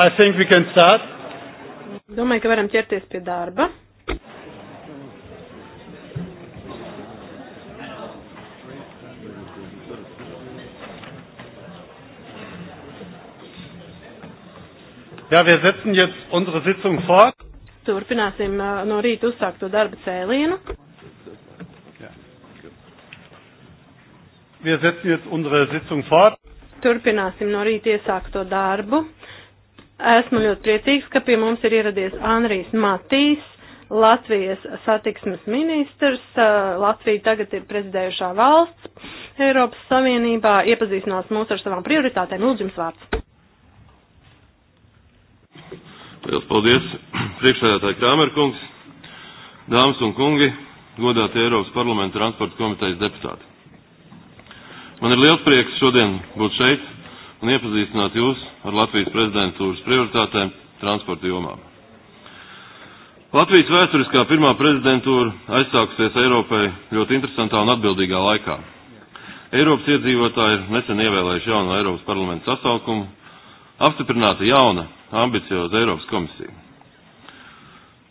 I think we can start. Domāju, ka varam ķerties pie darba. Ja, wir setzen jetzt unsere Sitzung fort. Turpināsim uh, no rīta uzsākto darba cēlienu. Wir setzen jetzt unsere Sitzung fort. Turpināsim no rīta iesākto darbu. Esmu ļoti priecīgs, ka pie mums ir ieradies Anrijs Matīs, Latvijas satiksmes ministrs. Latvija tagad ir prezidējušā valsts Eiropas Savienībā. Iepazīstinās mūs ar savām prioritātēm. Lūdzu, jums vārds. Liels paldies, priekšsēdētāji Krāmerkungs, dāmas un kungi, godātie Eiropas parlamenta transporta komitejas deputāti. Man ir liels prieks šodien būt šeit un iepazīstināt jūs ar Latvijas prezidentūras prioritātēm transporta jomā. Latvijas vēsturiskā pirmā prezidentūra aizsākusies Eiropai ļoti interesantā un atbildīgā laikā. Eiropas iedzīvotāji ir nesen ievēlējuši jauno Eiropas parlamentu sasaukumu, apstiprināta jauna, ambicioza Eiropas komisija.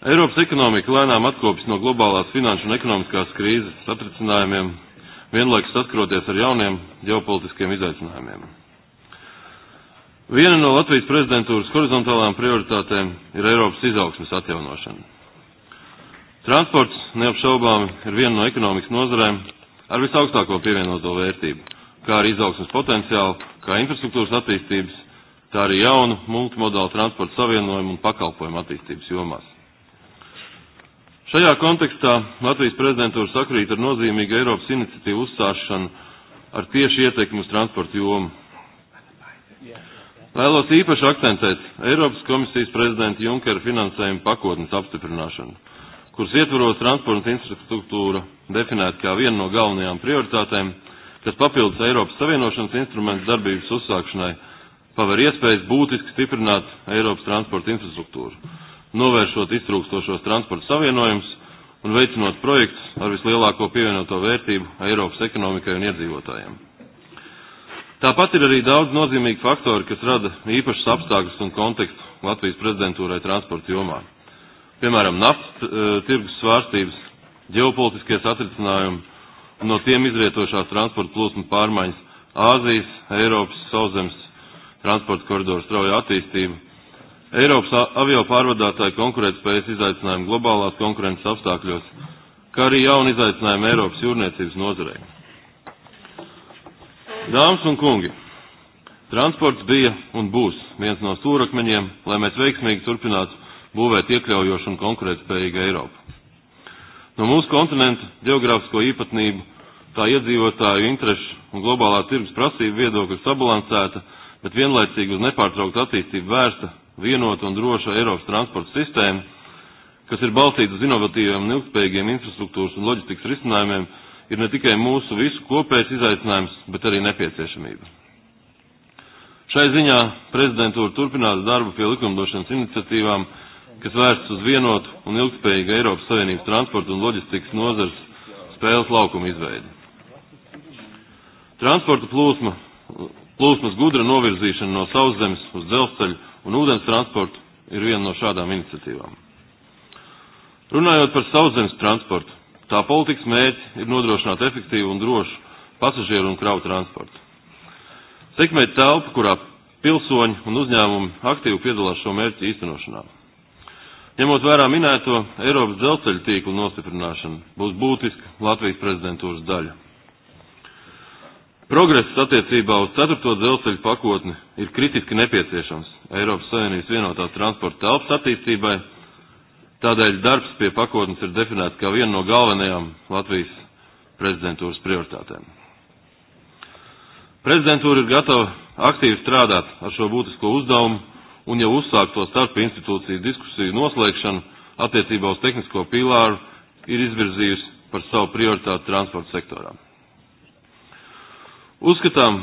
Eiropas ekonomika lēnām atkopjas no globālās finanšu un ekonomiskās krīzes satricinājumiem, vienlaikus saskroties ar jauniem ģeopolitiskiem izaicinājumiem. Viena no Latvijas prezidentūras horizontālām prioritātēm ir Eiropas izaugsmes atjaunošana. Transports neapšaubām ir viena no ekonomikas nozarēm ar visaugstāko pievienoto vērtību, kā arī izaugsmes potenciālu, kā infrastruktūras attīstības, tā arī jaunu multimodālu transporta savienojumu un pakalpojumu attīstības jomās. Šajā kontekstā Latvijas prezidentūra sakrīt ar nozīmīgu Eiropas iniciatīvu uzsāšanu ar tieši ietekmi uz transporta jomu Vēlos īpaši akcentēt Eiropas komisijas prezidenta Junkera finansējuma pakotnes apstiprināšanu, kuras ietvaros transporta infrastruktūra definēta kā viena no galvenajām prioritātēm, kas papildus Eiropas Savienošanas instrumentu darbības uzsākšanai, paver iespējas būtiski stiprināt Eiropas transporta infrastruktūru, novēršot iztrūkstošos transporta savienojumus un veicinot projektus ar vislielāko pievienoto vērtību Eiropas ekonomikai un iedzīvotājiem. Tāpat ir arī daudz nozīmīgi faktori, kas rada īpašas apstākļus un kontekstu Latvijas prezidentūrai transporta jomā. Piemēram, naftas e, tirgus svārstības, ģeopolitiskie satricinājumi un no tiem izrietošās transporta plūsmu pārmaiņas, Āzijas, Eiropas, sauszemes transporta koridoru strauja attīstība, Eiropas avio pārvadātāju konkurētspējas izaicinājumi globālās konkurences apstākļos, kā arī jauni izaicinājumi Eiropas jūrniecības nozarei. Dāmas un kungi, transports bija un būs viens no stūrakmeņiem, lai mēs veiksmīgi turpinātu būvēt iekļaujošu un konkurētspējīgu Eiropu. No mūsu kontinenta geogrāfisko īpatnību, tā iedzīvotāju interešu un globālā tirgus prasību viedokļu sabalansēta, bet vienlaicīgi uz nepārtrauktu attīstību vērsta, vienota un droša Eiropas transporta sistēma, kas ir balstīta uz inovatīviem un ilgspējīgiem infrastruktūras un loģistikas risinājumiem, ir ne tikai mūsu visu kopējs izaicinājums, bet arī nepieciešamība. Šai ziņā prezidentūra turpinās darbu pie likumdošanas iniciatīvām, kas vērsts uz vienotu un ilgspējīgu Eiropas Savienības transporta un loģistikas nozars spēles laukumu izveidi. Transporta plūsma, plūsmas gudra novirzīšana no sauszemes uz dzelzceļu un ūdens transportu ir viena no šādām iniciatīvām. Runājot par sauszemes transportu, Tā politikas mērķi ir nodrošināt efektīvu un drošu pasažieru un kravu transportu. Sekmēt telpu, kurā pilsoņi un uzņēmumi aktīvi piedalās šo mērķu īstenošanā. Ņemot vērā minēto Eiropas dzelzceļa tīklu nostiprināšanu, būs būtiska Latvijas prezidentūras daļa. Progress attiecībā uz 4. dzelzceļa pakotni ir kritiski nepieciešams Eiropas Savienības vienotās transporta telpas attīstībai Tādēļ darbs pie pakotnes ir definēts kā viena no galvenajām Latvijas prezidentūras prioritātēm. Prezidentūra ir gatava aktīvi strādāt ar šo būtisko uzdevumu un jau uzsākto starp institūciju diskusiju noslēgšanu attiecībā uz tehnisko pīlāru ir izvirzījusi par savu prioritāti transporta sektorā. Uzskatām,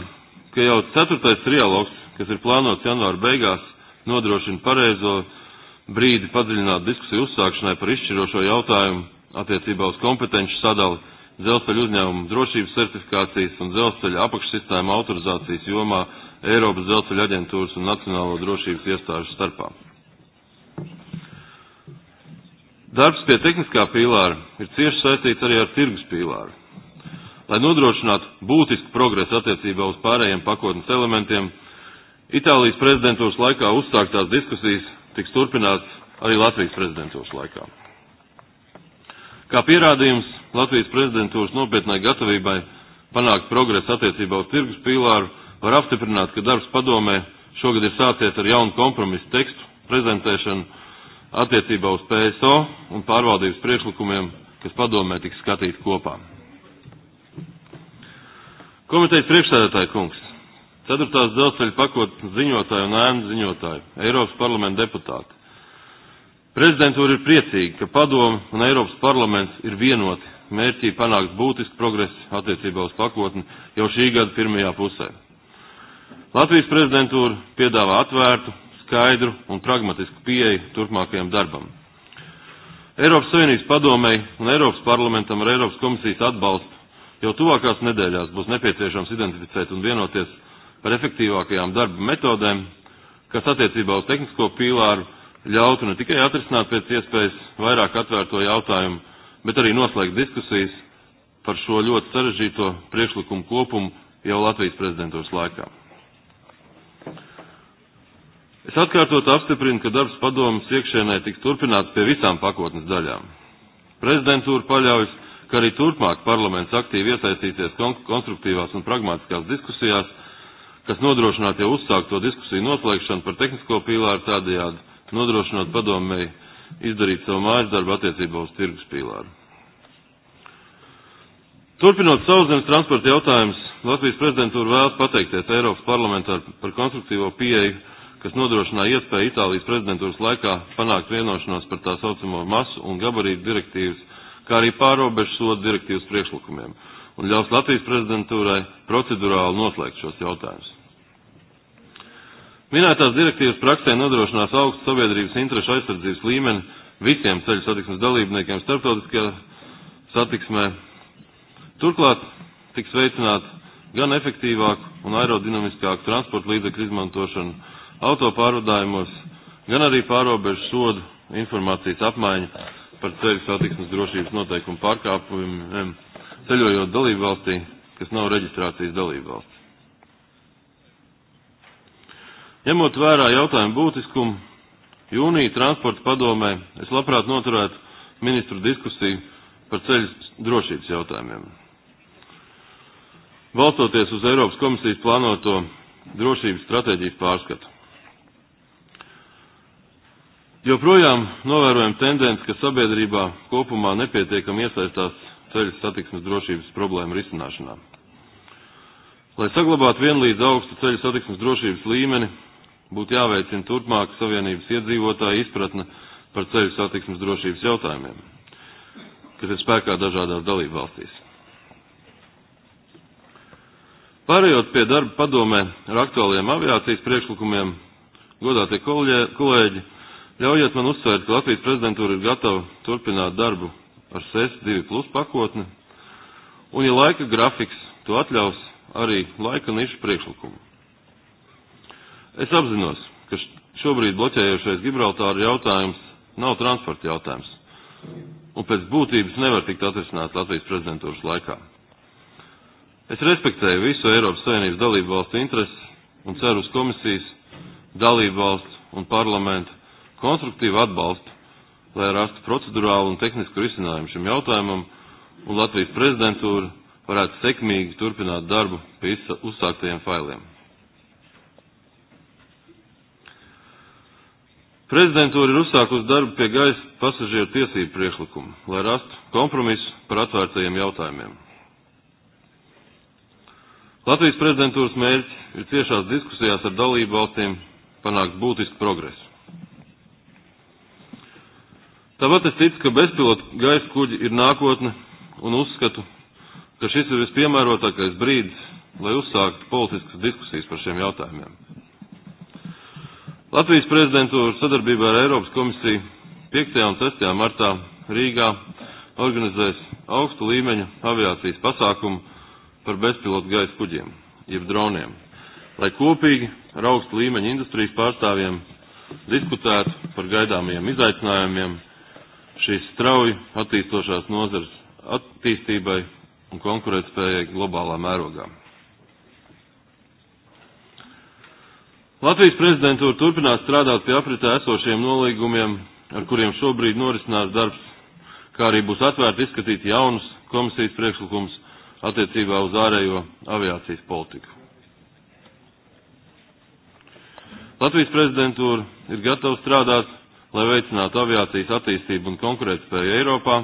ka jau ceturtais trialogs, kas ir plānots janvāra beigās, nodrošina pareizo brīdi padziļināt diskusiju uzsākšanai par izšķirošo jautājumu attiecībā uz kompetenci sadali dzelzceļa uzņēmumu drošības certifikācijas un dzelzceļa apakšsistēma autorizācijas jomā Eiropas dzelzceļa aģentūras un Nacionālo drošības iestāžu starpā. Darbs pie tehniskā pīlāra ir cieši saistīts arī ar tirgus pīlāru. Lai nodrošinātu būtisku progresu attiecībā uz pārējiem pakotnes elementiem, Itālijas prezidentūras laikā uzsāktās diskusijas tiks turpināts arī Latvijas prezidentūras laikā. Kā pierādījums Latvijas prezidentūras nopietnai gatavībai panākt progresu attiecībā uz tirgus pīlāru, var apstiprināt, ka darbs padomē šogad ir sācies ar jaunu kompromisu tekstu prezentēšanu attiecībā uz PSO un pārvaldības priekšlikumiem, kas padomē tiks skatīti kopā. Komitejas priekšsēdētāja kungs, Ceturtās dzelzceļa pakotnes ziņotāju un ēnu ziņotāju, Eiropas parlamenta deputāti. Prezidentūra ir priecīga, ka padome un Eiropas parlaments ir vienoti mērķī panākt būtisku progresu attiecībā uz pakotni jau šī gada pirmajā pusē. Latvijas prezidentūra piedāvā atvērtu, skaidru un pragmatisku pieeju turpmākajam darbam. Eiropas Savienības padomei un Eiropas parlamentam ar Eiropas komisijas atbalstu jau tuvākās nedēļās būs nepieciešams identificēt un vienoties par efektīvākajām darba metodēm, kas attiecībā uz tehnisko pīlāru ļautu ne tikai atrisināt pēc iespējas vairāk atvērto jautājumu, bet arī noslēgt diskusijas par šo ļoti sarežģīto priekšlikumu kopumu jau Latvijas prezidentūras laikā. Es atkārtot apstiprinu, ka darbs padomas iekšēnē tiks turpināts pie visām pakotnes daļām. Prezidentūra paļaujas, ka arī turpmāk parlaments aktīvi iesaistīsies konstruktīvās un pragmatiskās diskusijās kas nodrošinātu jau uzsākto diskusiju noslēgšanu par tehnisko pīlāru tādējādi nodrošinot padomēji izdarīt savu mājas darbu attiecībā uz tirgus pīlāru. Turpinot sauszemes transporta jautājumus, Latvijas prezidentūra vēlas pateikties Eiropas parlamentā par konstruktīvo pieeju, kas nodrošināja iespēju Itālijas prezidentūras laikā panākt vienošanos par tā saucamo masu un gabarītu direktīvas, kā arī pārobežu sodu direktīvas priekšlikumiem un ļaus Latvijas prezidentūrai procedurāli noslēgt šos jautājumus. Minētās direktīvas praksē nodrošinās augstu sabiedrības interešu aizsardzības līmeni visiem ceļu satiksmes dalībniekiem starptautiskajā satiksmē. Turklāt tiks veicināt gan efektīvāku un aerodinamiskāku transporta līdzekļu izmantošanu autopārvadājumos, gan arī pārobežu sodu informācijas apmaiņu par ceļu satiksmes drošības noteikumu pārkāpumiem ceļojot dalībvalstī, kas nav reģistrācijas dalībvalsts. Ņemot vērā jautājumu būtiskumu, jūnija transporta padomē es labprāt noturētu ministru diskusiju par ceļu drošības jautājumiem. Valstoties uz Eiropas komisijas plānoto drošības stratēģijas pārskatu. Joprojām novērojam tendenci, ka sabiedrībā kopumā nepietiekami iesaistās ceļu satiksmes drošības problēmu risināšanā. Lai saglabātu vienlīdz augstu ceļu satiksmes drošības līmeni, Būtu jāveicina turpmāk Savienības iedzīvotāju izpratne par ceļu satiksmes drošības jautājumiem, kas ir spēkā dažādās dalību valstīs. Pārējot pie darba padomē ar aktuāliem aviācijas priekšlikumiem, godātie kolēģi, ļaujiet man uzsvērt, ka Latvijas prezidentūra ir gatava turpināt darbu ar SES 2 e pakotni, un, ja laika grafiks to atļaus, arī laika nišu priekšlikumu. Es apzinos, ka šobrīd bloķējošais Gibraltāra jautājums nav transporta jautājums, un pēc būtības nevar tikt atrisināts Latvijas prezidentūras laikā. Es respektēju visu Eiropas Savienības dalību valstu intereses un ceru uz komisijas, dalību valstu un parlamentu konstruktīvu atbalstu, lai rastu procedurālu un tehnisku risinājumu šim jautājumam, un Latvijas prezidentūra varētu sekmīgi turpināt darbu pie uzsāktajiem failiem. Prezidentūra ir uzsākusi darbu pie gaisa pasažieru tiesību priekšlikuma, lai rastu kompromisu par atvērtajiem jautājumiem. Latvijas prezidentūras mērķis ir ciešās diskusijās ar dalību valstīm panākt būtisku progresu. Tāpat es ticu, ka bezpilotu gaisa kuģi ir nākotne un uzskatu, ka šis ir vispiemērotākais brīdis, lai uzsāktu politiskas diskusijas par šiem jautājumiem. Latvijas prezidentūra sadarbībā ar Eiropas komisiju 5. un 6. martā Rīgā organizēs augstu līmeņu aviācijas pasākumu par bezpilotu gaisa kuģiem, jeb droniem, lai kopīgi ar augstu līmeņu industrijas pārstāvjiem diskutētu par gaidāmajiem izaicinājumiem šīs strauji attīstošās nozars attīstībai un konkurētspējai globālā mērogā. Latvijas prezidentūra turpinās strādāt pie apritē esošiem nolīgumiem, ar kuriem šobrīd norisinās darbs, kā arī būs atvērti izskatīt jaunus komisijas priekšlikums attiecībā uz ārējo aviācijas politiku. Latvijas prezidentūra ir gatava strādāt, lai veicinātu aviācijas attīstību un konkurētspēju Eiropā,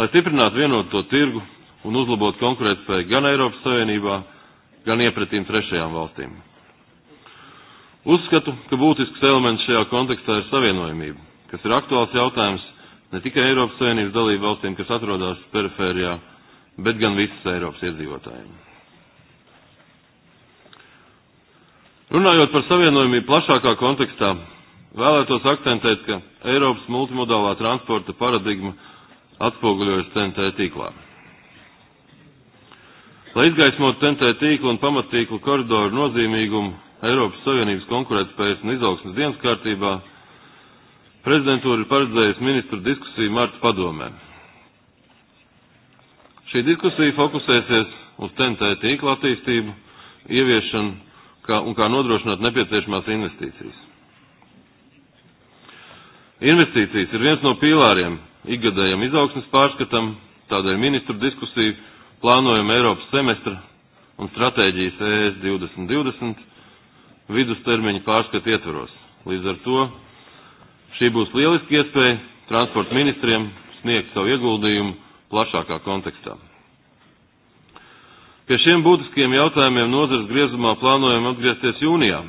lai stiprinātu vienoto tirgu un uzlabotu konkurētspēju gan Eiropas Savienībā, gan iepratīm trešajām valstīm. Uzskatu, ka būtisks elements šajā kontekstā ir savienojamība, kas ir aktuāls jautājums ne tikai Eiropas Savienības dalību valstīm, kas atrodas perifērijā, bet gan visas Eiropas iedzīvotājiem. Runājot par savienojumību plašākā kontekstā, vēlētos akcentēt, ka Eiropas multimodālā transporta paradigma atspoguļojas TNT tīklā. Lai izgaismotu TNT tīklu un pamattīklu koridoru nozīmīgumu, Eiropas Savienības konkurētspējas un izaugsmas dienas kārtībā prezidentūra ir paredzējusi ministru diskusiju Marta padomē. Šī diskusija fokusēsies uz TNT tīkla attīstību, ieviešanu kā, un kā nodrošināt nepieciešamās investīcijas. Investīcijas ir viens no pīlāriem ikgadējam izaugsmes pārskatam, tādēļ ministru diskusiju plānojam Eiropas semestra un stratēģijas e ES 2020 vidustermiņa pārskata ietvaros. Līdz ar to šī būs lieliski iespēja transporta ministriem sniegt savu ieguldījumu plašākā kontekstā. Pie šiem būtiskiem jautājumiem nozars griezumā plānojam atgriezties jūnijā,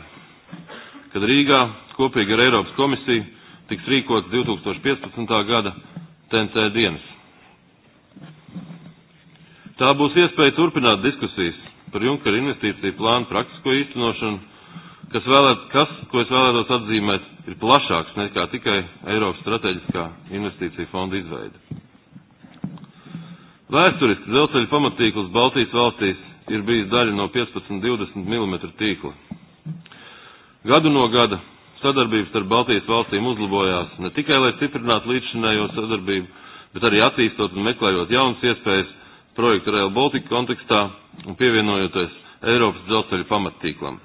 kad Rīgā kopīgi ar Eiropas komisiju tiks rīkots 2015. gada TNC dienas. Tā būs iespēja turpināt diskusijas par Junkara investīciju plānu praktisko īstenošanu kas, vēlēt, kas, ko es vēlētos atzīmēt, ir plašāks nekā tikai Eiropas strateģiskā investīcija fonda izveide. Vēsturiski dzelzceļa pamatīkls Baltijas valstīs ir bijis daļa no 15-20 mm tīkla. Gadu no gada sadarbības ar Baltijas valstīm uzlabojās ne tikai, lai stiprinātu līdzšinējo sadarbību, bet arī attīstot un meklējot jaunas iespējas projektu Rail Baltica kontekstā un pievienojoties Eiropas dzelzceļa pamattīklam.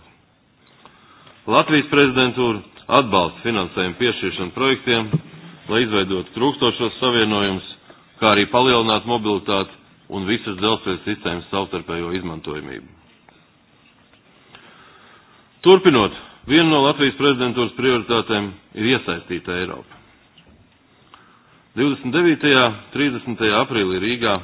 Latvijas prezidentūra atbalsta finansējumu piešķiršanu projektiem, lai izveidotu trūkstošos savienojumus, kā arī palielinātu mobilitāti un visas dzelzceļa sistēmas savstarpējo izmantojamību. Turpinot, viena no Latvijas prezidentūras prioritātēm ir iesaistīta Eiropa. 29. un 30. aprīlī Rīgā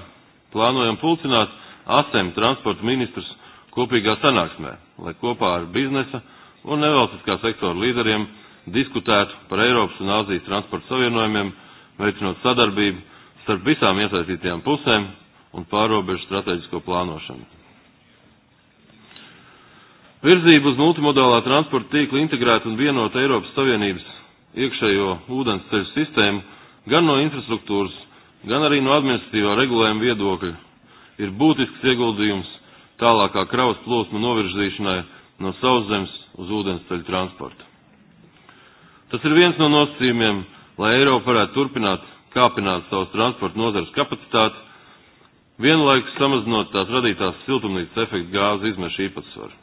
plānojam pulcināt ASEM transporta ministrus kopīgā sanāksmē, lai kopā ar biznesa un nevalstiskā sektora līderiem diskutētu par Eiropas un Āzijas transporta savienojumiem, veicinot sadarbību starp visām iesaistītajām pusēm un pārobežu strateģisko plānošanu. Virzību uz multimodālā transporta tīkla integrētu un vienotu Eiropas Savienības iekšējo ūdensceļu sistēmu gan no infrastruktūras, gan arī no administratīvā regulējuma viedokļa ir būtisks ieguldījums tālākā kravas plosma novirzīšanai no sauszemes uz ūdensceļu transportu. Tas ir viens no nosacījumiem, lai Eiropa varētu turpināt kāpināt savas transporta nozares kapacitāti, vienlaikus samazinot tās radītās siltumnīcas efekta gāzu izmešu īpatsvaru.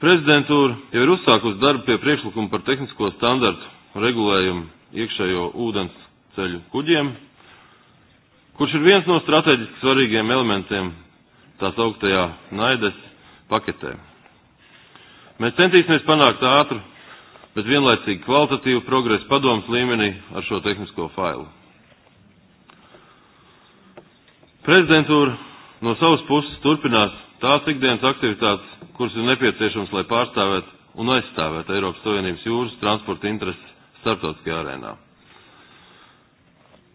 Prezidentūra jau ir uzsākusi darbu pie priekšlikuma par tehnisko standartu regulējumu iekšējo ūdens ceļu kuģiem, kurš ir viens no strateģiski svarīgiem elementiem tās augtajā naides paketē. Mēs centīsimies panākt ātru, bet vienlaicīgi kvalitatīvu progresu padomas līmenī ar šo tehnisko failu. Prezidentūra no savas puses turpinās tās ikdienas aktivitātes, kuras ir nepieciešams, lai pārstāvētu un aizstāvētu Eiropas Savienības jūras transporta intereses starptautiskajā arēnā.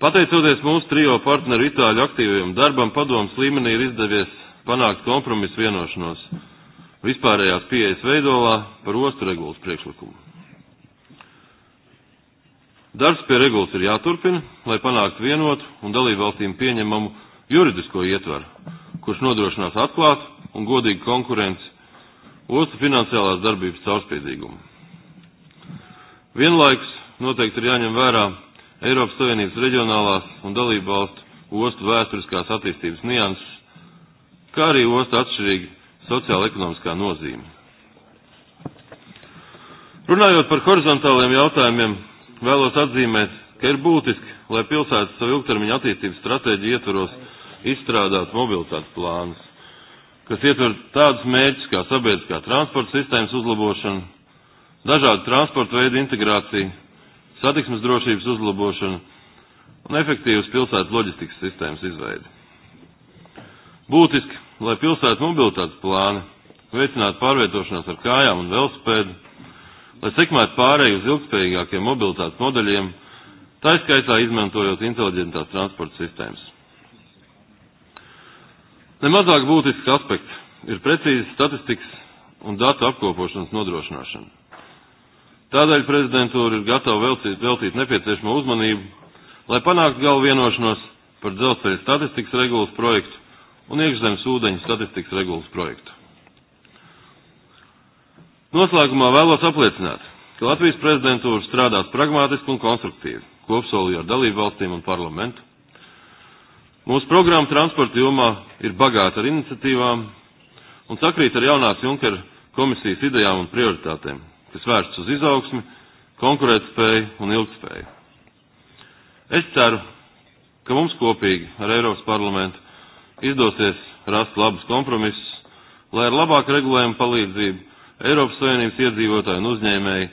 Pateicoties mūsu trijo partneru Itāļu aktīviem darbam, padomas līmenī ir izdevies panākt kompromisu vienošanos vispārējās pieejas veidolā par ostu regulas priekšlikumu. Darbs pie regulas ir jāturpina, lai panāktu vienotu un dalībvalstīm pieņemamu juridisko ietvaru, kurš nodrošinās atklātu un godīgu konkurenci ostu finansiālās darbības caurspīdīgumu. Vienlaiks noteikti ir jāņem vērā Eiropas Savienības reģionālās un dalībvalstu ostu vēsturiskās attīstības nianses kā arī ostu atšķirīga sociāla-ekonomiskā nozīme. Runājot par horizontāliem jautājumiem, vēlos atzīmēt, ka ir būtiski, lai pilsētas savu ilgtermiņa attīstības stratēģiju ietvaros izstrādāt mobilitātes plānus, kas ietver tādus mērķus kā sabiedriskā transporta sistēmas uzlabošana, dažādu transporta veidu integrācija, satiksmes drošības uzlabošana un efektīvas pilsētas loģistikas sistēmas izveidi. Būtiski, lai pilsētas mobilitātes plāni veicinātu pārvietošanos ar kājām un velospēdu, lai sekmētu pārēju uz ilgspējīgākiem mobilitātes modeļiem, tā izskaitā izmantojot inteliģentās transporta sistēmas. Nemazāk būtisks aspekts ir precīzi statistikas un datu apkopošanas nodrošināšana. Tādēļ prezidentūra ir gatava veltīt, veltīt nepieciešamo uzmanību, lai panāktu galvu vienošanos par dzelzceļa statistikas regulas projektu un iekšzemes ūdeņu statistikas regulas projektu. Noslēgumā vēlos apliecināt, ka Latvijas prezidentūra strādās pragmātiski un konstruktīvi, kopsolī ar dalību valstīm un parlamentu. Mūsu programma transporta jomā ir bagāta ar iniciatīvām un sakrīt ar jaunās Junkera komisijas idejām un prioritātēm, kas vērsts uz izaugsmi, konkurētspēju un ilgspēju. Es ceru, ka mums kopīgi ar Eiropas parlamentu izdosies rast labus kompromisus, lai ar labāku regulējumu palīdzību Eiropas Savienības iedzīvotāji un uzņēmēji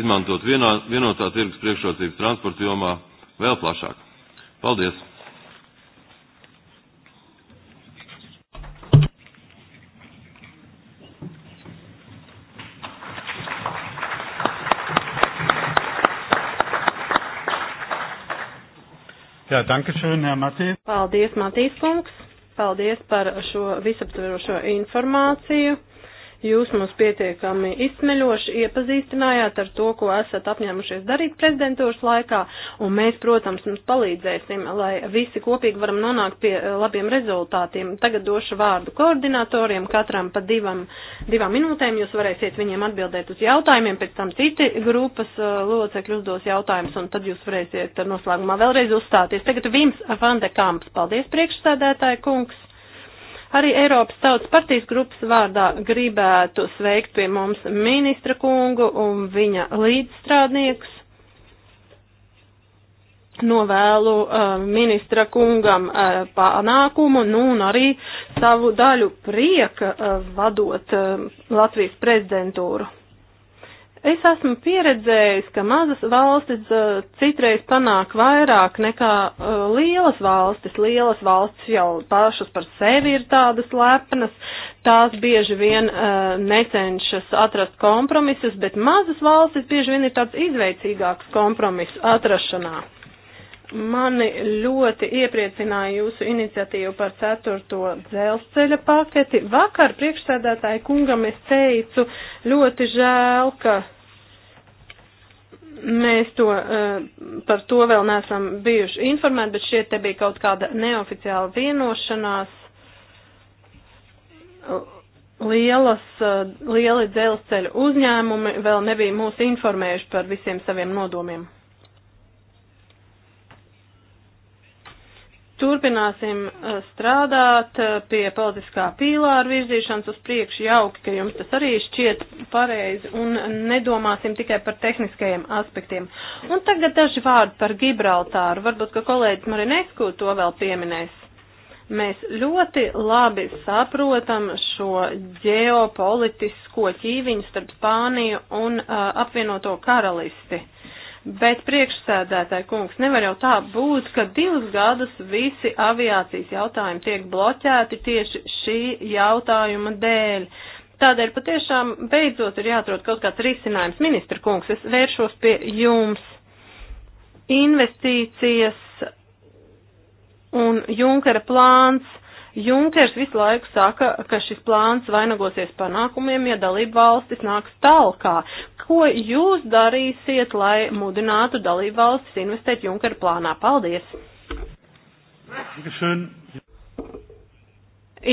izmantot vienā, vienotā tirgus priekšrocības transporta jomā vēl plašāk. Paldies! Jā, danke schön, Herr Matīs. Paldies, Matīs kungs. Paldies par šo visaptverošo informāciju. Jūs mums pietiekami izsmeļoši iepazīstinājāt ar to, ko esat apņēmušies darīt prezidentūras laikā, un mēs, protams, mums palīdzēsim, lai visi kopīgi varam nonākt pie eh, labiem rezultātiem. Tagad došu vārdu koordinatoriem, katram pa divam, divām minūtēm jūs varēsiet viņiem atbildēt uz jautājumiem, pēc tam citi grupas eh, locekļi uzdos jautājumus, un tad jūs varēsiet noslēgumā vēlreiz uzstāties. Tagad Vims Vandekamps, paldies priekšsēdētāji kungs. Arī Eiropas Tautas partijas grupas vārdā gribētu sveikt pie mums ministra kungu un viņa līdzstrādniekus novēlu uh, ministra kungam uh, panākumu, nu un arī savu daļu prieka uh, vadot uh, Latvijas prezidentūru. Es esmu pieredzējis, ka mazas valstis uh, citreiz panāk vairāk nekā uh, lielas valstis. Lielas valstis jau pašas par sevi ir tādas lepnas, tās bieži vien uh, necenšas atrast kompromisus, bet mazas valstis bieži vien ir tāds izveicīgāks kompromisu atrašanā. Mani ļoti iepriecināja jūsu iniciatīva par ceturto dzelzceļa paketi. Vakar priekšsēdētāji kungam es teicu, ļoti žēl, ka Mēs to, e, par to vēl neesam bijuši informēti, bet šeit te bija kaut kāda neoficiāla vienošanās. Lielas, e, lieli dzelzceļu uzņēmumi vēl nebija mūs informējuši par visiem saviem nodomiem. Turpināsim eh, strādāt eh, pie politiskā pīlāra virzīšanas uz priekšu. Jauki, ka jums tas arī šķiet pareizi un nedomāsim tikai par tehniskajiem aspektiem. Un tagad daži vārdi par Gibraltāru. Varbūt, ka kolēģis Marinesku to vēl pieminēs. Mēs ļoti labi saprotam šo ģeopolitisko ķīviņu starp Spāniju un uh, apvienoto karalisti Bet priekšsēdētāji kungs, nevar jau tā būt, ka divus gadus visi aviācijas jautājumi tiek bloķēti tieši šī jautājuma dēļ. Tādēļ patiešām beidzot ir jāatrod kaut kāds risinājums. Ministra kungs, es vēršos pie jums. Investīcijas un Junkara plāns Junkers visu laiku saka, ka šis plāns vainagosies panākumiem, ja dalību valstis nāks talkā. Ko jūs darīsiet, lai mudinātu dalību valstis investēt Junkera plānā? Paldies! Dankeschön.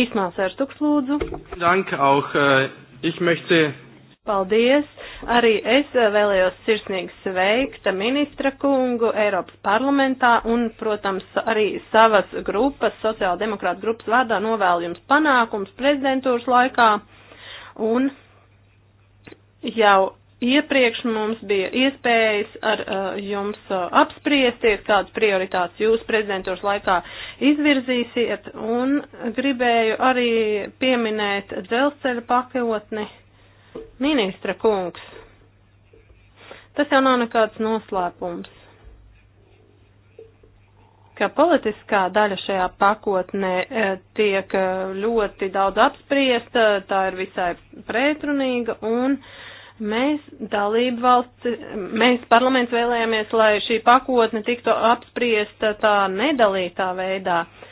Īsmā sērstuks lūdzu. Danke auch. Äh, ich möchte Paldies! Arī es vēlējos sirsnīgi sveikt ministra kungu Eiropas parlamentā un, protams, arī savas grupas, sociāldemokrāta grupas vārdā novēlu jums panākums prezidentūras laikā. Un jau iepriekš mums bija iespējas ar uh, jums uh, apspriesties, kādas prioritātes jūs prezidentūras laikā izvirzīsiet, un gribēju arī pieminēt dzelzceļa pakotni Ministra kungs, tas jau nav nekāds noslēpums, ka politiskā daļa šajā pakotnē eh, tiek eh, ļoti daudz apspriesta, tā ir visai pretrunīga un mēs dalību valsts, mēs parlaments vēlējāmies, lai šī pakotne tiktu apspriesta tā nedalītā veidā. Uh,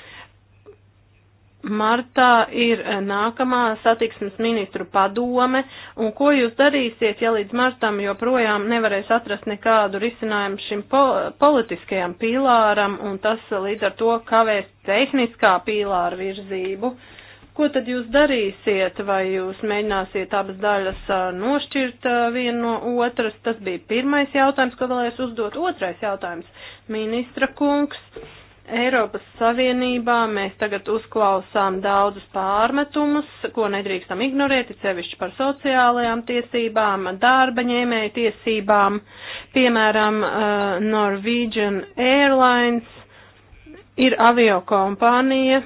Martā ir eh, nākamā satiksmes ministru padome, un ko jūs darīsiet, ja līdz martam joprojām nevarēs atrast nekādu risinājumu šim po politiskajam pīlāram, un tas līdz ar to kavēs tehniskā pīlāra virzību? Ko tad jūs darīsiet, vai jūs mēģināsiet abas daļas eh, nošķirt eh, vienu no otras? Tas bija pirmais jautājums, ko vēlēs uzdot. Otrais jautājums, ministra kungs Eiropas Savienībā mēs tagad uzklausām daudzus pārmetumus, ko nedrīkstam ignorēt, it sevišķi par sociālajām tiesībām, darba ņēmēju tiesībām, piemēram, eh, Norwegian Airlines ir avio kompānija,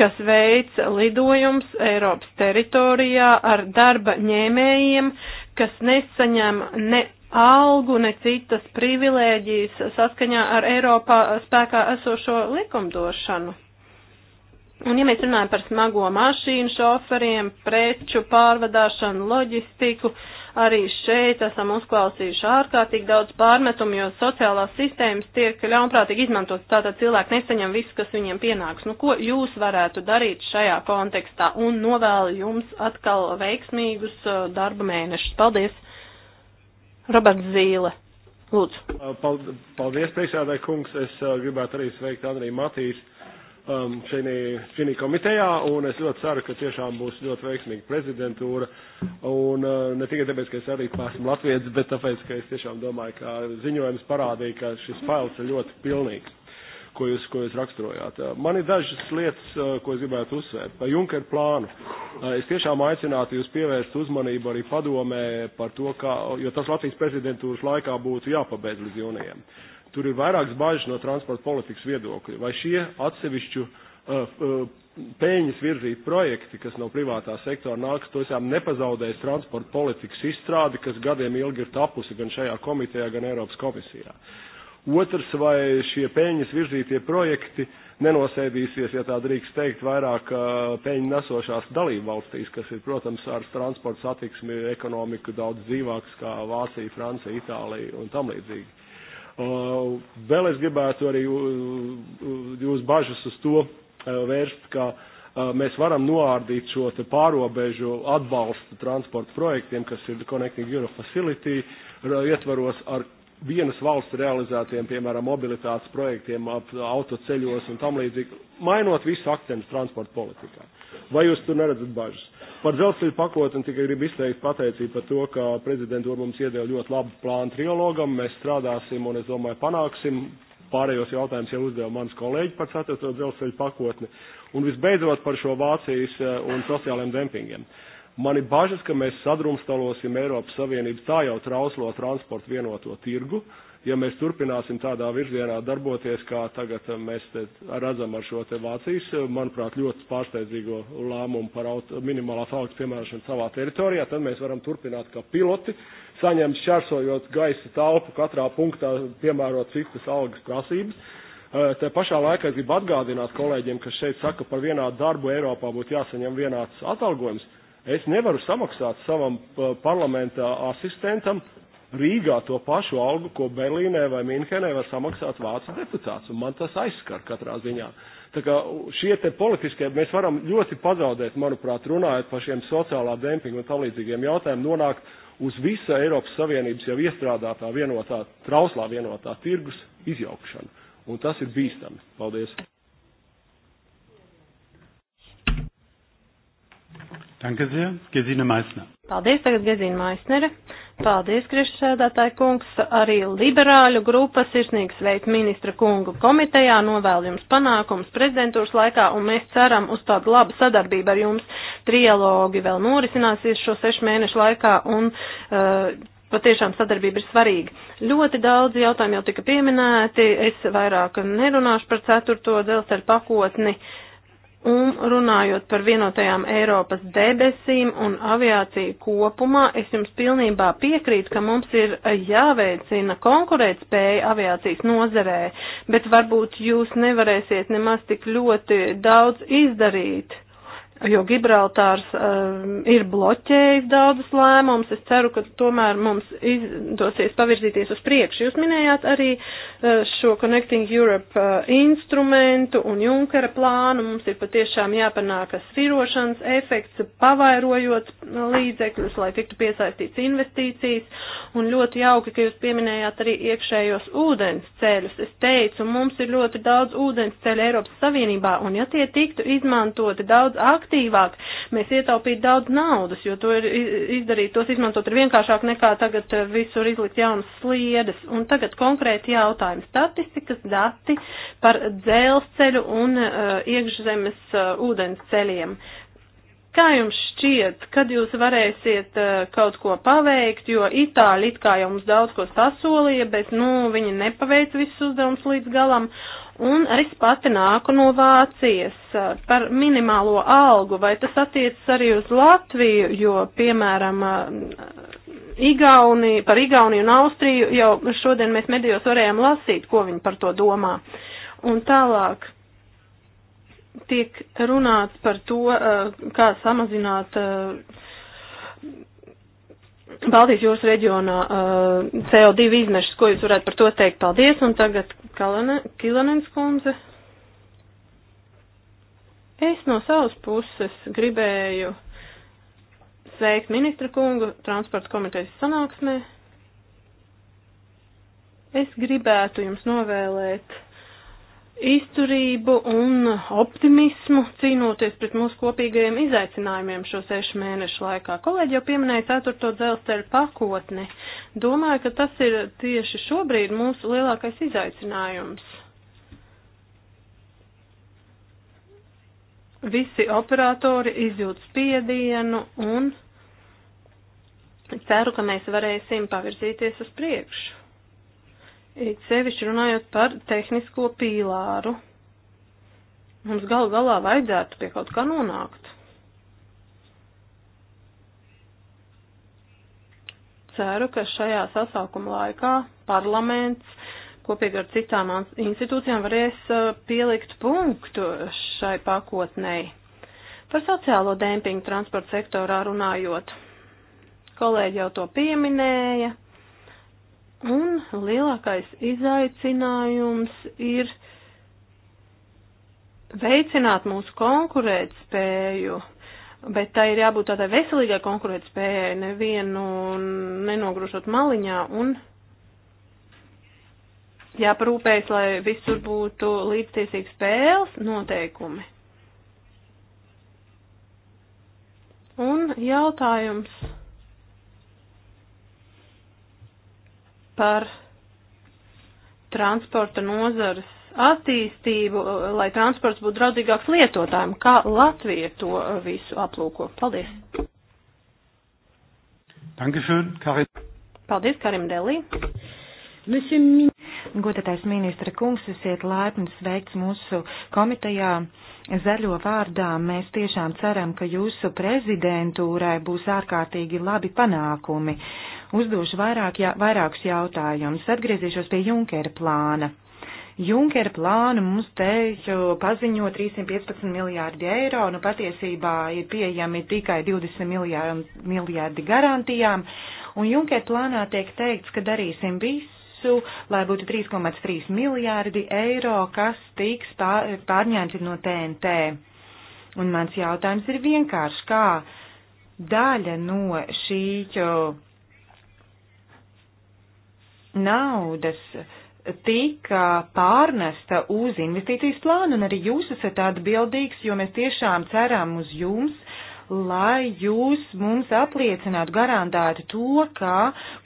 kas veic lidojums Eiropas teritorijā ar darba ņēmējiem, kas nesaņem ne algu, ne citas privilēģijas saskaņā ar Eiropā spēkā esošo likumdošanu. Un ja mēs runājam par smago mašīnu šoferiem, preču pārvadāšanu, loģistiku, arī šeit esam uzklausījuši ārkārtīgi daudz pārmetumu, jo sociālās sistēmas tiek ļaunprātīgi izmantotas, tātad cilvēki nesaņem visu, kas viņiem pienāks. Nu, ko jūs varētu darīt šajā kontekstā un novēlu jums atkal veiksmīgus uh, darba mēnešus? Paldies! Roberts Zīle. Lūdzu. Uh, paldies, priekšsēdētāji kungs. Es uh, gribētu arī sveikt Andriju Matīs um, šī komitejā, un es ļoti ceru, ka tiešām būs ļoti veiksmīga prezidentūra. Un uh, ne tikai tāpēc, ka es arī esmu latviedz, bet tāpēc, ka es tiešām domāju, ka ziņojums parādīja, ka šis fails ir ļoti pilnīgs ko jūs, ko jūs raksturojāt. Eh, man ir dažas lietas, eh, ko es gribētu uzsvērt. Par Junker plānu. Eh, es tiešām aicinātu jūs pievērst uzmanību arī padomē par to, kā, jo tas Latvijas prezidentūras laikā būtu jāpabeidz līdz jūnijam. Tur ir vairākas bažas no transporta politikas viedokļa. Vai šie atsevišķu uh, uh, peļņas virzīti projekti, kas no privātā sektora nāks, tosām nepazaudēs transporta politikas izstrādi, kas gadiem ilgi ir tapusi gan šajā komitejā, gan Eiropas komisijā. Uh, Otrs, vai šie peļņas virzītie projekti nenosēdīsies, ja tā drīkst teikt, vairāk peļņu nesošās dalību valstīs, kas ir, protams, ar transportu satiksmi ekonomiku daudz dzīvāks kā Vācija, Francija, Itālija un tam līdzīgi. Vēl es gribētu arī jūs bažas uz to vērst, ka mēs varam noārdīt šo te pārobežu atbalstu transporta projektiem, kas ir Connecting Europe Facility, ietvaros ar vienas valsts realizētiem, piemēram, mobilitātes projektiem, ap autoceļos un tam līdzīgi, mainot visu akcentu transporta politikā. Vai jūs tur neredzat bažas? Par dzelzceļa pakotni tikai gribu izteikt pateicību par to, ka prezidentūra mums iedēļ ļoti labu plānu trilogam, mēs strādāsim un es domāju panāksim. Pārējos jautājumus jau uzdeva mans kolēģi par 4. dzelzceļa pakotni. Un visbeidzot par šo Vācijas eh, un sociālajiem dempingiem. Uh, Man ir bažas, ka mēs sadrumstalosim Eiropas Savienību tā jau trauslo transportu vienoto tirgu, ja mēs turpināsim tādā virzienā darboties, kā tagad eh, mēs redzam ar šo te Vācijas, eh, manuprāt, ļoti pārsteidzīgo lēmumu par auto, minimālā algas piemērošanu savā teritorijā, tad mēs varam turpināt kā piloti, saņemt šķērsojot gaisa telpu katrā punktā, piemērot citas algas prasības. Eh, te pašā laikā es gribu atgādināt kolēģiem, kas šeit saka par vienādu darbu Eiropā būtu jāsaņem vienāds atalgojums. Es nevaru samaksāt savam parlamentā asistentam Rīgā to pašu algu, ko Berlīnē vai Minhenē var samaksāt vācu deputāts, un man tas aizskar katrā ziņā. Tā kā šie te politiskie, mēs varam ļoti pazaudēt, manuprāt, runājot par šiem sociālā dempinga un tālīdzīgiem jautājumiem, nonākt uz visa Eiropas Savienības jau iestrādātā vienotā, trauslā vienotā tirgus izjaukšanu. Un tas ir bīstami. Paldies! Danke sehr, Gesine Meissner. Paldies, tagad Gesine Meissnere. Paldies, priekšsēdētāji kungs. Arī liberāļu grupa sirsnīgi sveic ministra kungu komitejā, novēl jums panākums prezidentūras laikā, un mēs ceram uz tādu labu sadarbību ar jums. Trialogi vēl norisināsies šo sešu mēnešu laikā, un uh, patiešām sadarbība ir svarīga. Ļoti daudz jautājumu jau tika pieminēti, es vairāk nerunāšu par ceturto dzelzceļa pakotni. Uh, Un runājot par vienotajām Eiropas debesīm un aviāciju kopumā, es jums pilnībā piekrītu, ka mums ir jāveicina konkurētspēja aviācijas nozerē, bet varbūt jūs nevarēsiet nemaz tik ļoti daudz izdarīt jo Gibraltārs um, ir bloķējis daudzas lēmumus. Es ceru, ka tomēr mums izdosies pavirzīties uz priekšu. Jūs minējāt arī uh, šo Connecting Europe uh, instrumentu un Junkera plānu. Mums ir patiešām jāpanākas svirošanas efekts, pavairojot līdzekļus, lai tiktu piesaistīts investīcijas. Un ļoti jauki, ka jūs pieminējāt arī iekšējos ūdens ceļus. Es teicu, mums ir ļoti daudz ūdens ceļu Eiropas Savienībā, un ja tie tiktu izmantoti daudz aktīvāk, aktīvāk, mēs ietaupītu daudz naudas, jo to ir izdarīt, tos izmantot ir vienkāršāk nekā tagad eh, visur izlikt jaunas sliedes. Un tagad konkrēti jautājumi. Statistikas dati par dzelzceļu un uh, iekšzemes uh, ūdens ceļiem. Kā jums šķiet, kad jūs varēsiet uh, kaut ko paveikt, jo itāļi it kā jau mums daudz ko sasolīja, bet, nu, viņi nepaveic visus uzdevumus līdz galam, Un es pati nāku no Vācijas eh, par minimālo algu, vai tas attiecas arī uz Latviju, jo, piemēram, eh, Igauni, par Igauniju un Austriju jau šodien mēs medijos varējām lasīt, ko viņi par to domā. Un tālāk tiek runāts par to, eh, kā samazināt Baltijas jūras reģionā uh, CO2 izmešas, ko jūs varētu par to teikt? Paldies, un tagad Kalane, Kilanens kundze. Es no savas puses gribēju sveikt ministra kungu transporta komitejas sanāksmē. Es gribētu jums novēlēt izturību un optimismu cīnoties pret mūsu kopīgajiem izaicinājumiem šo sešu mēnešu laikā. Kolēģi jau pieminēja ceturto dzelzceļa pakotni. Domāju, ka tas ir tieši šobrīd mūsu lielākais izaicinājums. Visi operatori izjūt spiedienu un ceru, ka mēs varēsim pavirzīties uz priekšu it sevišķi runājot par tehnisko pīlāru. Mums galu galā vajadzētu pie kaut kā nonākt. Ceru, ka šajā sasaukuma laikā parlaments kopīgi ar citām institūcijām varēs uh, pielikt punktu šai pakotnei. Par sociālo dempingu transporta sektorā runājot, kolēģi jau to pieminēja. Un lielākais izaicinājums ir veicināt mūsu konkurētspēju, bet tā ir jābūt tādai veselīgai konkurētspējai, nevienu nenogrušot maliņā un jāparūpējas, lai visur būtu līdztiesīgi spēles noteikumi. Un jautājums par transporta nozares attīstību, lai transports būtu draudzīgāks lietotājiem. Kā Latvija to visu aplūko? Paldies! Dankeschön, Karim. Paldies, Karim Delī. Godatais ministra kungs, esiet laipni sveikts mūsu komitejā. Zaļo vārdā mēs tiešām ceram, ka jūsu prezidentūrai būs ārkārtīgi labi panākumi. Uh, uzdošu vairāk, jā, vairākus jautājumus. Atgriezīšos pie Junkera plāna. Junkera plānu mums te paziņo 315 miljārdi eiro, nu patiesībā ir pieejami tikai 20 miljārdi, miljārdi garantijām, un Junkera plānā tiek teikts, ka darīsim visu, lai būtu 3,3 miljārdi eiro, kas tiks pārņemti no TNT. Un mans jautājums ir vienkārši, kā daļa no šī naudas tika pārnesta uz investīcijas plānu, un arī jūs esat atbildīgs, jo mēs tiešām ceram uz jums, lai jūs mums apliecinātu, garantētu to, ka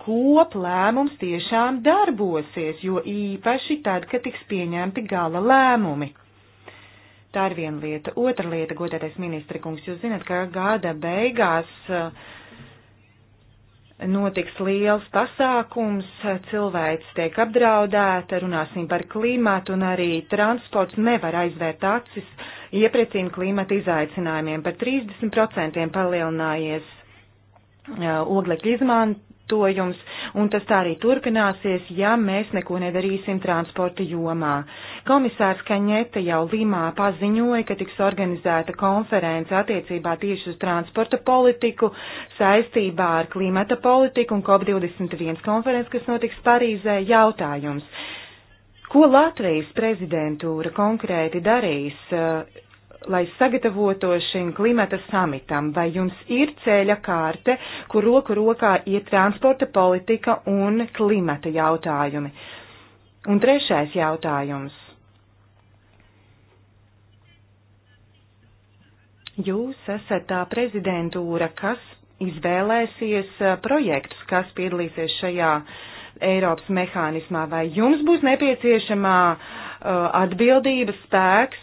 koplēmums tiešām darbosies, jo īpaši tad, kad tiks pieņemti gala lēmumi. Tā ir viena lieta. Otra lieta, godētais ministri kungs, jūs zinat, ka gada beigās uh, notiks liels pasākums, cilvēks tiek apdraudēta, runāsim par klimatu un arī transports nevar aizvērt acis ieprecīm klimata izaicinājumiem. Par 30% palielinājies uh, oglekļa izmantojums mantojums, un tas tā arī turpināsies, ja mēs neko nedarīsim transporta jomā. Komisārs Kaņete jau Limā paziņoja, ka tiks organizēta konference attiecībā tieši uz transporta politiku saistībā ar klimata politiku un COP21 konferences, kas notiks Parīzē, jautājums. Ko Latvijas prezidentūra konkrēti darīs lai sagatavotos šim klimata samitam? Vai jums ir ceļa kārte, kur roku rokā iet transporta politika un klimata jautājumi? Un trešais jautājums. Jūs esat tā prezidentūra, kas izvēlēsies eh, projektus, kas piedalīsies šajā Eiropas mehānismā, vai jums būs nepieciešamā uh, atbildības spēks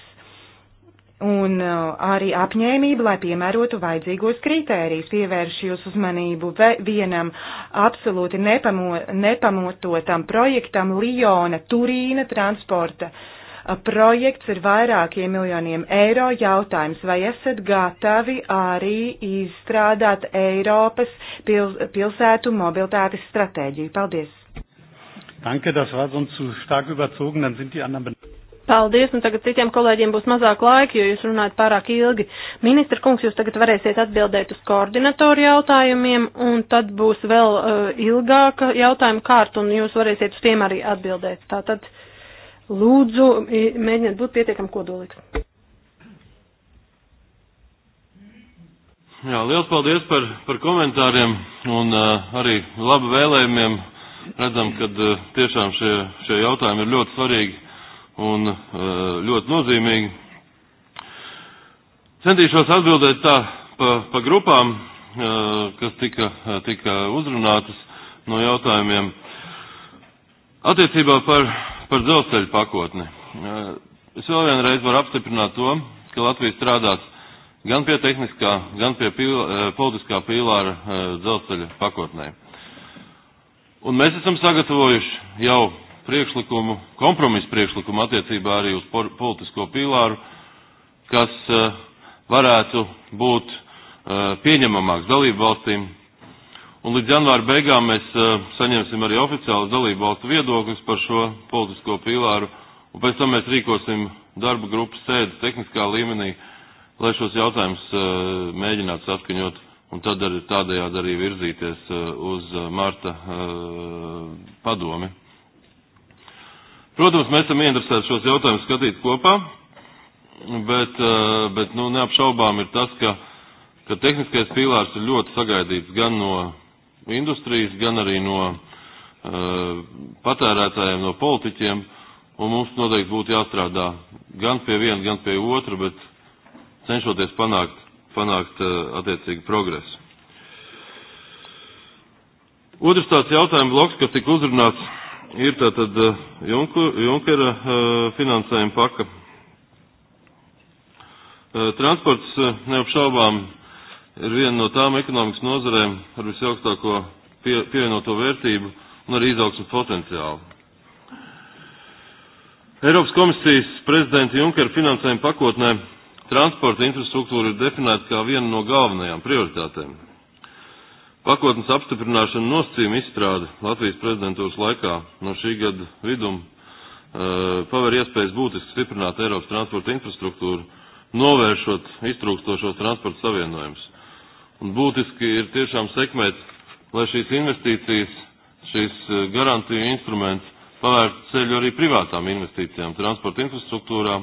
un uh, arī apņēmību, lai piemērotu vajadzīgos kritērijus, pievērš jūs uzmanību vienam absolūti nepamo, nepamototam projektam Liona Turīna transporta. Uh, projekts ir vairākiem miljoniem eiro jautājums, vai esat gatavi arī izstrādāt Eiropas pil, pilsētu mobilitātes stratēģiju. Paldies! Danke, das war sonst zu stark überzogen, dann sind die anderen. Paldies, un tagad citiem kolēģiem būs mazāk laika, jo jūs runājat pārāk ilgi. Ministra kungs, jūs tagad varēsiet atbildēt uz koordinatoru jautājumiem, un tad būs vēl uh, ilgāka jautājuma kārta, un jūs varēsiet uz tiem arī atbildēt. Tātad, lūdzu, mēģiniet būt pietiekam kodolīgs. Jā, liels paldies par, par komentāriem un uh, arī labu vēlējumiem. Redzam, ka uh, tiešām šie, šie jautājumi ir ļoti svarīgi un e, ļoti nozīmīgi. Centīšos atbildēt tā pa, pa grupām, e, kas tika, e, tika uzrunātas no jautājumiem. Attiecībā par, par dzelzceļu pakotni. Es vēl vienreiz varu apstiprināt to, ka Latvija strādās gan pie tehniskā, gan pie pīl, politiskā pīlāra dzelzceļa pakotnē. Un mēs esam sagatavojuši jau priekšlikumu, kompromisu priekšlikumu attiecībā arī uz politisko pīlāru, kas eh, varētu būt eh, pieņemamāks dalību valstīm. Un līdz janvāra beigām mēs eh, saņemsim arī oficiālus dalību valstu viedokļus par šo politisko pīlāru, un pēc tam mēs rīkosim darba grupas sēdi tehniskā līmenī, lai šos jautājumus mēģinātu saskaņot un tad arī tādējādi arī virzīties uz Marta padomi. Protams, mēs esam ieinteresēti šos jautājumus skatīt kopā, bet, eh, bet nu, neapšaubām ir tas, ka, ka tehniskais pīlārs ir ļoti sagaidīts gan no industrijas, gan arī no uh, patērētājiem, no politiķiem, un mums noteikti būtu jāstrādā gan pie viena, gan pie otra, bet cenšoties panākt, panākt uh, attiecīgi progresu. Otrs tāds jautājums bloks, kas tika uzrunāts ir tātad eh, Junkera eh, finansējuma paka. Eh, transports neapšaubām ir viena no tām ekonomikas nozarēm ar visaugstāko pie, pievienoto vērtību un arī izaugsmas potenciālu. Eiropas komisijas prezidenta Junkera finansējuma pakotnē transporta infrastruktūra ir definēta kā viena no galvenajām prioritātēm. Pakotnes apstiprināšana nosacījuma izstrāde Latvijas prezidentūras laikā no šī gada viduma eh, paver iespējas būtiski stiprināt Eiropas transporta infrastruktūru, novēršot iztrūkstošos transporta savienojumus. Un būtiski ir tiešām sekmēt, lai šīs investīcijas, šīs eh, garantiju instruments pavērtu ceļu arī privātām investīcijām transporta infrastruktūrā.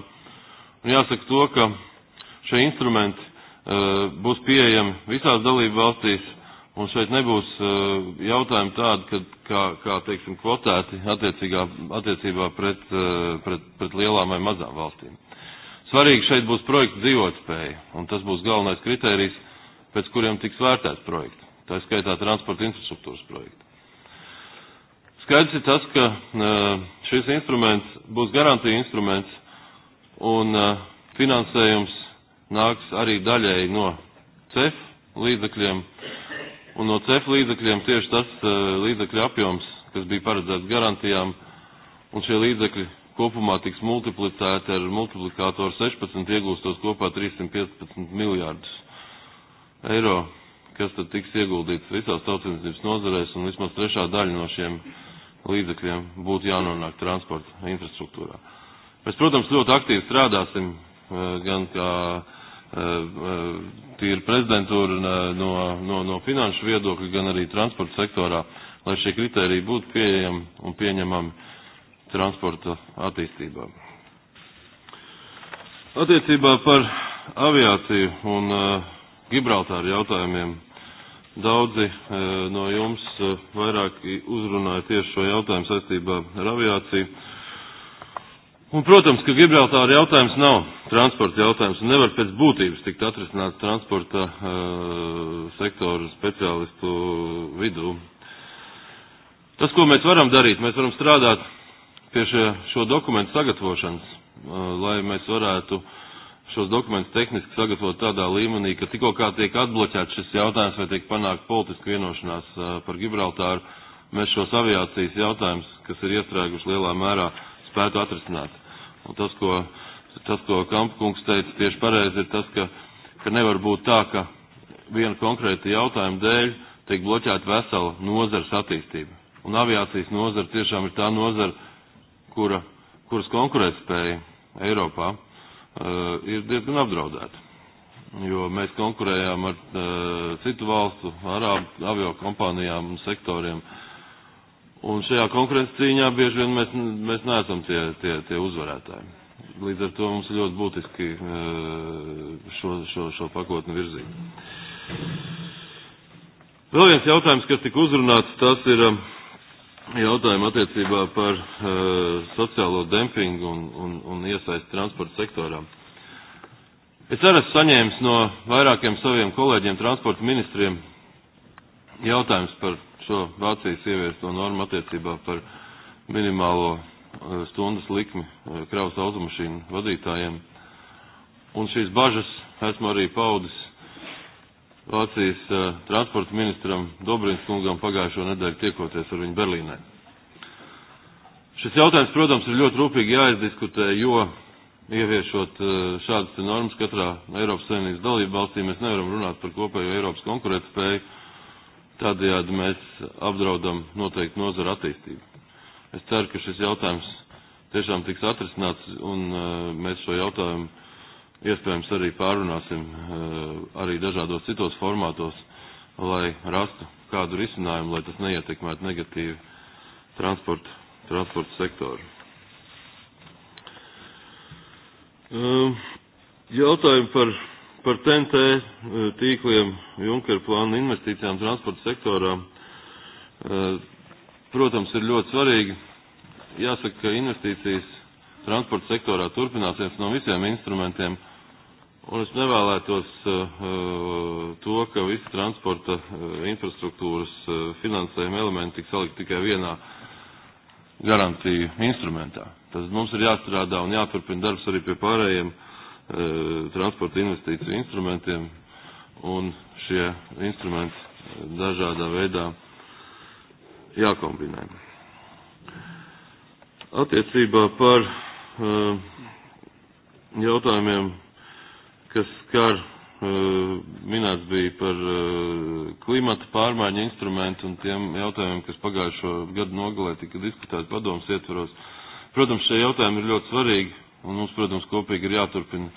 Un jāsaka to, ka šie instrumenti eh, būs pieejami visās dalību valstīs Un šeit nebūs eh, jautājumi tādi, ka, kā, kā, teiksim, kvotēti attiecībā pret, eh, pret, pret lielām vai mazām valstīm. Svarīgi šeit būs projekta dzīvotspēja, un tas būs galvenais kriterijs, pēc kuriem tiks vērtēts projekts. Tā skaitā transporta infrastruktūras projekti. Skaidrs ir tas, ka eh, šis instruments būs garantija instruments, un finansējums nāks arī daļēji no CEF līdzekļiem Un no CEF līdzekļiem tieši tas eh, līdzekļu apjoms, kas bija paredzēts garantijām, un šie līdzekļi kopumā tiks multiplicēti ar multiplikātoru 16, iegūstos kopā 315 miljārdus eiro, kas tad tiks ieguldīts visās tautsības nozarēs, un vismaz trešā daļa no šiem līdzekļiem būtu jānonāk transporta infrastruktūrā. Mēs, protams, ļoti aktīvi strādāsim eh, gan kā Eh, eh, tīri prezidentūra no, no, no finanšu viedokļa, gan arī transporta sektorā, lai šie kriteriji būtu pieejami un pieņemami transporta attīstībā. Attiecībā par aviāciju un uh, eh, Gibraltāru jautājumiem daudzi uh, no jums uh, vairāk uzrunāja tieši šo jautājumu saistībā ar aviāciju. Un, protams, ka Gibraltāra jautājums nav transporta jautājums un nevar pēc būtības tikt atrisināts transporta uh, eh, sektoru speciālistu vidū. Tas, ko mēs varam darīt, mēs varam strādāt pie šo, šo dokumentu sagatavošanas, uh, lai mēs varētu šos dokumentus tehniski sagatavot tādā līmenī, ka tikko kā tiek atbloķēts šis jautājums vai tiek panākt politiska vienošanās uh, par Gibraltāru, mēs šos aviācijas jautājumus, kas ir iestrēguši lielā mērā, spētu atrisināt. Un tas, ko, tas, ko Kampkungs teica, tieši pareizi ir tas, ka, ka nevar būt tā, ka viena konkrēta jautājuma dēļ tiek bloķēta vesela nozars attīstība. Un aviācijas nozara tiešām ir tā nozara, kura, kuras konkurētspēja Eiropā uh, ir diezgan apdraudēta. Jo mēs konkurējām ar uh, citu valstu, arābu avio kompānijām un sektoriem uh, Un šajā konkurences cīņā bieži vien mēs, mēs neesam tie, tie, tie uzvarētāji. Līdz ar to mums ir ļoti būtiski eh, šo, šo, šo pakotni virzīt. Vēl viens jautājums, kas tika uzrunāts, tas ir eh, jautājumi attiecībā par eh, sociālo dempingu un, un, un iesaisti transporta sektorā. Es arī esmu saņēmis no vairākiem saviem kolēģiem transporta ministriem jautājums par šo Vācijas ieviesto normu attiecībā par minimālo eh, stundas likmi eh, kravas automašīnu vadītājiem. Un šīs bažas esmu arī paudis Vācijas uh, transporta ministram Dobrins kungam pagājušo nedēļu tiekoties ar viņu Berlīnē. Šis jautājums, protams, ir ļoti rūpīgi jāizdiskutē, jo ieviešot šādas normas katrā Eiropas Savienības dalību valstī, mēs nevaram runāt par kopējo Eiropas konkurētspēju, Tādējādi mēs apdraudam noteikti nozara attīstību. Es ceru, ka šis jautājums tiešām tiks atrisināts un e, mēs šo jautājumu iespējams arī pārunāsim e, arī dažādos citos formātos, lai rastu kādu risinājumu, lai tas neietekmētu negatīvi transportu, transportu sektoru. E, jautājumi par Par TNT e, tīkliem Junker plāna investīcijām transporta sektorā, e, protams, ir ļoti svarīgi. Jāsaka, ka investīcijas transporta sektorā turpināsies no visiem instrumentiem, un es nevēlētos e, to, ka visi transporta infrastruktūras finansējuma elementi tiks salikt tikai vienā garantiju instrumentā. Tas mums ir jāstrādā un jāturpina darbs arī pie pārējiem Eh, transporta investīciju instrumentiem, un šie instrumenti eh, dažādā veidā jākombinē. Attiecībā par eh, jautājumiem, kas skar minēts bija par klimata pārmaiņu instrumentu un tiem jautājumiem, kas pagājušo gadu nogalē tika diskutēti padomas ietvaros. Protams, šie jautājumi ir ļoti svarīgi, Un mums, protams, kopīgi ir jāturpina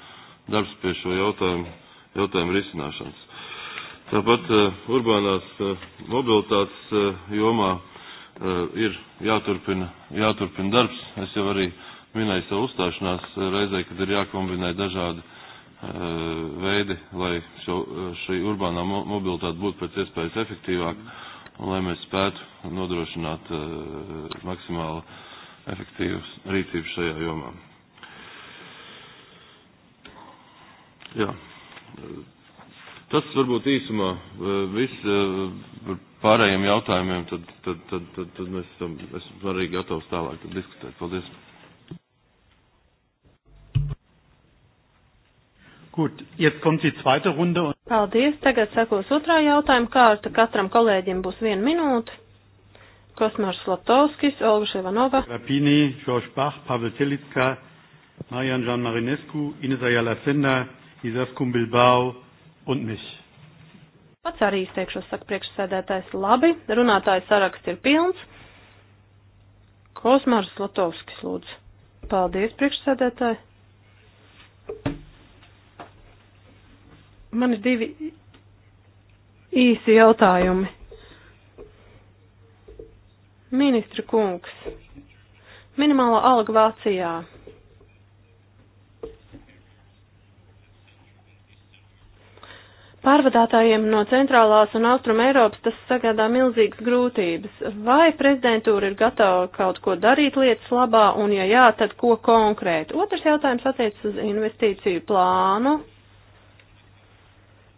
darbs pie šo jautājumu, jautājumu risināšanas. Tāpat uh, urbānās uh, mobilitātes uh, jomā uh, ir jāturpina, jāturpina darbs. Es jau arī minēju savu uzstāšanās reizē, kad ir jākombinē dažādi uh, veidi, lai šo, šī urbānā mo mobilitāte būtu pēc iespējas efektīvāka un lai mēs spētu nodrošināt uh, maksimāli efektīvas rīcības šajā jomā. Jā. Tas varbūt īsumā e, viss e, par pārējiem jautājumiem, tad, tad, tad, tad, tad mēs esam, esmu arī gatavs tālāk diskutēt. Paldies. Gut, jetzt kommt die zweite Runde. Un... Paldies, tagad sekos otrā jautājuma kārta. Katram kolēģim būs viena minūte. Kosmārs Latovskis, Olga Ševanova. Rapini, George Bach, Pavel Telitska, Marijan Žan Marinescu, Ines Ajala Senda, Izaskum Bilbao un mich. Pats arī izteikšos, saka priekšsēdētājs, labi, runātāja saraksts ir pilns. Kosmārs Latovskis lūdzu. Paldies, priekšsēdētāji. Man ir divi īsi jautājumi. Ministra kungs, minimālā alga Vācijā Pārvadātājiem no centrālās un austrum Eiropas tas sagādā milzīgas grūtības. Vai prezidentūra ir gatava kaut ko darīt lietas labā, un ja jā, tad ko konkrēti? Otrs jautājums attiecas uz investīciju plānu,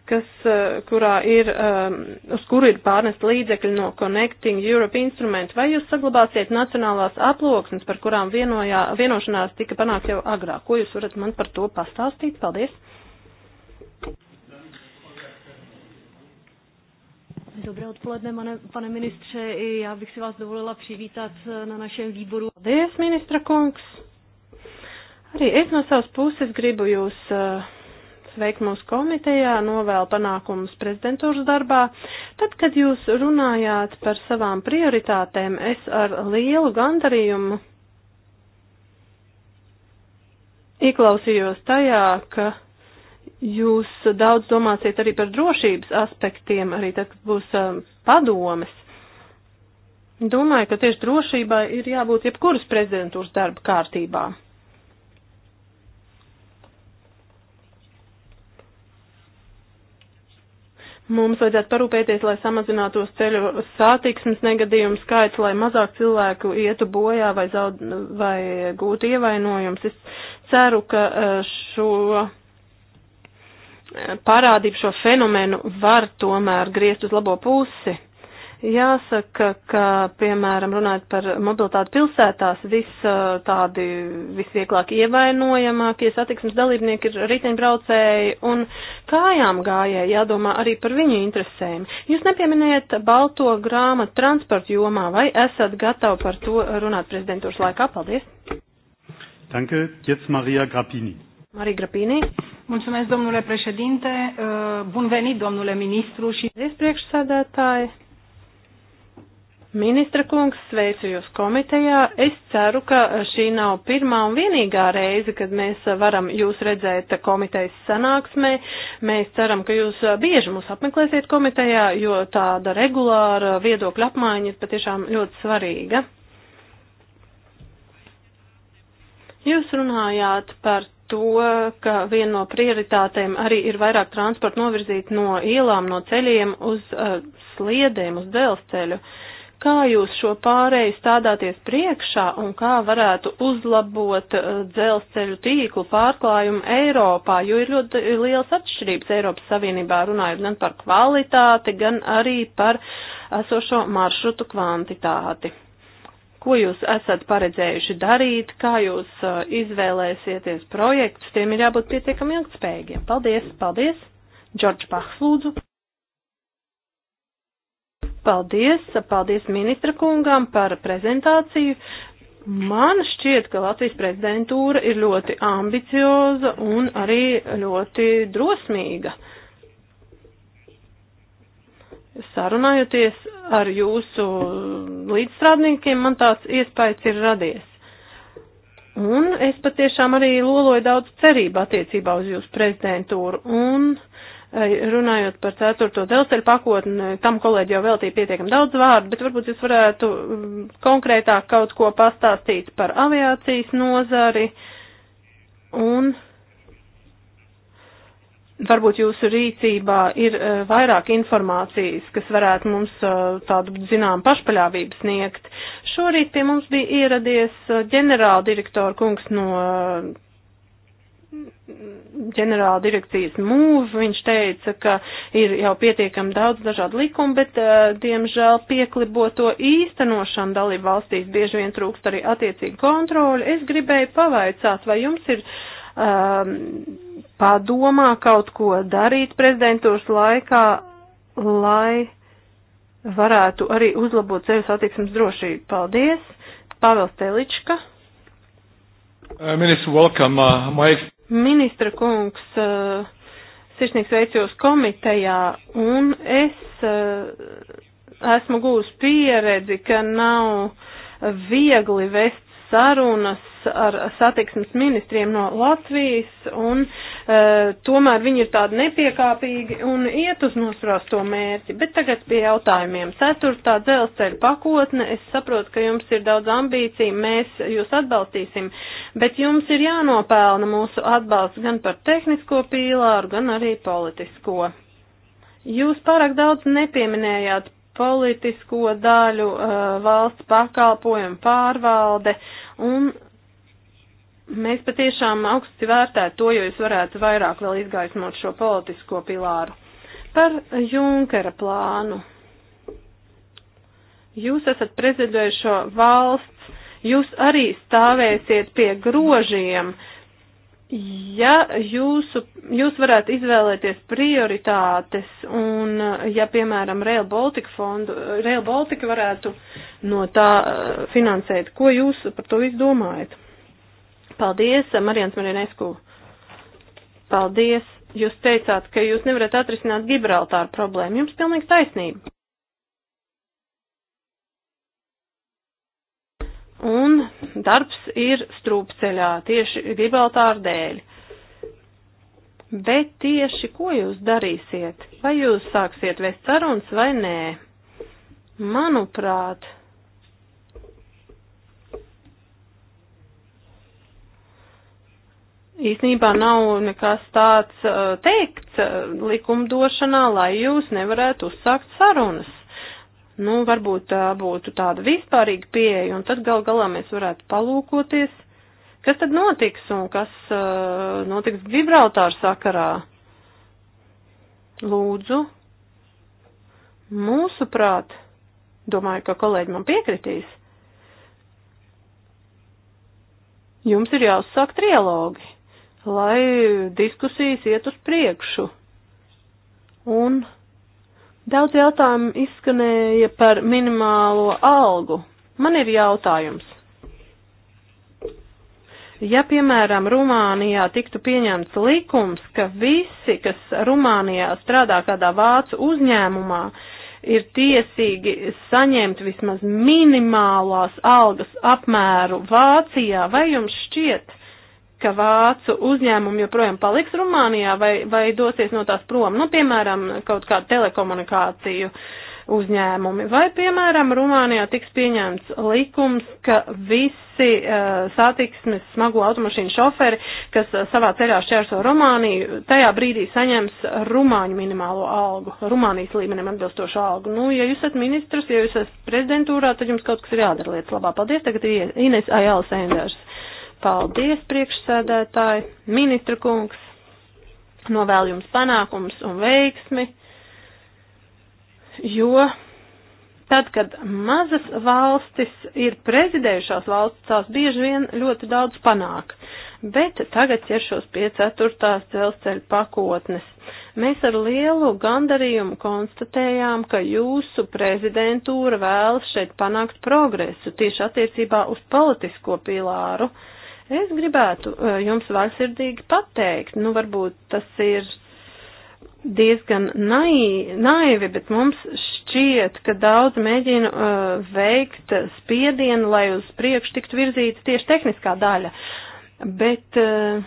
kas, eh, kurā ir, ehm, uz kuru ir pārnest līdzekļi no Connecting Europe instrumentu. Vai jūs saglabāsiet nacionālās aploksnes, par kurām vienojā, vienošanās tika panākt jau agrāk? Ko jūs varat man par to pastāstīt? Paldies! Dobré odpoledne, pane, pane ministře. I já bych si vás dovolila přivítat eh, na našem výboru. Paldies, ministra kungs. Arī es no savas puses gribu jūs uh, sveikt mūsu komitejā, novēlu panākumus prezidentūras darbā. Tad, kad jūs runājāt par savām prioritātēm, es ar lielu gandarījumu ieklausījos tajā, ka Jūs daudz domāsiet arī par drošības aspektiem, arī tad, kad būs um, padomes. Domāju, ka tieši drošībai ir jābūt jebkuras prezidentūras darba kārtībā. Mums vajadzētu parūpēties, lai samazinātos ceļu sātiksmes negadījumu skaits, lai mazāk cilvēku ietu bojā vai, zaud, vai gūtu ievainojumus. Es ceru, ka uh, šo parādību šo fenomenu var tomēr griezt uz labo pusi. Jāsaka, ka, piemēram, runājot par mobilitāti pilsētās, vis uh, tādi visvieglāk ievainojamākie satiksmes dalībnieki ir riteņbraucēji un kājām gājēji, jādomā arī par viņu interesēm. Jūs nepieminējat balto grāmatu transporta jomā, vai esat gatavi par to runāt prezidentūras laikā? Paldies! Danke, jetzt Maria Grappini. Marija Grappini. Mulțumesc, domnule președinte. Uh, bun venit, domnule ministru și priekšsēdētāji. Ministra kungs, sveicu jūs komitejā. Es ceru, ka šī nav pirmā un vienīgā reize, kad mēs varam jūs redzēt komitejas sanāksmē. Mēs ceram, ka jūs bieži mūs apmeklēsiet komitejā, jo tāda regulāra viedokļa apmaiņa ir patiešām ļoti svarīga. Jūs runājāt par to, ka viena no prioritātēm arī ir vairāk transporta novirzīt no ielām, no ceļiem uz uh, sliedēm, uz dzelzceļu. Kā jūs šo pārēju stādāties priekšā un kā varētu uzlabot uh, dzelzceļu tīklu pārklājumu Eiropā, jo ir ļoti liels atšķirības Eiropas Savienībā runājot gan par kvalitāti, gan arī par esošo maršrutu kvantitāti? ko jūs esat paredzējuši darīt, kā jūs uh, izvēlēsieties projektus, tiem ir jābūt pietiekami ilgspējīgiem. Paldies, paldies! Džordž Pahs lūdzu. Paldies, paldies ministra kungām par prezentāciju. Man šķiet, ka Latvijas prezidentūra ir ļoti ambicioza un arī ļoti drosmīga. Uh, sarunājoties ar jūsu līdzstrādniekiem, man tāds iespējas ir radies. Un es patiešām arī loloju daudz cerību attiecībā uz jūsu prezidentūru. Un e, runājot par ceturto dzelzceļa pakotni, tam kolēģi jau veltīja pietiekam daudz vārdu, bet varbūt jūs varētu konkrētāk kaut ko pastāstīt par aviācijas nozari un varbūt jūsu rīcībā ir eh, vairāk informācijas, kas varētu mums eh, tādu zinām pašpaļāvību sniegt. Šorīt pie mums bija ieradies eh, ģenerāla direktora kungs no ģenerāla direkcijas mūv, viņš teica, ka ir jau pietiekami daudz dažādu likumu, bet, diemžēl, piekliboto īstenošanu dalību valstīs bieži vien trūkst arī attiecīgi kontroli. Es gribēju pavaicāt, vai jums ir uh, um, padomā kaut ko darīt prezidentūras laikā, lai varētu arī uzlabot sevi satiksmes drošību. Paldies! Pāvils Telička. Uh, Ministra, welcome, uh, Mike. Ministra kungs, uh, sirsnīgs veicos komitejā, un es uh, esmu gūs pieredzi, ka nav viegli vest sarunas ar satiksmes ministriem no Latvijas, un e, tomēr viņi ir tādi nepiekāpīgi un iet uz nosprāsto mērķi. Bet tagad pie jautājumiem. Ceturtā dzelzceļa pakotne, es saprotu, ka jums ir daudz ambīciju, mēs jūs atbalstīsim, bet jums ir jānopelna mūsu atbalsts gan par tehnisko pīlāru, gan arī politisko. Jūs pārāk daudz nepieminējāt politisko daļu, eh, valsts pakalpojumu pārvalde un Mēs patiešām augstu vērtētu to, jo jūs varētu vairāk vēl izgaismot šo politisko pilāru. Par Junkera plānu. Jūs esat prezidējušo valsts, jūs arī stāvēsiet pie grožiem. Ja jūsu, jūs varētu izvēlēties prioritātes un, ja, piemēram, Rail Baltica fondu, Rail Baltica varētu no tā eh, finansēt, ko jūs par to visu domājat? Paldies, Marijans Marinesku. Paldies. Jūs teicāt, ka jūs nevarat atrisināt Gibraltāru problēmu. Jums pilnīgi taisnība. Un darbs ir strūpceļā tieši Gibraltāru dēļ. Bet tieši ko jūs darīsiet? Vai jūs sāksiet vēst sarunas vai nē? Manuprāt, īstenībā nav nekas tāds uh, teikts uh, likumdošanā, lai jūs nevarētu uzsākt sarunas. Nu, varbūt tā būtu tāda vispārīga pieeja, un tad gal galā mēs varētu palūkoties, kas tad notiks un kas uh, notiks Gibraltāra sakarā. Lūdzu, mūsuprāt, domāju, ka kolēģi man piekritīs, jums ir jāuzsāk trialogi lai diskusijas iet uz priekšu. Un daudz jautājumu izskanēja par minimālo algu. Man ir jautājums. Ja, piemēram, Rumānijā tiktu pieņemts likums, ka visi, kas Rumānijā strādā kādā vācu uzņēmumā, ir tiesīgi saņemt vismaz minimālās algas apmēru Vācijā, vai jums šķiet, ka vācu uzņēmumi joprojām paliks Rumānijā vai, vai dosies no tās prom, nu, piemēram, kaut kādu telekomunikāciju uzņēmumi, vai, piemēram, Rumānijā tiks pieņemts likums, ka visi uh, satiksmes smago automašīnu šoferi, kas uh, savā ceļā šķērso Rumāniju, tajā brīdī saņems Rumāņu minimālo algu, Rumānijas līmenim atbilstošu algu. Nu, ja jūs esat ministrs, ja jūs esat prezidentūrā, tad jums kaut kas ir jādara lietas labā. Paldies, tagad ir Ines Ajāls Enders. Paldies, priekšsēdētāji, ministra kungs, novēl jums panākums un veiksmi, jo tad, kad mazas valstis ir prezidējušās valsts, tās bieži vien ļoti daudz panāk. Bet tagad ķeršos pie ceturtās dzelzceļa pakotnes. Mēs ar lielu gandarījumu konstatējām, ka jūsu prezidentūra vēlas šeit panākt progresu tieši attiecībā uz politisko pilāru. Uh, Es gribētu eh, jums vaisirdīgi pateikt, nu varbūt tas ir diezgan naivi, bet mums šķiet, ka daudz mēģina uh, veikt spiedienu, lai uz priekšu tiktu virzīta tieši tehniskā daļa. Bet uh,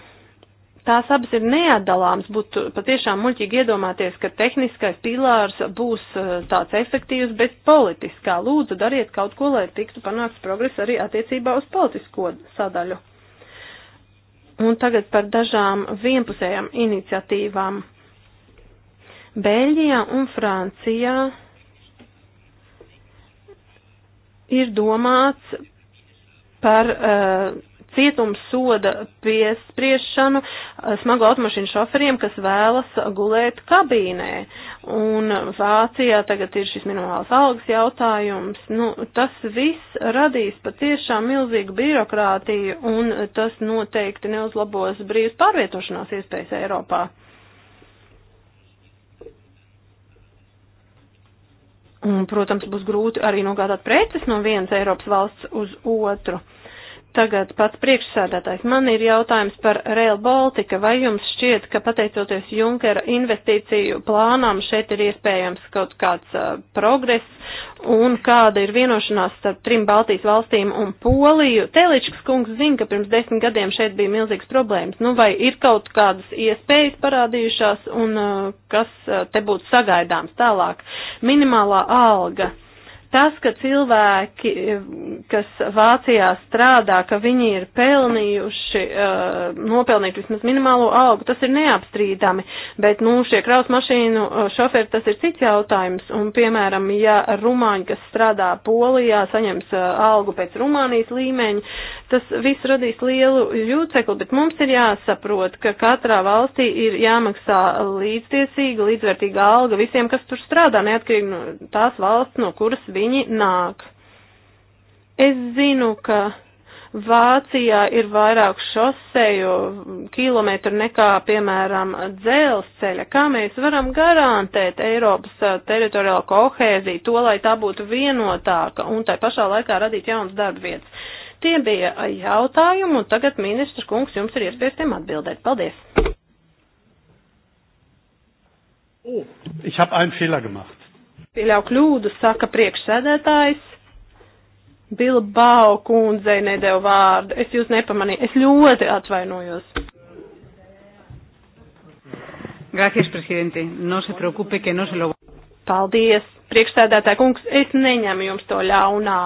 tās abas ir neatdalāmas, būtu patiešām muļķīgi iedomāties, ka tehniskais pilārs būs uh, tāds efektīvs bez politiskā. Lūdzu, dariet kaut ko, lai tiktu panāks progress arī attiecībā uz politisko sadaļu. Un tagad par dažām vienpusējām iniciatīvām. Beļģijā un Francijā ir domāts par uh, cietumsoda piespriešanu eh, smago automašīnu šoferiem, kas vēlas gulēt kabīnē. Un Vācijā tagad ir šis minimāls algas jautājums. Nu, tas viss radīs patiešām milzīgu birokrātiju un tas noteikti neuzlabos brīvas pārvietošanās iespējas Eiropā. Un, protams, būs grūti arī nogādāt preces no vienas Eiropas valsts uz otru. Uh, Tagad pats priekšsēdētājs. Man ir jautājums par Rail Baltica. Vai jums šķiet, ka pateicoties Junkera investīciju plānām šeit ir iespējams kaut kāds uh, progress un kāda ir vienošanās starp trim Baltijas valstīm un Poliju? Teličkas kungs zina, ka pirms desmit gadiem šeit bija milzīgs problēmas. Nu, vai ir kaut kādas iespējas parādījušās un uh, kas uh, te būtu sagaidāms tālāk? Minimālā alga Tas, ka cilvēki, eh, kas Vācijā strādā, ka viņi ir pelnījuši, uh, nopelnījuši vismaz minimālo algu, tas ir neapstrīdami, bet, nu, šie kraus mašīnu eh, šoferi, tas ir cits jautājums, un, piemēram, ja rumāņi, kas strādā Polijā, saņems uh, algu pēc Rumānijas līmeņa, tas viss radīs lielu jūcekli, bet mums ir jāsaprot, ka katrā valstī ir jāmaksā līdztiesīga, līdzvērtīga alga visiem, kas tur strādā, neatkarīgi no tās valsts, no kuras viņi nāk. Es zinu, ka Vācijā ir vairāk šoseju kilometru nekā, piemēram, dzelzceļa. Kā mēs varam garantēt Eiropas uh, teritoriālo kohēziju, to, lai tā būtu vienotāka un tai pašā laikā radīt jaunas darba vietas? Tie bija jautājumi, un tagad ministrs kungs jums ir iespējas tiem atbildēt. Paldies! Oh, ich habe einen Fehler gemacht. Pieļau kļūdu, saka priekšsēdētājs. Bilbao kundzei nedēļu vārdu. Es jūs nepamanīju. Es ļoti atvainojos. Gracias, presidente. No se preocupe, que no se lo. Paldies, priekšsēdētāja kungs. Es neņemu jums to ļaunā.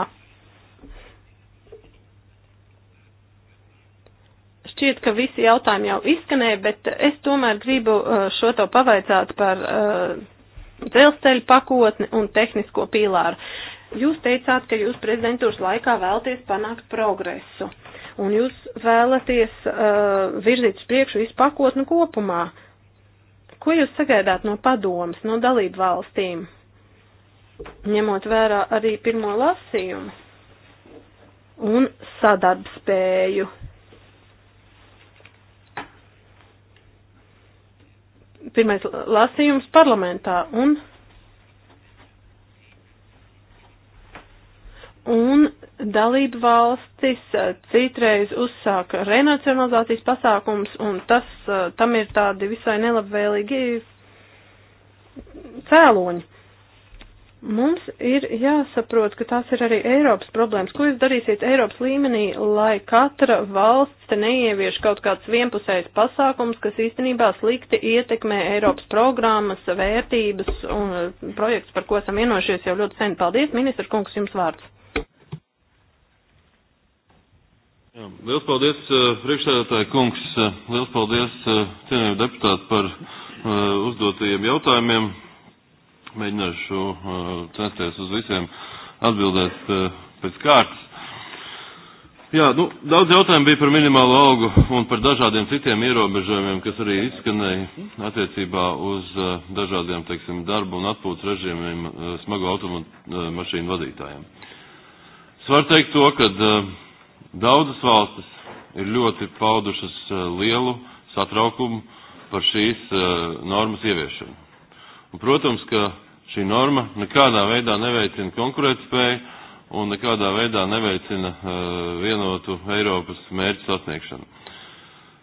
Šķiet, ka visi jautājumi jau izskanēja, bet es tomēr gribu uh, šo to pavaicāt par uh, dzelzceļu pakotni un tehnisko pīlāru. Jūs teicāt, ka jūs prezidentūras laikā vēlties panākt progresu, un jūs vēlaties uh, virzīt uz priekšu visu pakotnu kopumā. Ko jūs sagaidāt no padomas, no dalību valstīm, ņemot vērā arī pirmo lasījumu un sadarbspēju? pirmais lasījums parlamentā un, un dalību valstis citreiz uzsāka renacionalizācijas pasākums, un tas, tam ir tādi visai nelabvēlīgi cēloņi. Mums ir jāsaprot, ka tās ir arī Eiropas problēmas. Ko jūs darīsiet Eiropas līmenī, lai katra valsts te neievieš kaut kāds vienpusējs pasākums, kas īstenībā slikti ietekmē Eiropas programmas, vērtības un eh, projekts, par ko esam vienojušies jau ļoti sen. Paldies, ministra kungs, jums vārds. Jā, liels paldies, eh, priekšsēdētāji kungs, eh, liels paldies, cienījami deputāti par uzdotajiem jautājumiem. Mēģināšu censties uz visiem atbildēt pēc kārtas. Jā, nu, daudz jautājumu bija par minimālo algu un par dažādiem citiem ierobežojumiem, kas arī izskanēja attiecībā uz dažādiem, teiksim, darbu un atpūtas režīmiem smago automašīnu vadītājiem. Es varu teikt to, ka daudzas valstis ir ļoti paudušas lielu satraukumu par šīs normas ieviešanu. Un, protams, ka Šī norma nekādā veidā neveicina konkurētspēju un nekādā veidā neveicina e, vienotu Eiropas mērķu sasniegšanu.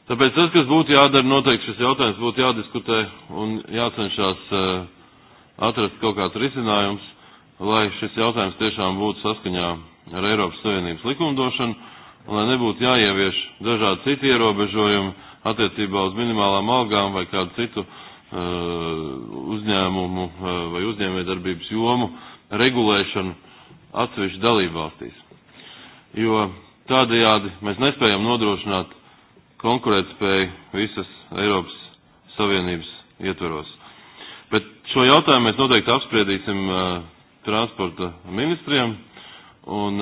Tāpēc tas, kas būtu jādara, noteikti šis jautājums būtu jādiskutē un jācenšas e, atrast kaut kāds risinājums, lai šis jautājums tiešām būtu saskaņā ar Eiropas Savienības likumdošanu, un lai nebūtu jāievieš dažādi citi ierobežojumi attiecībā uz minimālām algām vai kādu citu uh, Uh, uzņēmumu uh, vai uzņēmējdarbības jomu regulēšanu atsevišķu dalībvalstīs. Jo tādējādi mēs nespējam nodrošināt konkurētspēju visas Eiropas Savienības ietveros. Bet šo jautājumu mēs noteikti apspriedīsim uh, transporta ministriem un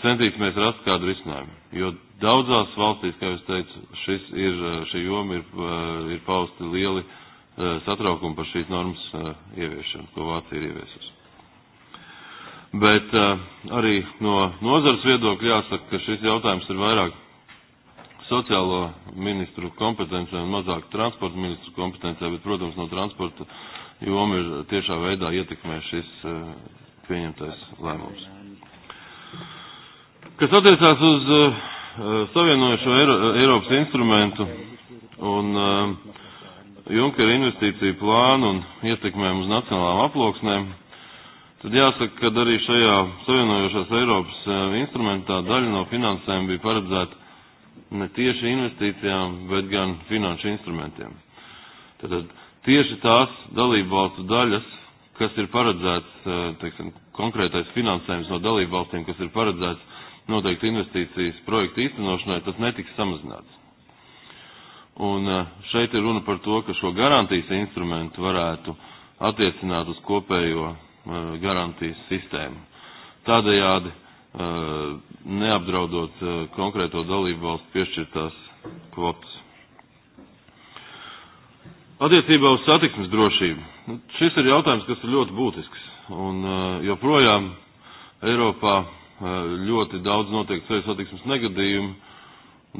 centīsimies rast kādu risinājumu. Jo daudzās valstīs, kā jau es teicu, šis ir, šī joma ir, ir pausti lieli uh, Eh, satraukumu par šīs normas eh, ieviešanu, ko Vācija ir ieviesusi. Bet eh, arī no nozars viedokļa jāsaka, ka šis jautājums ir vairāk sociālo ministru kompetencijā un mazāk transporta ministru kompetencijā, bet, protams, no transporta joma ir tiešā veidā ietekmē šis pieņemtais lēmums. Kas attiecās uz savienojušo Eiro, Eiropas instrumentu un uh, Junkera investīciju plānu un ietekmēm uz nacionālām aploksnēm, tad jāsaka, ka arī šajā savienojošās Eiropas e, instrumentā daļa no finansēm bija paredzēta ne tieši investīcijām, bet gan finanšu instrumentiem. Tātad tieši tās dalībvalstu daļas, kas ir paredzēts, e, teiksim, konkrētais finansējums no dalībvalstīm, kas ir paredzēts noteikti investīcijas projektu īstenošanai, tas netiks samazināts. Un eh, šeit ir runa par to, ka šo garantijas instrumentu varētu attiecināt uz kopējo eh, garantijas sistēmu. Tādējādi eh, neapdraudot konkrēto dalību valstu piešķirtās kvotas. Attiecībā uz satiksmes drošību. Nu, šis ir jautājums, kas ir ļoti būtisks. Un joprojām Eiropā ļoti daudz notiek ceļu satiksmes negadījumu,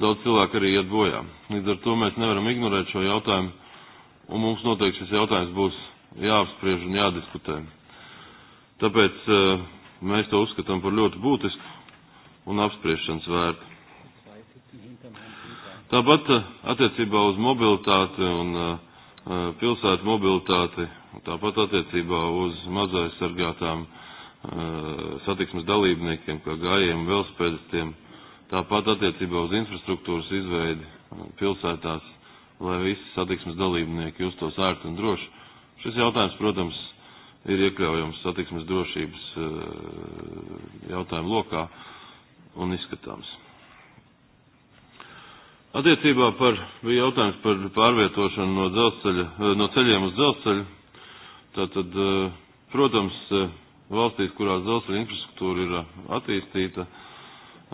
daudz cilvēku arī iet bojā. Līdz ar to mēs nevaram ignorēt šo jautājumu, un mums noteikti šis jautājums būs jāapspriež un jādiskutē. Tāpēc uh, mēs to uzskatām par ļoti būtisku un apspriešanas vērtu. Tāpat uh, attiecībā uz mobilitāti un uh, pilsētu mobilitāti, tāpat attiecībā uz mazaizsargātām satiksmes dalībniekiem, kā gājiem, velospēdistiem Tāpat attiecībā uz infrastruktūras izveidi uh, pilsētās, lai visi satiksmes dalībnieki justos ērti un droši. Šis jautājums, protams, ir iekļaujams satiksmes drošības uh, jautājumu lokā un izskatāms. Attiecībā par, bija jautājums par pārvietošanu no, dzelzceļa, uh, no ceļiem uz dzelzceļu. Tātad, protams, valstīs, kurās dzelzceļa infrastruktūra ir attīstīta,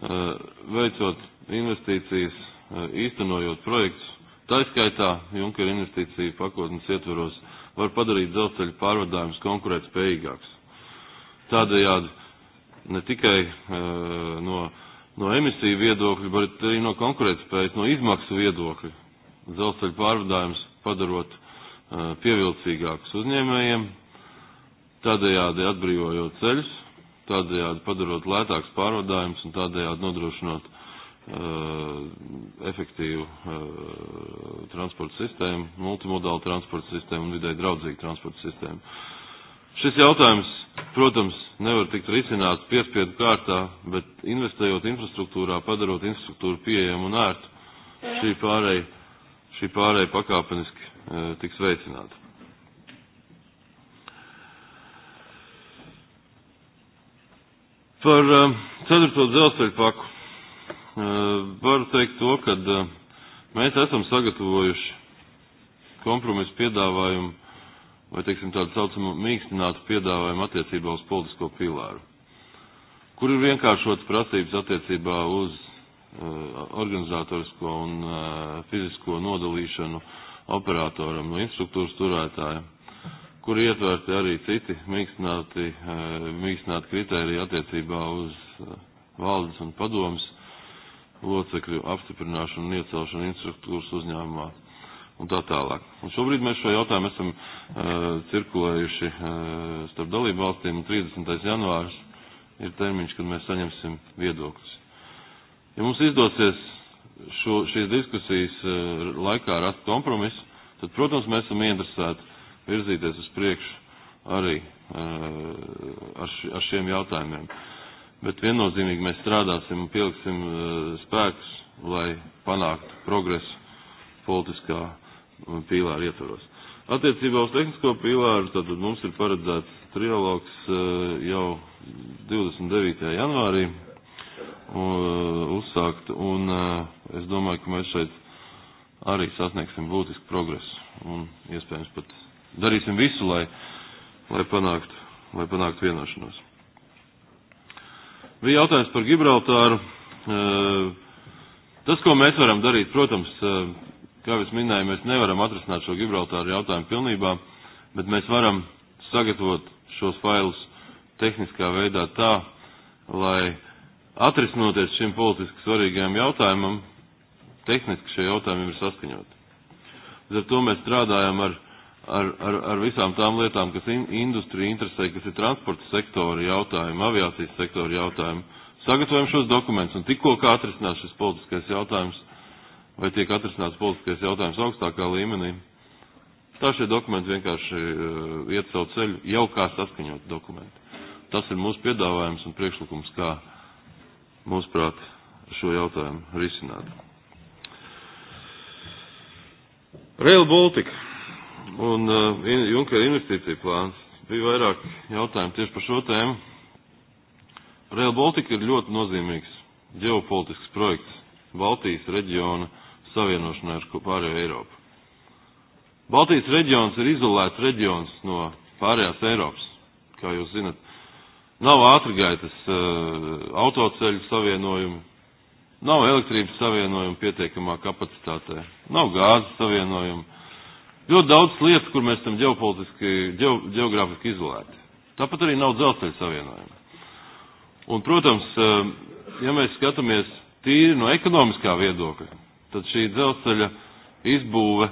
Eh, veicot investīcijas, eh, īstenojot projektus, tā skaitā Junkera investīciju pakotnes ietvaros, var padarīt dzelzceļa pārvadājumus konkurētspējīgāks. Tādējādi ne tikai eh, no, no emisiju viedokļa, bet arī no konkurētspējas, no izmaksu viedokļa dzelzceļa pārvadājumus padarot pievilcīgākus uzņēmējiem, tādējādi atbrīvojot ceļus tādējādi padarot lētāks pārvadājums un tādējādi nodrošinot uh, efektīvu uh, transporta sistēmu, multimodālu transporta sistēmu un vidē draudzīgu transporta sistēmu. Šis jautājums, protams, nevar tikt risināts piespiedu kārtā, bet investējot infrastruktūrā, padarot infrastruktūru pieejamu un ērtu, šī pārēja, šī pārēja pakāpeniski uh, tiks veicināta. Par uh, ceturto dzelzceļu paku uh, varu teikt to, ka uh, mēs esam sagatavojuši kompromisu piedāvājumu vai, teiksim, tādu saucamu mīkstinātu piedāvājumu attiecībā uz politisko pīlāru, kur ir vienkāršotas prasības attiecībā uz organizatorisko un fizisko nodalīšanu operatoram no infrastruktūras turētājiem kur ietverti arī citi mīkstināti, e, mīkstināti kriteriji attiecībā uz e, valdes un padomas locekļu apstiprināšanu un iecelšanu infrastruktūras uzņēmumā un tā tālāk. Un šobrīd mēs šo jautājumu esam uh, cirkulējuši uh, starp dalību valstīm un 30. janvārs ir termiņš, kad mēs saņemsim viedokļus. Ja mums izdosies šo, šīs diskusijas uh, laikā rast kompromisu, tad, protams, mēs esam ieinteresēti virzīties uz priekšu arī eh, ar, š, ar šiem jautājumiem. Bet viennozīmīgi mēs strādāsim un pieliksim eh, spēkus, lai panāktu progresu politiskā mm, pīlāra ietvaros. Attiecībā uz tehnisko pīlāru, tad mums ir paredzēts trialogs eh, jau 29. janvārī uzsākt, un es domāju, ka mēs šeit arī sasniegsim būtisku progresu un iespējams pat darīsim visu, lai, lai panāktu lai panāktu vienošanos. Bija jautājums par Gibraltāru. E, tas, ko mēs varam darīt, protams, e, kā jau es minēju, mēs nevaram atrisināt šo Gibraltāru jautājumu pilnībā, bet mēs varam sagatavot šos failus tehniskā veidā tā, lai atrisinoties šim politiski svarīgajam jautājumam, tehniski šie jautājumi ir saskaņoti. Līdz ar to mēs strādājam ar ar, ar, ar visām tām lietām, kas in, industrija interesē, kas ir transporta sektora jautājumi, aviācijas sektora jautājumi. Sagatavojam šos dokumentus un tikko kā atrisinās šis politiskais jautājums, vai tiek atrisināts politiskais jautājums augstākā līmenī, tā šie dokumenti vienkārši uh, iet savu ceļu jau kā saskaņot dokumenti. Tas ir mūsu piedāvājums un priekšlikums, kā mūsuprāt šo jautājumu risināt. Rail Baltica un uh, eh, Junkera investīcija plāns. Bija vairāk jautājumu tieši par šo tēmu. Rail Baltica ir ļoti nozīmīgs ģeopolitisks projekts Baltijas reģiona savienošanai ar pārējo Eiropu. Baltijas reģions ir izolēts reģions no pārējās Eiropas, kā jūs zinat. Nav ātrgaitas uh, autoceļu savienojumi, nav elektrības savienojumi pietiekamā kapacitātē, nav gāzes savienojumi Ļoti daudz lietas, kur mēs tam ģeopolitiski, ģeo, geogrāfiski izolēti. Tāpat arī nav dzelzceļa savienojuma. Un, protams, eh, ja mēs skatāmies tīri no ekonomiskā viedokļa, tad šī dzelzceļa izbūve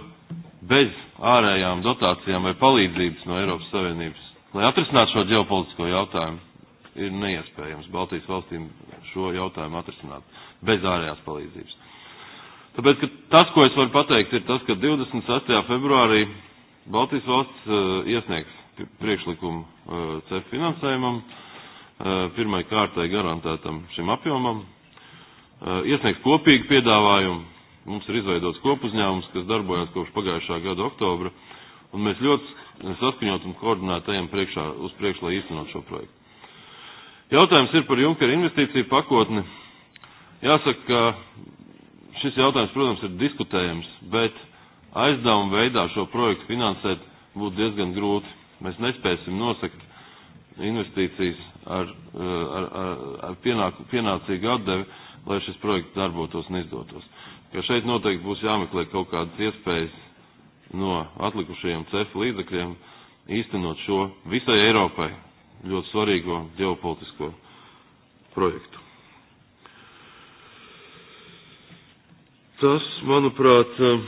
bez ārējām dotācijām vai palīdzības no Eiropas Savienības, lai atrisinātu šo ģeopolitisko jautājumu, ir neiespējams Baltijas valstīm šo jautājumu atrisināt bez ārējās palīdzības. Tāpēc, ka tas, ko es varu pateikt, ir tas, ka 26. februārī Baltijas valsts uh, iesniegs priekšlikumu uh, CEF finansējumam, uh, pirmai kārtai garantētam šim apjomam, iesniegs kopīgu piedāvājumu. Mums ir izveidots kopuzņēmums, kas darbojas kopš pagājušā gada oktobra, un mēs ļoti saskaņot un koordinēt ejam priekšā, uz priekšu, lai īstenot šo projektu. Jautājums ir par Junkera investīciju pakotni. Jāsaka, ka šis jautājums, protams, ir diskutējams, bet aizdevuma veidā šo projektu finansēt būtu diezgan grūti. Mēs nespēsim nosakt investīcijas ar, eh, ar, ar, ar pienāk, pienācīgu atdevi, lai šis projekts darbotos un izdotos. Ka šeit noteikti būs jāmeklē kaut kādas iespējas no atlikušajiem cefu līdzekļiem īstenot šo visai Eiropai ļoti svarīgo ģeopolitisko projektu. Tas, manuprāt, eh,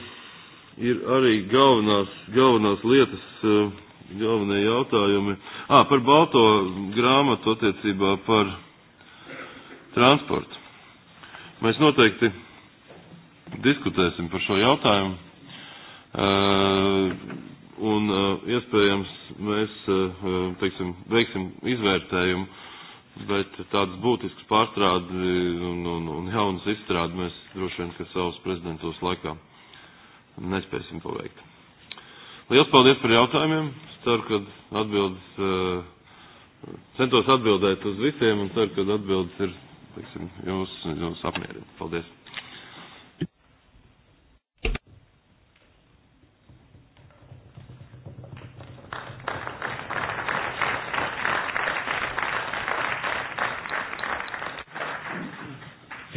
ir arī galvenās, galvenās lietas, eh, galvenie jautājumi. À, par balto grāmatu attiecībā par transportu. Mēs noteikti diskutēsim par šo jautājumu. Eh, un iespējams mēs, teiksim, veiksim izvērtējumu bet tādas būtiskas pārstrādi un, un, un jaunas izstrādi mēs droši vien, ka savas prezidentūras laikā nespēsim paveikt. Lielas paldies par jautājumiem. Es ceru, ka atbildes, eh, centos atbildēt uz visiem un ceru, ka atbildes ir, teiksim, jūs, jūs apmierina. Paldies.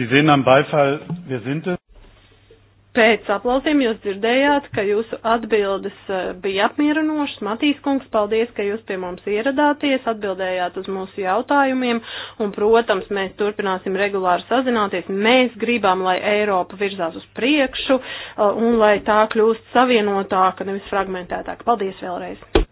Sie sehen am Beifall, wir sind es. Pēc aplausiem jūs dzirdējāt, ka jūsu atbildes e, bija apmierinošas. Matīs kungs, paldies, ka jūs pie mums ieradāties, atbildējāt uz mūsu jautājumiem, un, protams, mēs turpināsim regulāri sazināties. Mēs gribam, lai Eiropa virzās uz priekšu, e, un lai tā kļūst savienotāka, nevis fragmentētāka. Paldies vēlreiz!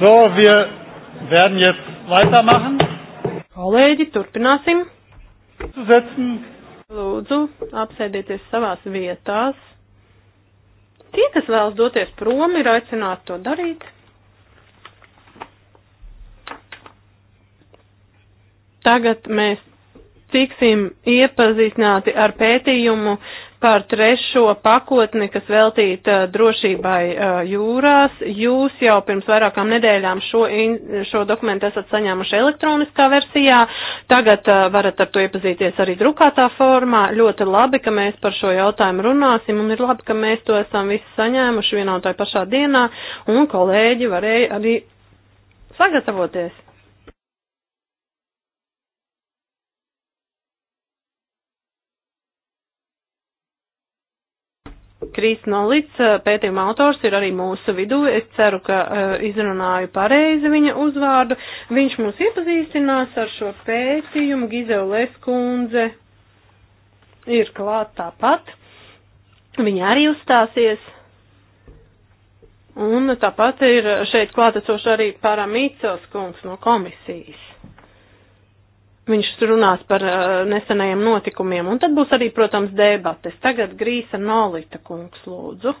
So, wir werden jetzt weitermachen. Kolēģi, turpināsim. Setzen. Lūdzu, apsēdieties savās vietās. Tie, kas vēlas doties prom, ir aicināti to darīt. Tagad mēs tiksim iepazīstināti ar pētījumu par trešo pakotni, kas veltīta eh, drošībai eh, jūrās. Jūs jau pirms vairākām nedēļām šo, in, šo dokumentu esat saņēmuši elektroniskā versijā. Tagad eh, varat ar to iepazīties arī drukātā formā. Ļoti labi, ka mēs par šo jautājumu runāsim un ir labi, ka mēs to esam visi saņēmuši vienā un tajā pašā dienā un kolēģi varēja arī sagatavoties. Krīs Nolits, eh, pētījuma autors, ir arī mūsu vidū. Es ceru, ka uh, izrunāju pareizi viņa uzvārdu. Viņš mūs iepazīstinās ar šo pētījumu. Gizelēs kundze ir klāt tāpat. Viņa arī uzstāsies. Un tāpat ir šeit klātecoši arī Paramīcos kungs no komisijas viņš runās par uh, nesenajiem notikumiem. Un tad būs arī, protams, debates. Tagad Grīsa Nolita kungs lūdzu.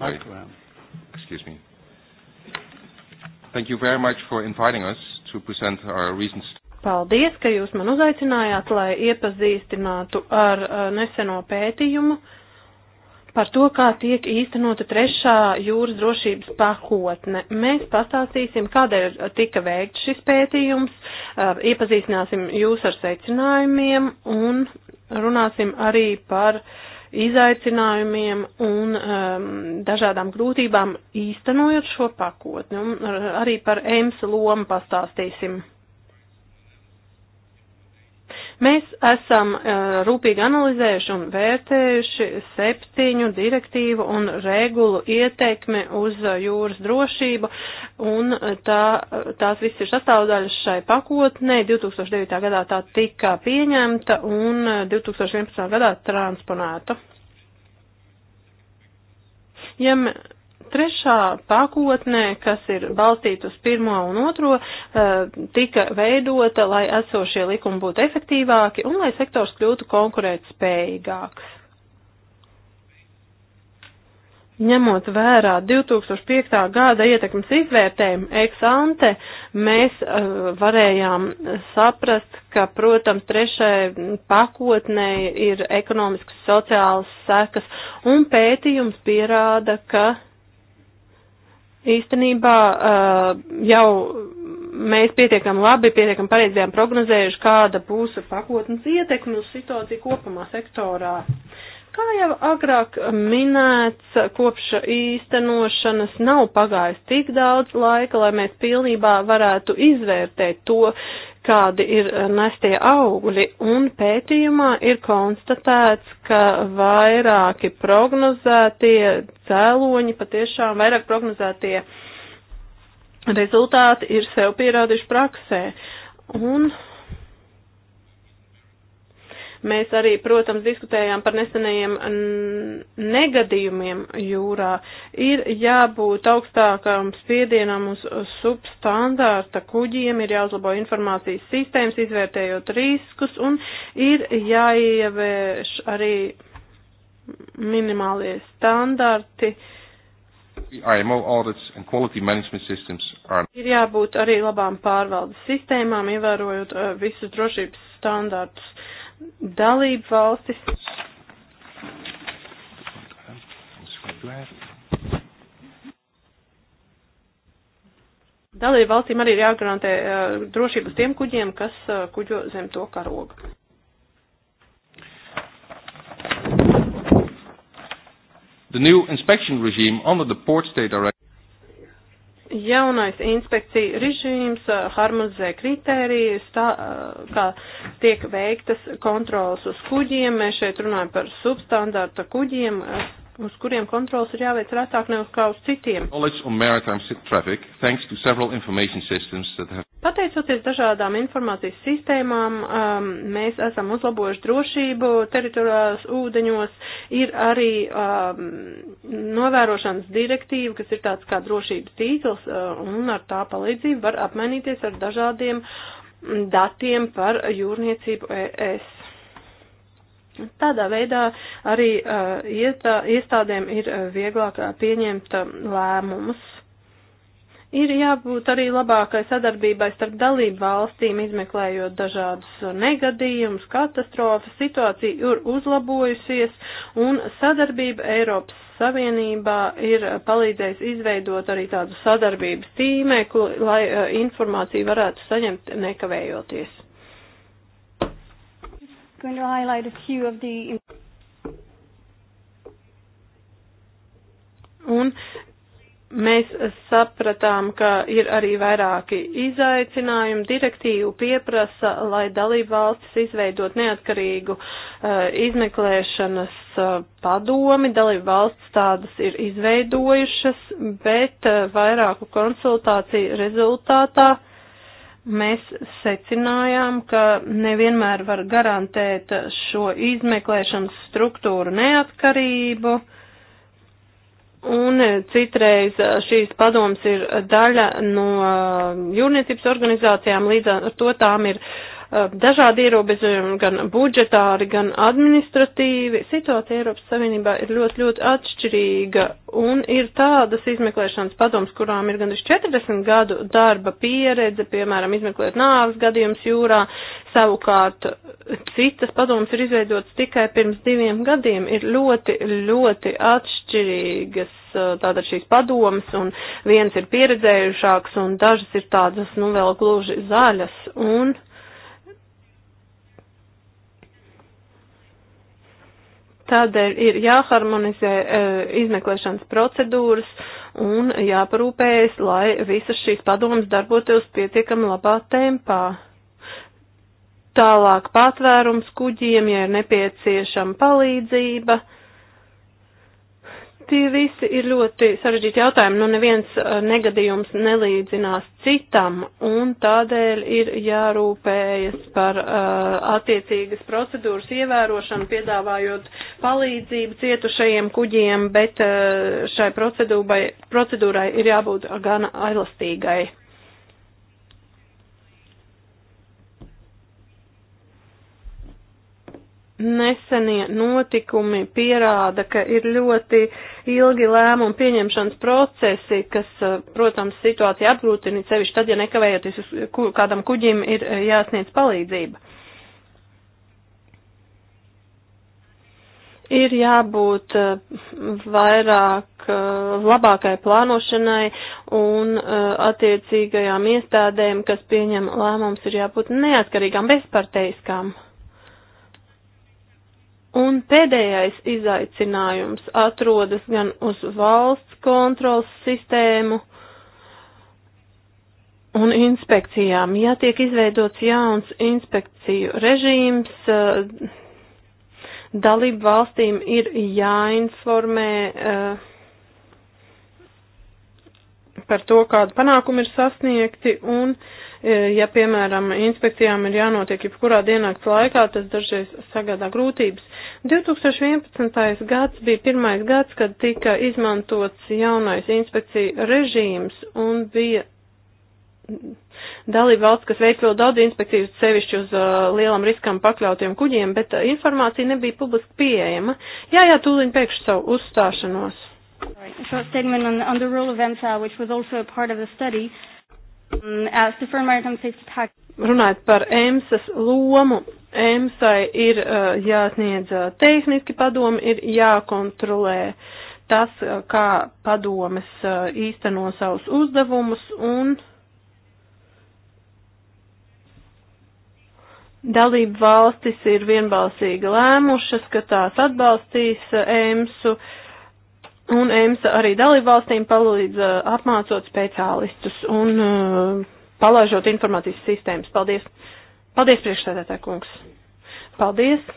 Sorry. Excuse me. Thank you very much for inviting us to present our recent Paldies, ka jūs man uzaicinājāt, lai iepazīstinātu ar uh, neseno pētījumu par to, kā tiek īstenota trešā jūras drošības pakotne. Mēs pastāstīsim, kādēļ tika veikts šis pētījums, uh, iepazīstināsim jūs ar secinājumiem un runāsim arī par izaicinājumiem un um, dažādām grūtībām īstenojot šo pakotni. Un uh, arī par EMS lomu pastāstīsim. Mēs esam uh, rūpīgi analizējuši un vērtējuši septiņu direktīvu un regulu ietekmi uz eh, jūras drošību, un eh, tā, tās viss ir sastāvdaļas šai pakotnē. 2009. gadā tā tika pieņemta un 2011. gadā transponēta. Ja Trešā pakotnē, kas ir balstīta uz pirmo un otro, eh, tika veidota, lai esošie likumi būtu efektīvāki un lai sektors kļūtu konkurētspējīgāks. Ņemot vērā 2005. gada ietekmes izvērtējumu ex-ante, mēs uh, varējām saprast, ka, protams, trešai pakotnē ir ekonomiskas sociālas sekas, un pētījums pierāda, ka īstenībā eh, jau mēs pietiekam labi, pietiekam pareizi bijām prognozējuši, kāda būs pakotnes ietekme uz situāciju kopumā sektorā. Kā jau agrāk minēts, kopš īstenošanas nav pagājis tik daudz laika, lai mēs pilnībā varētu izvērtēt to, kādi ir eh, nestie augļi, un pētījumā ir konstatēts, ka vairāki prognozētie cēloņi, patiešām vairāk prognozētie rezultāti ir sev pierādījuši praksē. Un Mēs arī, protams, diskutējām par nesenajiem negadījumiem jūrā. Ir jābūt augstākam spiedienam uz substandārta kuģiem, ir jāuzlabo informācijas sistēmas, izvērtējot riskus un ir jāievieš arī minimālie standarti. IMO audits and quality management systems are. Ir jābūt arī labām pārvaldes sistēmām, ievērojot uh, visus drošības standartus dalību valstis. Dalību valstīm arī ir jāgarantē uh, eh, drošības tiem kuģiem, kas uh, kuģo zem to karogu. The new inspection regime under the Port State Directive Jaunais inspekcija režīms harmonizē kritērijas, tā, kā tiek veiktas kontrolas uz kuģiem. Mēs šeit runājam par substandarta kuģiem, uz kuriem kontrols ir jāveic retāk nevis kā uz citiem. Pateicoties dažādām informācijas sistēmām, um, mēs esam uzlabojuši drošību teritoriālās ūdeņos, ir arī um, novērošanas direktīva, kas ir tāds kā drošības tīkls, uh, un ar tā palīdzību var apmainīties ar dažādiem datiem par jūrniecību ES. Tādā veidā arī uh, ietā, iestādēm ir eh, vieglāk eh, pieņemt lēmumus. Ir jābūt arī labākai sadarbībai starp dalību valstīm, izmeklējot dažādus negadījumus, katastrofas, situācija ir uzlabojusies un sadarbība Eiropas Savienībā ir palīdzējis izveidot arī tādu sadarbības tīmeklu, lai informāciju varētu saņemt nekavējoties going to highlight a few of the Un mēs sapratām, ka ir arī vairāki izaicinājumi. Direktīvu pieprasa, lai dalību valstis izveidot neatkarīgu uh, izmeklēšanas uh, padomi. Dalību valstis tādas ir izveidojušas, bet uh, vairāku konsultāciju rezultātā uh, mēs secinājām, ka nevienmēr var garantēt šo izmeklēšanas struktūru neatkarību, un citreiz šīs padoms ir daļa no uh, jūrniecības organizācijām, līdz ar to tām ir uh, dažādi ierobežojumi, gan budžetāri, gan administratīvi. Situācija Eiropas Savienībā ir ļoti, ļoti atšķirīga, un ir tādas izmeklēšanas padoms, kurām ir gandrīz 40 gadu darba pieredze, piemēram, izmeklēt nāves gadījumus jūrā, savukārt citas padoms ir izveidotas tikai pirms diviem gadiem, ir ļoti, ļoti atšķirīgas tātad šīs padomas, un viens ir pieredzējušāks, un dažas ir tādas, nu, vēl gluži zaļas, un Tādēļ ir jāharmonizē e, izmeklēšanas procedūras un jāparūpējas, lai visas šīs padomas darbotos pietiekami labā tempā. Tālāk patvērums kuģiem, ja ir nepieciešama palīdzība tie visi ir ļoti sarežģīti jautājumi. Nu, neviens eh, negadījums nelīdzinās citam, un tādēļ ir jārūpējas par uh, attiecīgas procedūras ievērošanu, piedāvājot palīdzību cietušajiem kuģiem, bet uh, šai procedūrai, procedūrai ir jābūt gan elastīgai. nesenie notikumi pierāda, ka ir ļoti ilgi lēmumu pieņemšanas procesi, kas, eh, protams, situāciju apgrūtina sevišķi tad, ja nekavējoties uz ku, kādam kuģim ir eh, jāsniedz palīdzība. Ir jābūt eh, vairāk labākai plānošanai un attiecīgajām iestādēm, kas pieņem lēmums, ir jābūt neatkarīgām, bezparteiskām. Un pēdējais izaicinājums atrodas gan uz valsts kontrols sistēmu un inspekcijām. Ja tiek izveidots jauns inspekciju režīms, eh, dalību valstīm ir jāinformē eh, par to, kādu panākumu ir sasniegti un uh, E, ja, piemēram, inspekcijām ir jānotiek jebkurā diennakts laikā, tas dažreiz sagādā grūtības. 2011. gads bija pirmais gads, kad tika izmantots jaunais inspekcija režīms un bija dalība valsts, kas veic vēl daudz inspekcijas sevišķi uz uh, lielam riskam pakļautiem kuģiem, bet uh, informācija nebija publiski pieejama. Jā, jā, tūliņ pēkšu savu uzstāšanos. Right. A short statement on, on the role of EMSA, which was also a part of the study. Uh, Mm, Runājot par EMSAS lomu, EMSAI ir jāsniedz tehniski padomi, ir jākontrolē tas, kā padomes īsteno savus uzdevumus un Dalību valstis ir vienbalsīgi lēmušas, ka tās atbalstīs EMSU uh, Un EMSA arī dalībvalstīm palīdz uh, apmācot speciālistus un uh, palaižot informācijas sistēmas. Paldies! Paldies, priekšsēdētāj kungs! Paldies!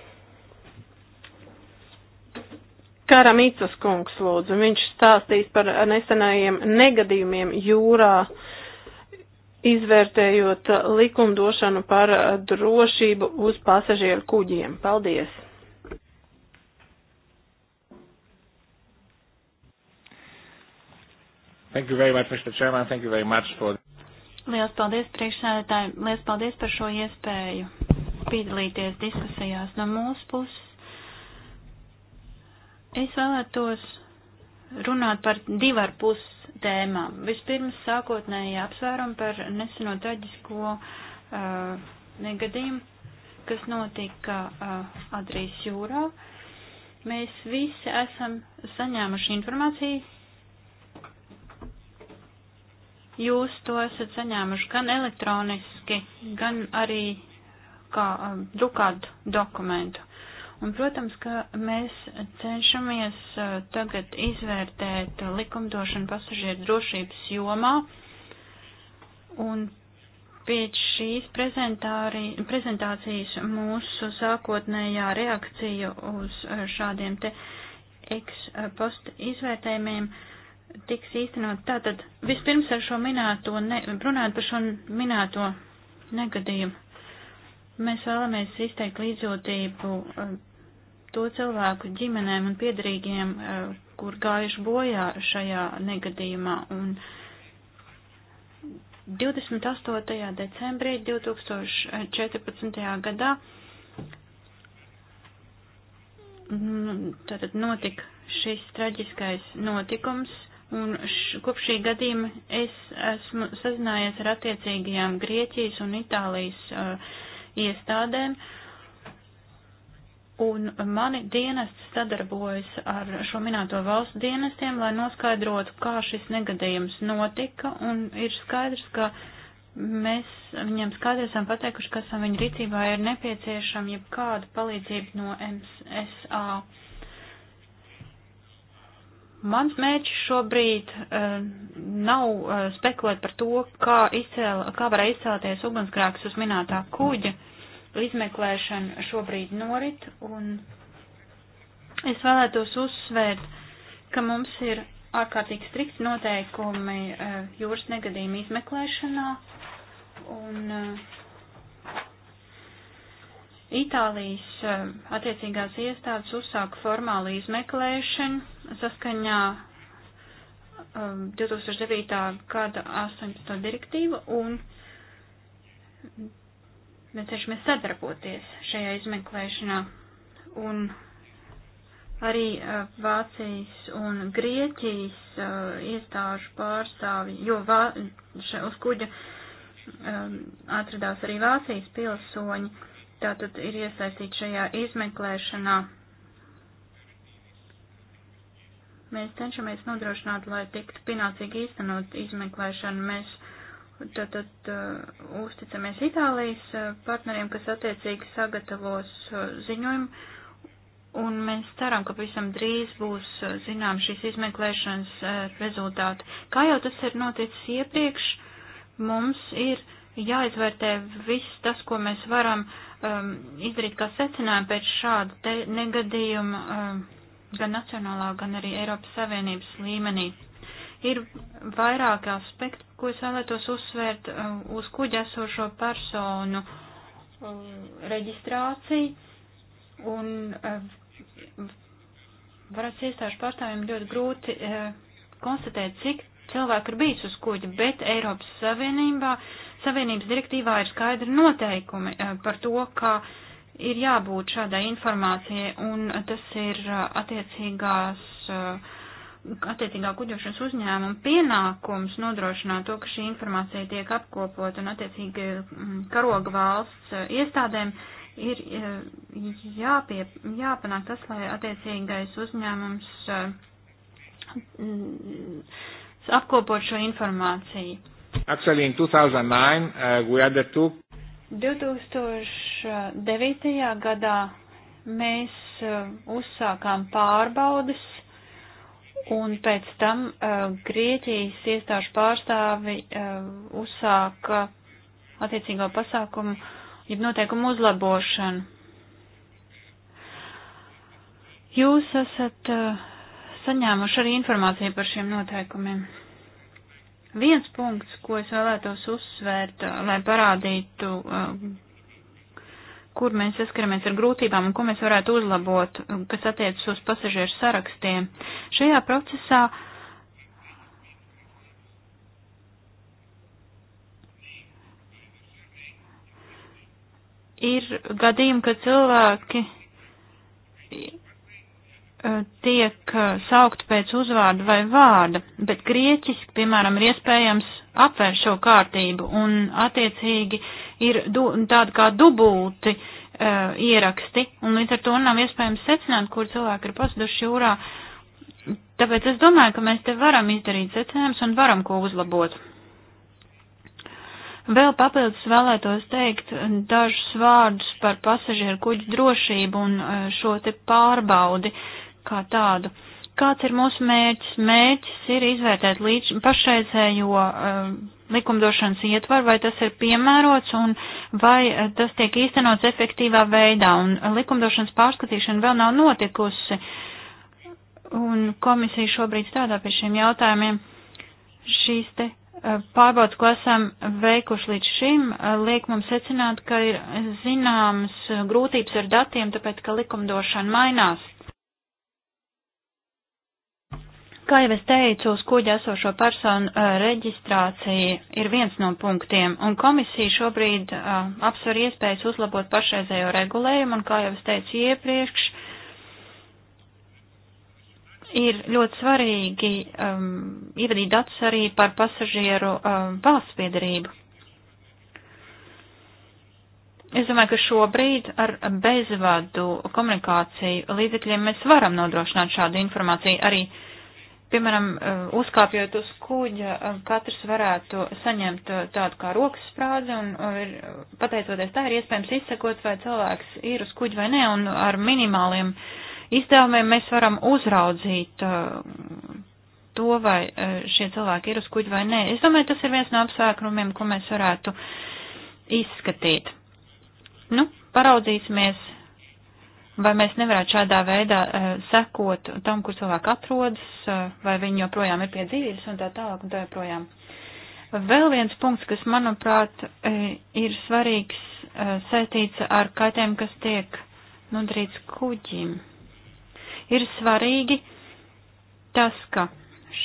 Karamīcas kungs lūdzu, viņš stāstīs par nesenajiem negadījumiem jūrā, izvērtējot likumdošanu par drošību uz pasažieru kuģiem. Paldies! Thank you very much, Mr. Chairman. Thank you very much for. Lielas paldies priekšsēdētāji. Lielas paldies par šo iespēju piedalīties diskusijās no mūsu puses. Es vēlētos runāt par divar pus tēmām. Vispirms sākotnēji apsvērumu par neseno traģisko uh, negadījumu, kas notika uh, Adrijas jūrā. Mēs visi esam saņēmuši informāciju Jūs to esat saņēmuši gan elektroniski, gan arī kā um, drukātu dokumentu. Un, protams, ka mēs cenšamies uh, tagad izvērtēt likumdošanu pasažieru drošības jomā. Un pēc šīs prezentācijas mūsu sākotnējā reakcija uz uh, šādiem te ekspostu izvērtējumiem uh, tiks īstenot. Tātad vispirms ar šo minēto, ne, runāt par šo minēto negadījumu. Mēs vēlamies izteikt līdzjūtību uh, to cilvēku ģimenēm un piedarīgiem, uh, kur gājuši bojā šajā negadījumā. Un 28. decembrī 2014. gadā mm, tātad notika šis traģiskais notikums Un š, kopš šī gadījuma es esmu sazinājies ar attiecīgajām Grieķijas un Itālijas uh, iestādēm, un mani dienests sadarbojas ar šo minēto valstu dienestiem, lai noskaidrotu, kā šis negadījums notika, un ir skaidrs, ka mēs viņiem skaidri esam pateikuši, kas viņu rīcībā ir nepieciešama, jeb kāda palīdzība no MSA. MS Mans mērķis šobrīd uh, nav uh, spekulēt par to, kā, izcēl, kā varēja izcelties ugunsgrēks uz minētā kuģa. Izmeklēšana šobrīd norit, un es vēlētos uzsvērt, ka mums ir ārkārtīgi strikti noteikumi uh, jūras negadījuma izmeklēšanā, un uh, Itālijas eh, attiecīgās iestādes uzsāka formālu izmeklēšanu saskaņā 2009. Eh, gada 18. direktīva un mēs cenšamies sadarboties šajā izmeklēšanā un arī eh, Vācijas un Grieķijas iestāžu pārstāvi, jo vā, še, uz kuģa atradās arī Vācijas pilsoņi tātad ir iesaistīti šajā izmeklēšanā. Mēs cenšamies nodrošināt, lai tiktu pienācīgi īstenot izmeklēšanu. Mēs tātad uh, uzticamies Itālijas uh, partneriem, kas attiecīgi sagatavos uh, ziņojumu, un mēs ceram, ka pavisam drīz būs uh, zinām šīs izmeklēšanas uh, rezultāti. Kā jau tas ir noticis iepriekš, mums ir jāizvērtē viss tas, ko mēs varam uh, um, izdarīt kā secinājumu pēc šāda negadījuma um, gan nacionālā, gan arī Eiropas Savienības līmenī. Ir vairāki aspekti, ko es vēlētos uzsvērt um, uz kuģa esošo personu um, reģistrāciju un um, varētu iestāžu pārstāvjiem ļoti grūti um, konstatēt, cik cilvēku ir bijis uz kuģa, bet Eiropas Savienībā uh, Savienības direktīvā ir skaidri noteikumi eh, par to, ka ir jābūt šādai informācijai, un tas ir eh, attiecīgās, eh, attiecīgā kuģošanas uzņēmuma pienākums nodrošināt to, ka šī informācija tiek apkopot, un attiecīgi mm, karoga valsts iestādēm ir jāpie, jāpanāk tas, lai attiecīgais uzņēmums mm, apkopot šo informāciju. Actually, in 2009 uh, we undertook. 2009. gadā mēs uh, uzsākām pārbaudas, un pēc tam uh, Grieķijas iestāžu pārstāvi uh, uzsāka attiecīgo pasākumu, jeb noteikumu uzlabošanu. Jūs esat uh, saņēmuši arī informāciju par šiem noteikumiem. Viens punkts, ko es vēlētos uzsvērt, uh, lai parādītu, uh, kur mēs saskaramies ar grūtībām un ko mēs varētu uzlabot, uh, kas attiecas uz pasažieru sarakstiem. Šajā procesā ir gadījumi, ka cilvēki tiek saukt pēc uzvārda vai vārda, bet grieķiski, piemēram, ir iespējams apvērst šo kārtību un attiecīgi ir du, tāda kā dubulti uh, ieraksti, un līdz ar to nav iespējams secināt, kur cilvēki ir pazuduši jūrā. Tāpēc es domāju, ka mēs te varam izdarīt secinājumus un varam ko uzlabot. Vēl papildus vēlētos teikt dažus vārdus par pasažieru kuģu drošību un šo te pārbaudi. Uh, kā tādu. Kāds ir mūsu mērķis? Mērķis ir izvērtēt līdz pašreizējo uh, likumdošanas ietvaru, vai tas ir piemērots un vai eh, tas tiek īstenots efektīvā veidā. Un likumdošanas pārskatīšana vēl nav notikusi, un komisija šobrīd strādā pie šiem jautājumiem. Šīs te eh, pārbaudas, ko esam veikuši līdz šim, liek mums secināt, ka ir zināmas grūtības ar datiem, tāpēc, ka likumdošana mainās. Kā jau es teicu, uz kuģa esošo personu uh, reģistrācija ir viens no punktiem, un komisija šobrīd uh, apsver iespējas uzlabot pašreizējo regulējumu, un kā jau es teicu iepriekš, ir ļoti svarīgi um, ievadīt datus arī par pasažieru um, valsts piedarību. Es domāju, ka šobrīd ar bezvadu komunikāciju līdzekļiem mēs varam nodrošināt šādu informāciju arī uh, piemēram, eh, uzkāpjot uz kuģa, eh, katrs varētu saņemt eh, tādu kā rokas sprādzi un ir, pateicoties tā, ir iespējams izsekot, vai cilvēks ir uz kuģa vai nē, un ar minimāliem izdevumiem mēs varam uzraudzīt to, vai šie cilvēki ir uz kuģa vai nē. Es domāju, tas ir viens no apsvērumiem, ko mēs varētu izskatīt. Nu, paraudzīsimies Vai mēs nevarētu šādā veidā uh, sekot tam, kur cilvēki atrodas, uh, vai viņi joprojām ir pie dzīves un tā tālāk un tā joprojām. Vēl viens punkts, kas, manuprāt, eh, ir svarīgs, uh, saistīts ar kaitēm, kas tiek nodarīts nu, kuģim. Ir svarīgi tas, ka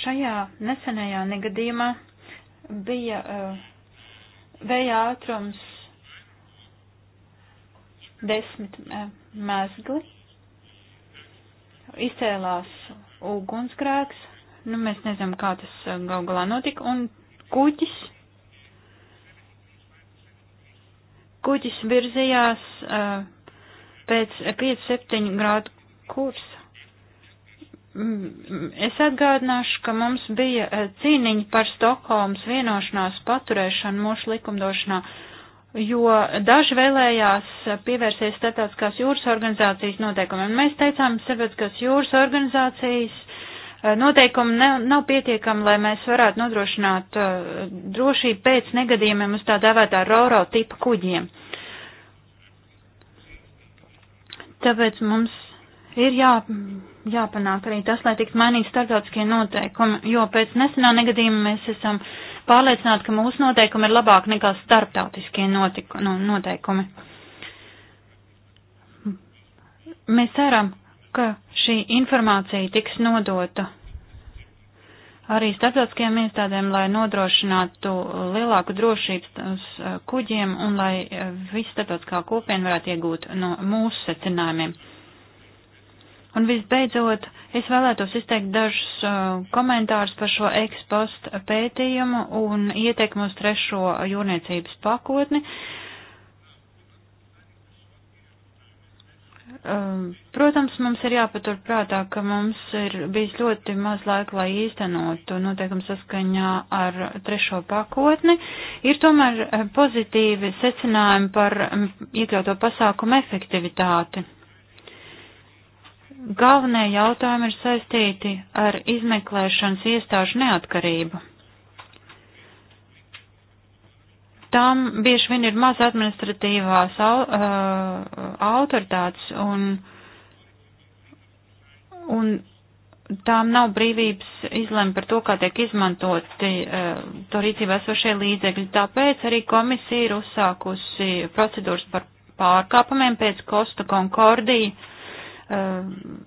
šajā nesenajā negadījumā bija uh, vēja ātrums desmit eh, mezgli, izcēlās ugunsgrēks, nu mēs nezinām, kā tas eh, gal galā notika, un kuģis, kuģis virzījās uh, pēc 5-7 grādu kursa. Mm, es atgādināšu, ka mums bija cīniņa par Stokholmas vienošanās paturēšanu mūsu likumdošanā. Uh, jo daži vēlējās pievērsties starptautiskās jūras organizācijas noteikumiem. Mēs teicām, starptautiskās jūras organizācijas eh, noteikumi ne, nav pietiekami, lai mēs varētu nodrošināt eh, drošību pēc negadījumiem uz tā dēvētā rauro tipa kuģiem. Tāpēc mums ir jā, jāpanāk arī tas, lai tiktu mainīti starptautiskie noteikumi, jo pēc nesenā negadījuma mēs esam uh, pārliecināti, ka mūsu noteikumi ir labāk nekā starptautiskie notiku, nu, noteikumi. Mēs ceram, ka šī informācija tiks nodota arī starptautiskajām iestādēm, lai nodrošinātu lielāku drošības uz uh, kuģiem un lai uh, viss starptautiskā kopiena varētu iegūt no mūsu secinājumiem. Un visbeidzot, es vēlētos izteikt dažus uh, komentārus par šo ekspost pētījumu un ieteikumu uz trešo jūrniecības pakotni. Uh, protams, mums ir jāpatur prātā, ka mums ir bijis ļoti maz laika, lai īstenotu noteikumu saskaņā ar trešo pakotni. Ir tomēr eh, pozitīvi secinājumi par mm, iekļauto pasākumu efektivitāti. Galvenie jautājumi ir saistīti ar izmeklēšanas iestāžu neatkarību. Tām bieži vien ir maz administratīvās au, uh, autoritātes un, un tām nav brīvības izlemt par to, kā tiek izmantoti uh, to rīcībā esošie līdzekļi. Tāpēc arī komisija ir uzsākusi procedūras par pārkāpumiem pēc Kosta Konkordija Um,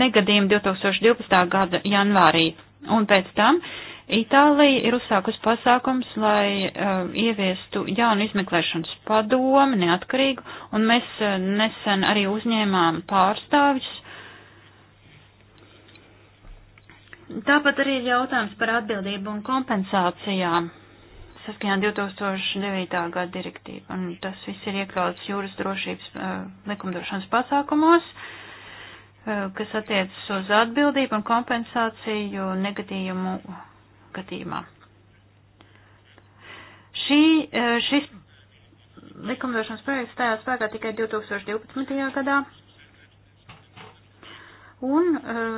negadījumu 2012. gada janvārī. Un pēc tam Itālija ir uzsākus pasākums, lai uh, ieviestu jaunu izmeklēšanas padomu, neatkarīgu, un mēs uh, nesen arī uzņēmām pārstāvis. Tāpat arī ir jautājums par atbildību un kompensācijām saskaņā 2009. gada direktīva, un tas viss ir iekļauts jūras drošības uh, likumdošanas pasākumos. Uh, Eh, kas attiecas uz atbildību un kompensāciju negadījumu gadījumā. Šī, eh, šis likumdošanas projekts stājās spēkā tikai 2012. gadā, un uh,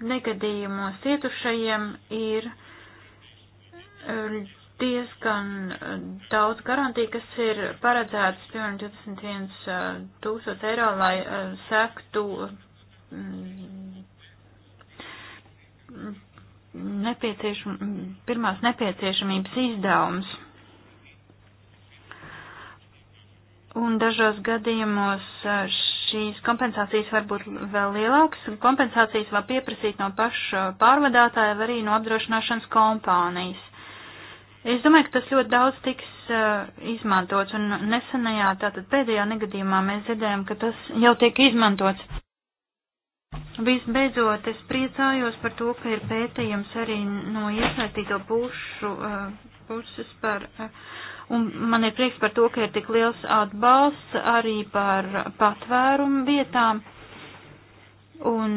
negadījumos cietušajiem ir uh, diezgan daudz garantija, kas ir paredzētas, piemēram, 21 tūkstoši eiro, lai sektu nepieciešam, pirmās nepieciešamības izdevums. Un dažos gadījumos šīs kompensācijas var būt vēl lielākas. Kompensācijas var pieprasīt no paša pārvadātāja vai arī no apdrošināšanas kompānijas. Es domāju, ka tas ļoti daudz tiks uh, izmantots, un nesenajā, tātad pēdējā negadījumā mēs dzirdējām, ka tas jau tiek izmantots. Visbeidzot, es priecājos par to, ka ir pētījums arī no iesaistīto pušu eh, puses par, eh, un man ir prieks par to, ka ir tik liels atbalsts arī par patvērumu vietām un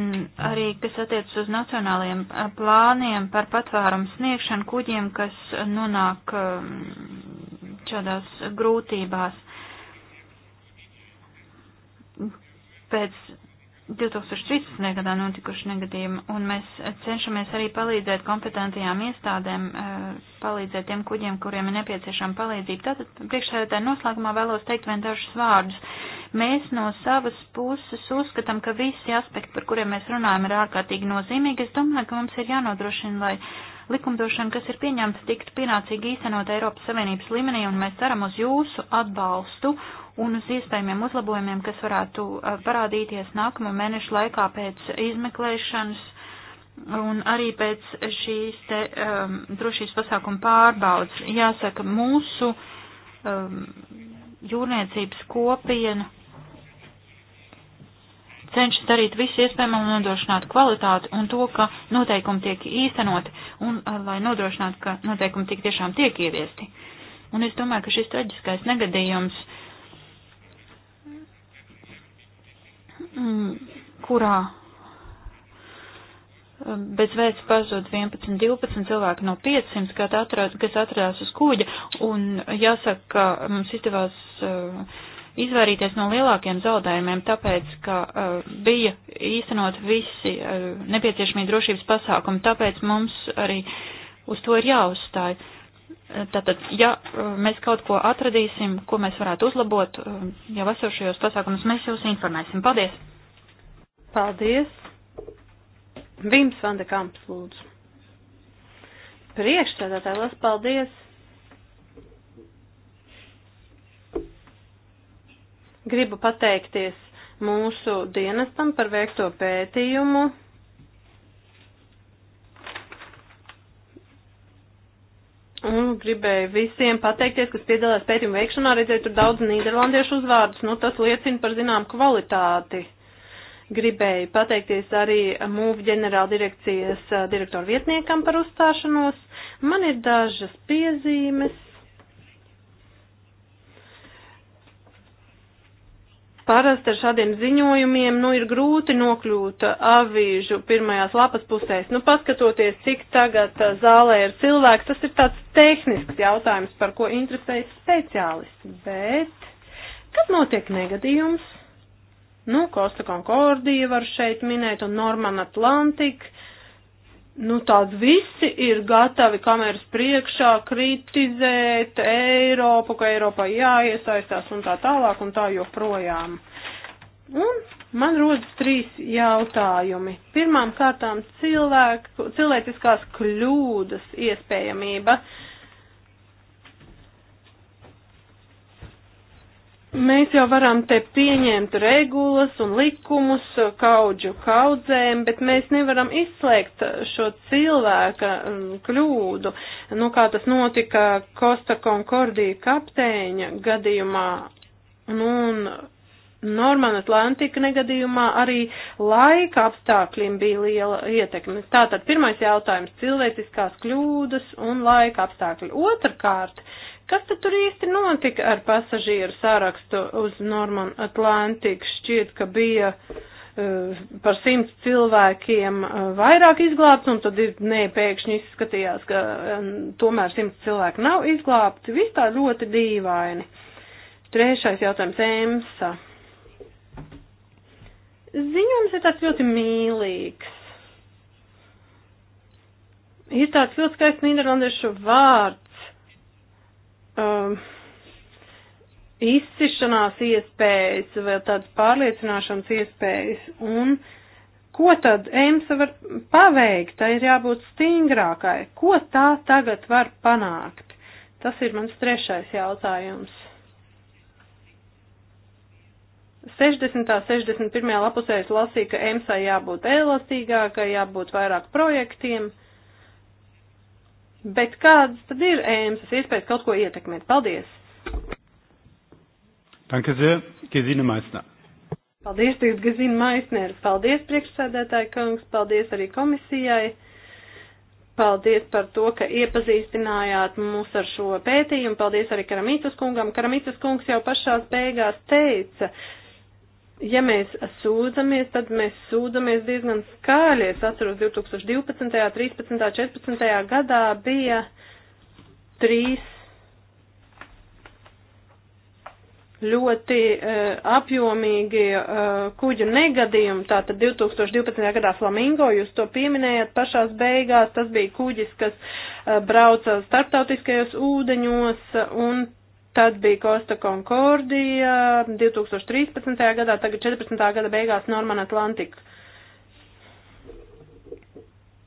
arī, kas attiec uz nacionāliem eh, plāniem par patvērumu sniegšanu kuģiem, kas nonāk šādās grūtībās. Pēc 2013. gadā notikuši negadījumi, un mēs cenšamies arī palīdzēt kompetentajām iestādēm, eh, palīdzēt tiem kuģiem, kuriem ir nepieciešama palīdzība. Tātad priekšsēdētāji noslēgumā vēlos teikt vien dažus vārdus. Mēs no savas puses uzskatām, ka visi aspekti, par kuriem mēs runājam, ir ārkārtīgi nozīmīgi. Es domāju, ka mums ir jānodrošina, lai likumdošana, kas ir pieņemta, tiktu pienācīgi īstenot Eiropas Savienības līmenī, un mēs ceram uz jūsu atbalstu un uz iespējamiem uzlabojumiem, kas varētu uh, parādīties nākamo mēnešu laikā pēc izmeklēšanas un arī pēc šīs te, um, drošības pasākuma pārbaudas. Jāsaka, mūsu um, jūrniecības kopiena cenšas darīt visu iespējamo, lai nodrošinātu kvalitāti un to, ka noteikumi tiek īstenoti un lai nodrošinātu, ka noteikumi tik tiešām tiek ieviesti. Un es domāju, ka šis traģiskais negadījums, mm, kurā bez vēsts pazūd 11, 12 cilvēki no 500, kas atradās uz kuģa, un jāsaka, ka mums izdevās uh, izvairīties no lielākiem zaudējumiem, tāpēc, ka uh, bija īstenot visi uh, nepieciešamie drošības pasākumi, tāpēc mums arī uz to ir jāuzstāj. Tātad, ja eh, mēs kaut ko atradīsim, ko mēs varētu uzlabot jau esošajos pasākumus, mēs jūs informēsim. Paldies! Paldies! Vims Vandekams, lūdzu. Priekšstādātāji, liels paldies! Gribu pateikties mūsu dienestam par veikto pētījumu. Un gribēju visiem pateikties, kas piedalās pētījuma veikšanā, redzēju tur daudz nīderlandiešu uzvārdus, nu tas liecina par zinām kvalitāti. Gribēju pateikties arī MUV ģenerāldirekcijas eh, direktoru vietniekam par uzstāšanos. Man ir dažas piezīmes Parasti ar šādiem ziņojumiem, nu, ir grūti nokļūt uh, avīžu pirmajās lapas pusēs. Nu, paskatoties, cik tagad uh, zālē ir cilvēks, tas ir tāds tehnisks jautājums, par ko interesējas speciālisti. Bet, kad notiek negadījums? Nu, Kosta Konkordija var šeit minēt un Norman Atlantika nu tad visi ir gatavi kameras priekšā kritizēt Eiropu, ka Eiropā jāiesaistās un tā tālāk un tā joprojām. Un man rodas trīs jautājumi. Pirmām kārtām cilvēku, cilvēciskās kļūdas iespējamība. Uh, Mēs jau varam te pieņemt regulas un likumus kaudžu kaudzēm, bet mēs nevaram izslēgt šo cilvēka mm, kļūdu, nu kā tas notika Kosta Konkordija kapteiņa gadījumā. Nu, un Normāna Atlantika negadījumā arī laika apstākļiem bija liela ietekme. Tātad pirmais jautājums - cilvēciskās kļūdas un laika apstākļi. Otrakārt, Kas tad tur īsti notika ar pasažieru sārakstu uz Norman Atlantic? Šķiet, ka bija uh, par simts cilvēkiem uh, vairāk izglābts, un tad ir, nē, pēkšņi izskatījās, ka um, tomēr simts cilvēku nav izglābti. Viss tā ļoti dīvaini. Trešais jautājums - EMSA. Ziņojums ir tāds ļoti mīlīgs ir tāds ļoti skaists nīderlandiešu vārds um, izcišanās iespējas vai tādas pārliecināšanas iespējas. Un ko tad EMSA var paveikt? Tā ir jābūt stingrākai. Ko tā tagad var panākt? Tas ir mans trešais jautājums. 60. 61. lapusē es lasīju, ka EMSA jābūt elastīgākai, jābūt vairāk projektiem. Uh, Bet kādas tad ir ēmas iespējas kaut ko ietekmēt? Paldies! Danke sehr, Gesine Meissner. Paldies, tagad Gesine Meissner. Paldies, priekšsēdētāji kungs, paldies arī komisijai. Paldies par to, ka iepazīstinājāt mūs ar šo pētījumu. Paldies arī Karamītas kungam. Karamītas kungs jau pašās beigās teica, ja mēs sūdzamies, tad mēs sūdzamies diezgan skaļi. Es atceros 2012., 13., 14. gadā bija trīs ļoti uh, apjomīgi uh, kuģu negadījumi. Tātad 2012. gadā Flamingo, jūs to pieminējat pašās beigās, tas bija kuģis, kas uh, brauca starptautiskajos ūdeņos un Tad bija Costa Concordia 2013. gadā, tagad 14. gada beigās Norman Atlantika.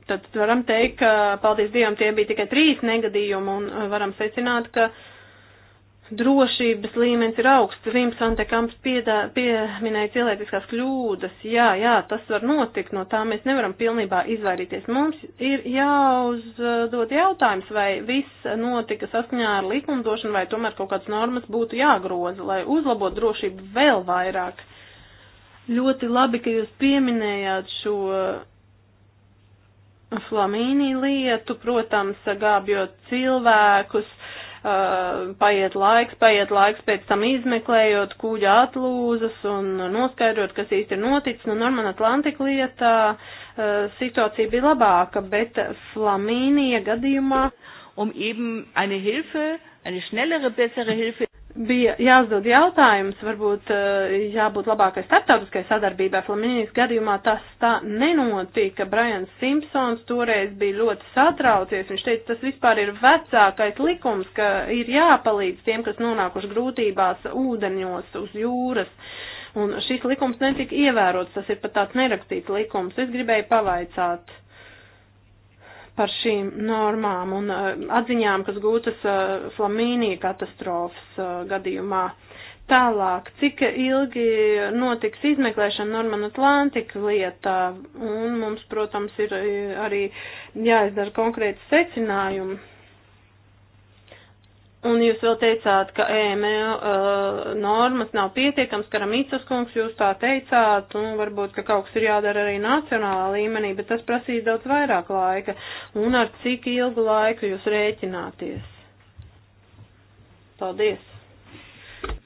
Tad varam teikt, ka, paldies Dievam, tie bija tikai trīs negadījumi un varam secināt, ka uh, drošības līmenis ir augsts. Vims Antekams pieminēja cilvēciskās kļūdas. Jā, jā, tas var notikt, no tā mēs nevaram pilnībā izvairīties. Mums ir jāuzdod jautājums, vai viss notika saskaņā ar likumdošanu, vai tomēr kaut kādas normas būtu jāgroza, lai uzlabotu drošību vēl vairāk. Ļoti labi, ka jūs pieminējāt šo Flamīnī lietu, protams, gābjot cilvēkus Uh, paiet laiks, paiet laiks pēc tam izmeklējot kuģa atlūzas un noskaidrot, kas īsti ir noticis. Nu, Norman Atlantika lietā uh, situācija bija labāka, bet Flamīnija gadījumā. Um eben eine Hilfe, eine schnellere, bessere Hilfe bija jāuzdod jautājums, varbūt eh, jābūt labākai starptautiskai sadarbībai. Flamīnijas gadījumā tas tā nenotika. Brians Simpsons toreiz bija ļoti satraucies. Viņš teica, tas vispār ir vecākais likums, ka ir jāpalīdz tiem, kas nonākuši grūtībās ūdeņos uz jūras. Un šis likums netika ievērots, tas ir pat tāds nerakstīts likums. Es gribēju pavaicāt par šīm normām un uh, atziņām, kas gūtas uh, Flamīnija katastrofas uh, gadījumā. Tālāk, cik ilgi notiks izmeklēšana Norman Atlantika lietā, un mums, protams, ir arī jāizdara konkrēti secinājumi Un jūs vēl teicāt, ka EML uh, normas nav pietiekams, Karamīcas kungs, jūs tā teicāt, un varbūt, ka kaut kas ir jādara arī nacionālā līmenī, bet tas prasīs daudz vairāk laika. Un ar cik ilgu laiku jūs rēķināties? Paldies.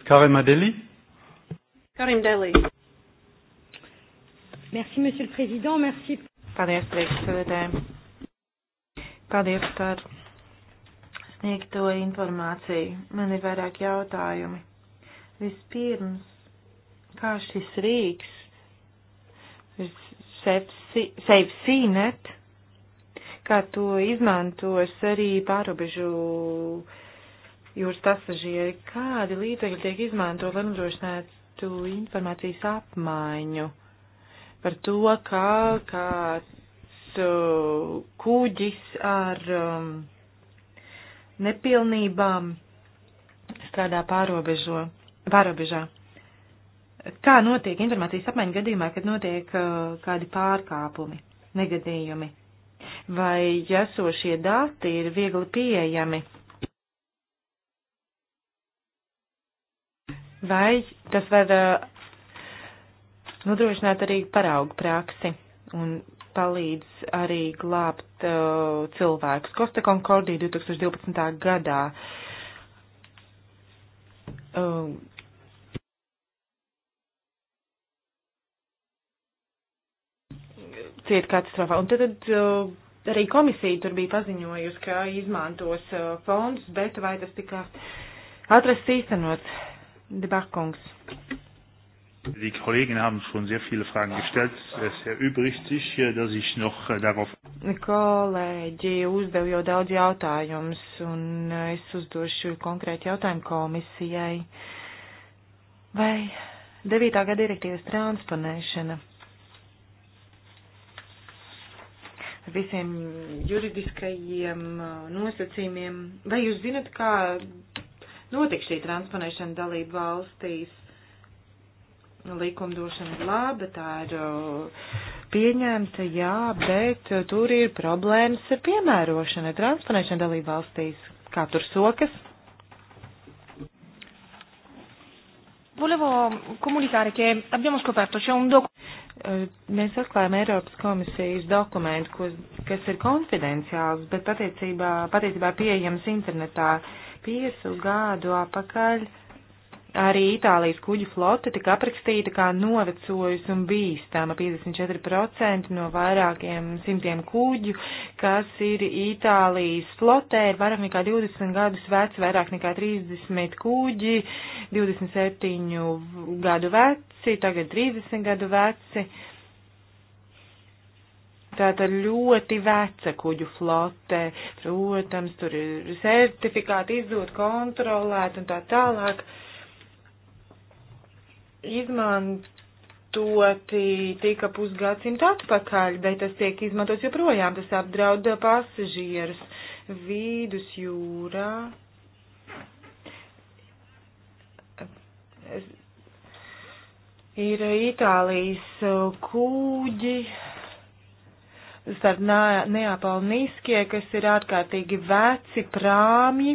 Karim Adeli. Karim Delī. Merci, monsieur le président, merci. Paldies, priekšsēdētājiem. Paldies par sniegto informāciju. Man ir vairāk jautājumi. Vispirms, kā šis rīks, SafeSeaNet, kā to izmantos arī pārobežu jūras pasažieri, kādi līdzekļi tiek izmantot, lai nodrošinātu informācijas apmaiņu par to, kā kāds uh, kuģis ar um, nepilnībām strādā pārobežo, pārobežā. Kā notiek informācijas apmaiņa gadījumā, kad notiek uh, kādi pārkāpumi, negadījumi? Vai esošie dati ir viegli pieejami? Vai tas var uh, nodrošināt arī paraugu praksi un palīdz arī glābt uh, cilvēkus. Kosta Konkordija 2012. gadā. Uh, um, cieta katastrofā. Un tad, tad uh, arī komisija tur bija paziņojusi, ka izmantos uh, fondus, bet vai tas tika atrasts īstenots? Debakungs. Die Kollegen haben schon sehr viele Fragen gestellt. Es erübrigt sich, dass ich noch äh, darauf. Kolēģi uzdev jau daudz jautājumus, un äh, es uzdošu konkrēti jautājumu komisijai. Vai 9. gada direktīvas transponēšana ar visiem juridiskajiem uh, nosacījumiem, vai jūs zinat, kā notiks šī transponēšana dalību valstīs? likumdošana ir laba, tā ir uh, pieņemta, jā, bet uh, tur ir problēmas ar piemērošanu, ar transponēšanu dalību valstīs. Kā tur sokas? Volevo comunicare che abbiamo scoperto c'è un documento. Uh, mēs atklājam Eiropas komisijas dokumentu, kas, kas ir konfidenciāls, bet patiecībā, patiesībā pieejams internetā. Piecu gadu apakaļ uh, Arī Itālijas kuģu flote tika aprakstīta kā novecojusi un bīstama 54% no vairākiem simtiem kuģu, kas ir Itālijas flotē, ir vairāk nekā 20 gadus vecs, vairāk nekā 30 kuģi, 27 gadu veci, tagad 30 gadu veci. Tātad ļoti veca kuģu flote, protams, tur ir certifikāti izdot, kontrolēt un tā tālāk. Uh, izmantoti tika pusgadsimtu atpakaļ, bet tas tiek izmantots joprojām, tas apdraud pasažierus vīdus jūrā. Ir Itālijas kūģi, starp Neapolu Niskie, kas ir ārkārtīgi veci prāmji,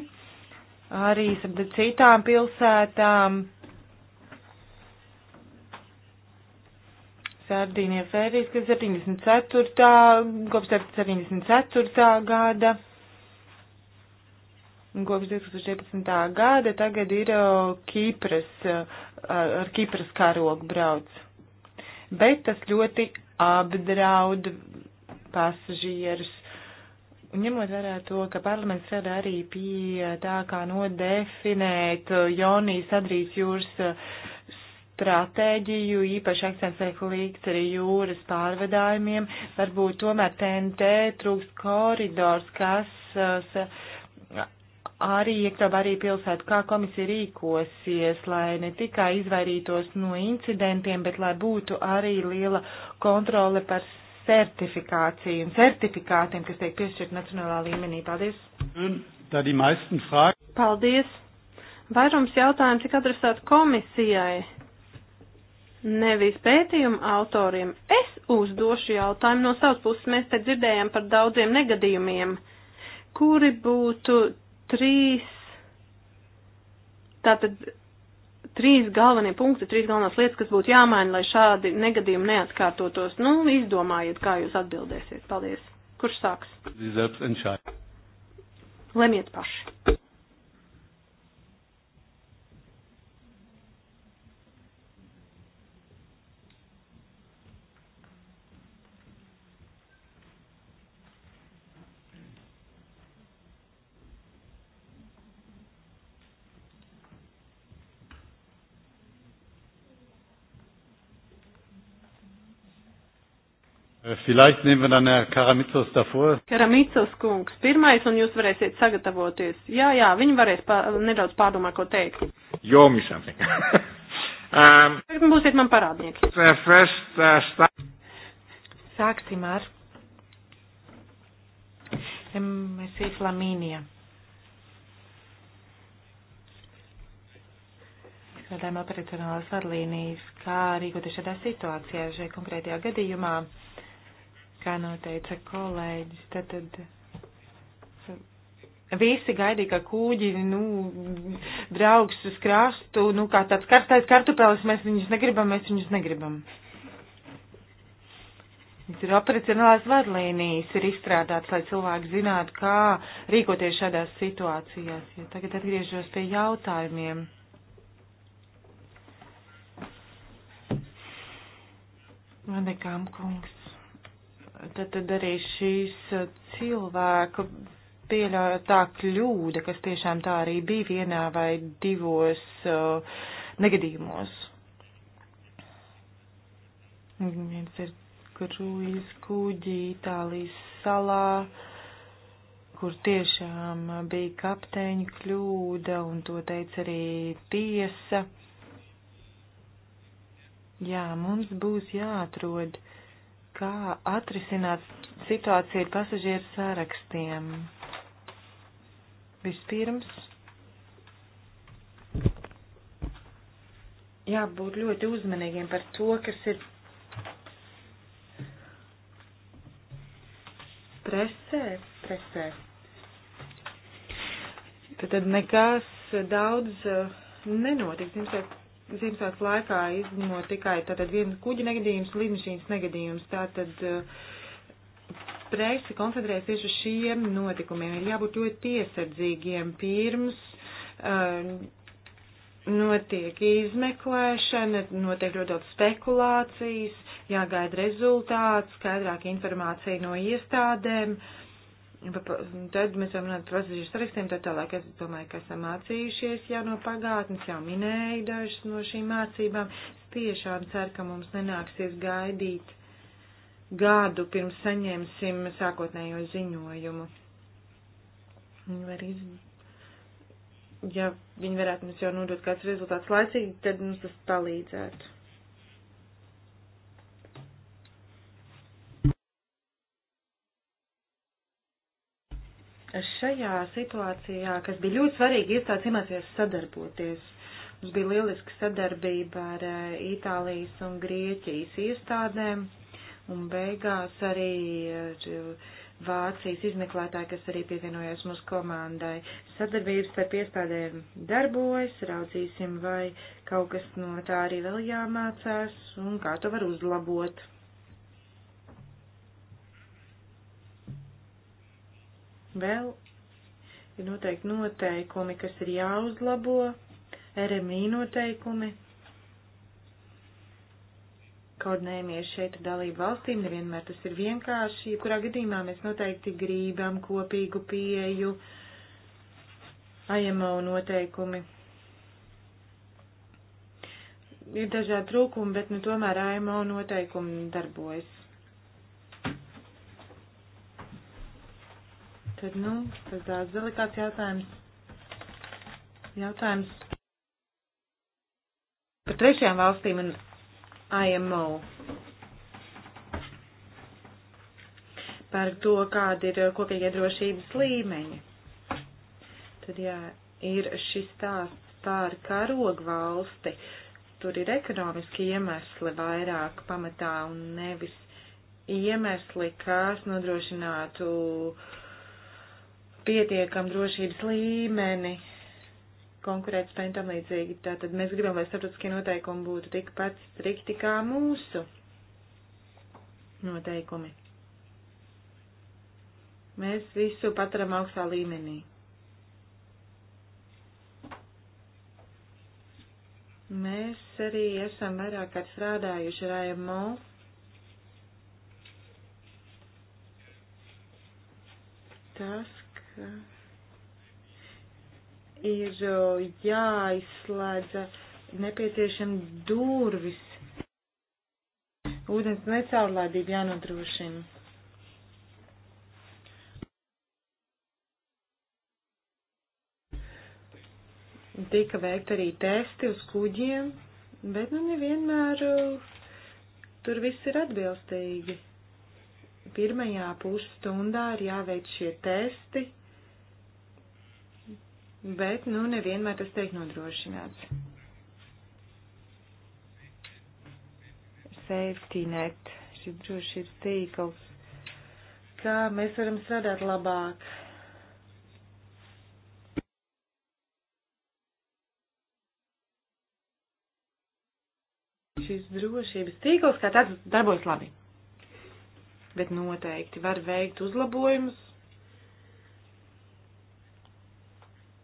arī starp citām pilsētām Sardīnija Fērijas, 74. kopš 74. gada. Kopš 2014. gada tagad ir Kīpras, ar Kīpras karogu brauc. Bet tas ļoti apdraud pasažierus. Ņemot vērā to, ka parlaments strādā arī pie tā, kā nodefinēt Jonijas Adrijas jūras uh, stratēģiju, īpaši akcents tiek līgts arī jūras pārvedājumiem, varbūt tomēr TNT trūks koridors, kas uh, arī iekļauj arī pilsētu, kā komisija rīkosies, lai ne tikai izvairītos no incidentiem, bet lai būtu arī liela kontrole par certifikāciju un certifikātiem, kas tiek piešķirt nacionālā līmenī. Paldies! Paldies! Vairums jautājumu tika adresēta komisijai nevis pētījuma autoriem. Es uzdošu jautājumu no savas puses. Mēs te dzirdējām par daudziem negadījumiem, kuri būtu trīs, tātad trīs galvenie punkti, trīs galvenās lietas, kas būtu jāmaina, lai šādi negadījumi neatkārtotos. Nu, izdomājiet, kā jūs atbildēsiet. Paldies. Kurš sāks? Lemjiet paši. Äh, vielleicht nehmen wir dann Herr Karamitsos davor. Karamitsos kungs, pirmais, un jūs varēsiet sagatavoties. Jā, jā, viņi varēs pā, nedaudz pārdomāt, ko teikt. Jo, misāmi. um, Tagad būsiet man parādnieki. First, uh, start... Sāksim ar Mesīs Lamīnija. Strādājam operacionālās vadlīnijas, kā rīkoties šādā situācijā, šajā konkrētajā gadījumā. Uh, kā noteica kolēģis, tad, tad eh, visi gaidīja, ka kūģi, nu, draugs uz krastu, nu, kā tāds karstais kartupelis, mēs viņus negribam, mēs viņus negribam. Mums ir operacionālās vadlīnijas, ir izstrādāts, lai cilvēki zinātu, kā rīkoties šādās situācijās. Ja tagad atgriežos pie jautājumiem. Vanekām kungs tad, tad arī šīs cilvēku pieļautā kļūda, kas tiešām tā arī bija vienā vai divos uh, negadījumos. Viens ir kruīz kuģi Itālijas salā, kur tiešām bija kapteiņa kļūda, un to teica arī tiesa. Jā, mums būs jāatrod kā atrisināt situāciju ar pasažieru sārakstiem. Vispirms jābūt ļoti uzmanīgiem par to, kas ir presē, presē. Tad, tad nekas daudz uh, nenotiks, jums ir Ziemassvētku laikā izņemot tikai tātad vienu kuģi negadījums, lidmašīnas negadījums. Tātad uh, presi koncentrējas tieši uz šiem notikumiem. Ir jābūt ļoti piesardzīgiem pirms uh, notiek izmeklēšana, notiek ļoti daudz spekulācijas, jāgaida rezultāts, skaidrāka informācija no iestādēm. Uh, Tad mēs varam runāt par pasažīru sarakstiem, tā tālāk es domāju, ka esam mācījušies jau no pagātnes, jau minēju dažas no šīm mācībām. Es tiešām ceru, ka mums nenāksies gaidīt gādu pirms saņemsim sākotnējo ziņojumu. Viņi var iz... Ja viņi varētu mums jau nodot kāds rezultāts laicīgi, tad mums tas palīdzētu. šajā situācijā, kas bija ļoti svarīgi, iestādes iemācījās sadarboties. Mums bija lieliska sadarbība ar eh, Itālijas un Grieķijas iestādēm, un beigās arī eh, Vācijas izmeklētāji, kas arī pievienojās mūsu komandai. Sadarbības starp iestādēm darbojas, raudzīsim, vai kaut kas no tā arī vēl jāmācās un kā to var uzlabot. Vēl ir noteikti noteikumi, kas ir jāuzlabo, RMI noteikumi. Koordinējamies šeit ar dalību valstīm, nevienmēr tas ir vienkārši, kurā gadījumā mēs noteikti grībam kopīgu pieju, IMO noteikumi. Ir dažādi trūkumi, bet nu tomēr AMO noteikumi darbojas Tad, nu, tad tāds delikāts jautājums. Jautājums par trešajām valstīm un IMO. Par to, kāda ir kopīgie drošības līmeņi. Tad, jā, ir šis stāsts par karogu valsti. Tur ir ekonomiski iemesli vairāk pamatā un nevis iemesli, kas nodrošinātu uh, pietiekam drošības līmeni, konkurētspēju un tam līdzīgi. Tātad mēs gribam, lai starptautiskie noteikumi būtu tikpat strikti kā mūsu noteikumi. Mēs visu paturam augstā līmenī. Mēs arī esam vairāk kārt strādājuši ar AMO. Tas, ir uh, jāizslēdz uh, nepieciešami durvis. Ūdens necaurlaidība jānodrošina. Tika veikt arī testi uz kuģiem, bet nu nevienmēr uh, tur viss ir atbilstīgi. Pirmajā pusstundā ir jāveic šie testi, bet, nu, nevienmēr tas tiek nodrošināts. Safety net, šis drošības tīkls. Kā mēs varam strādāt labāk? Šis drošības tīkls kā tāds darbojas labi, bet noteikti var veikt uzlabojumus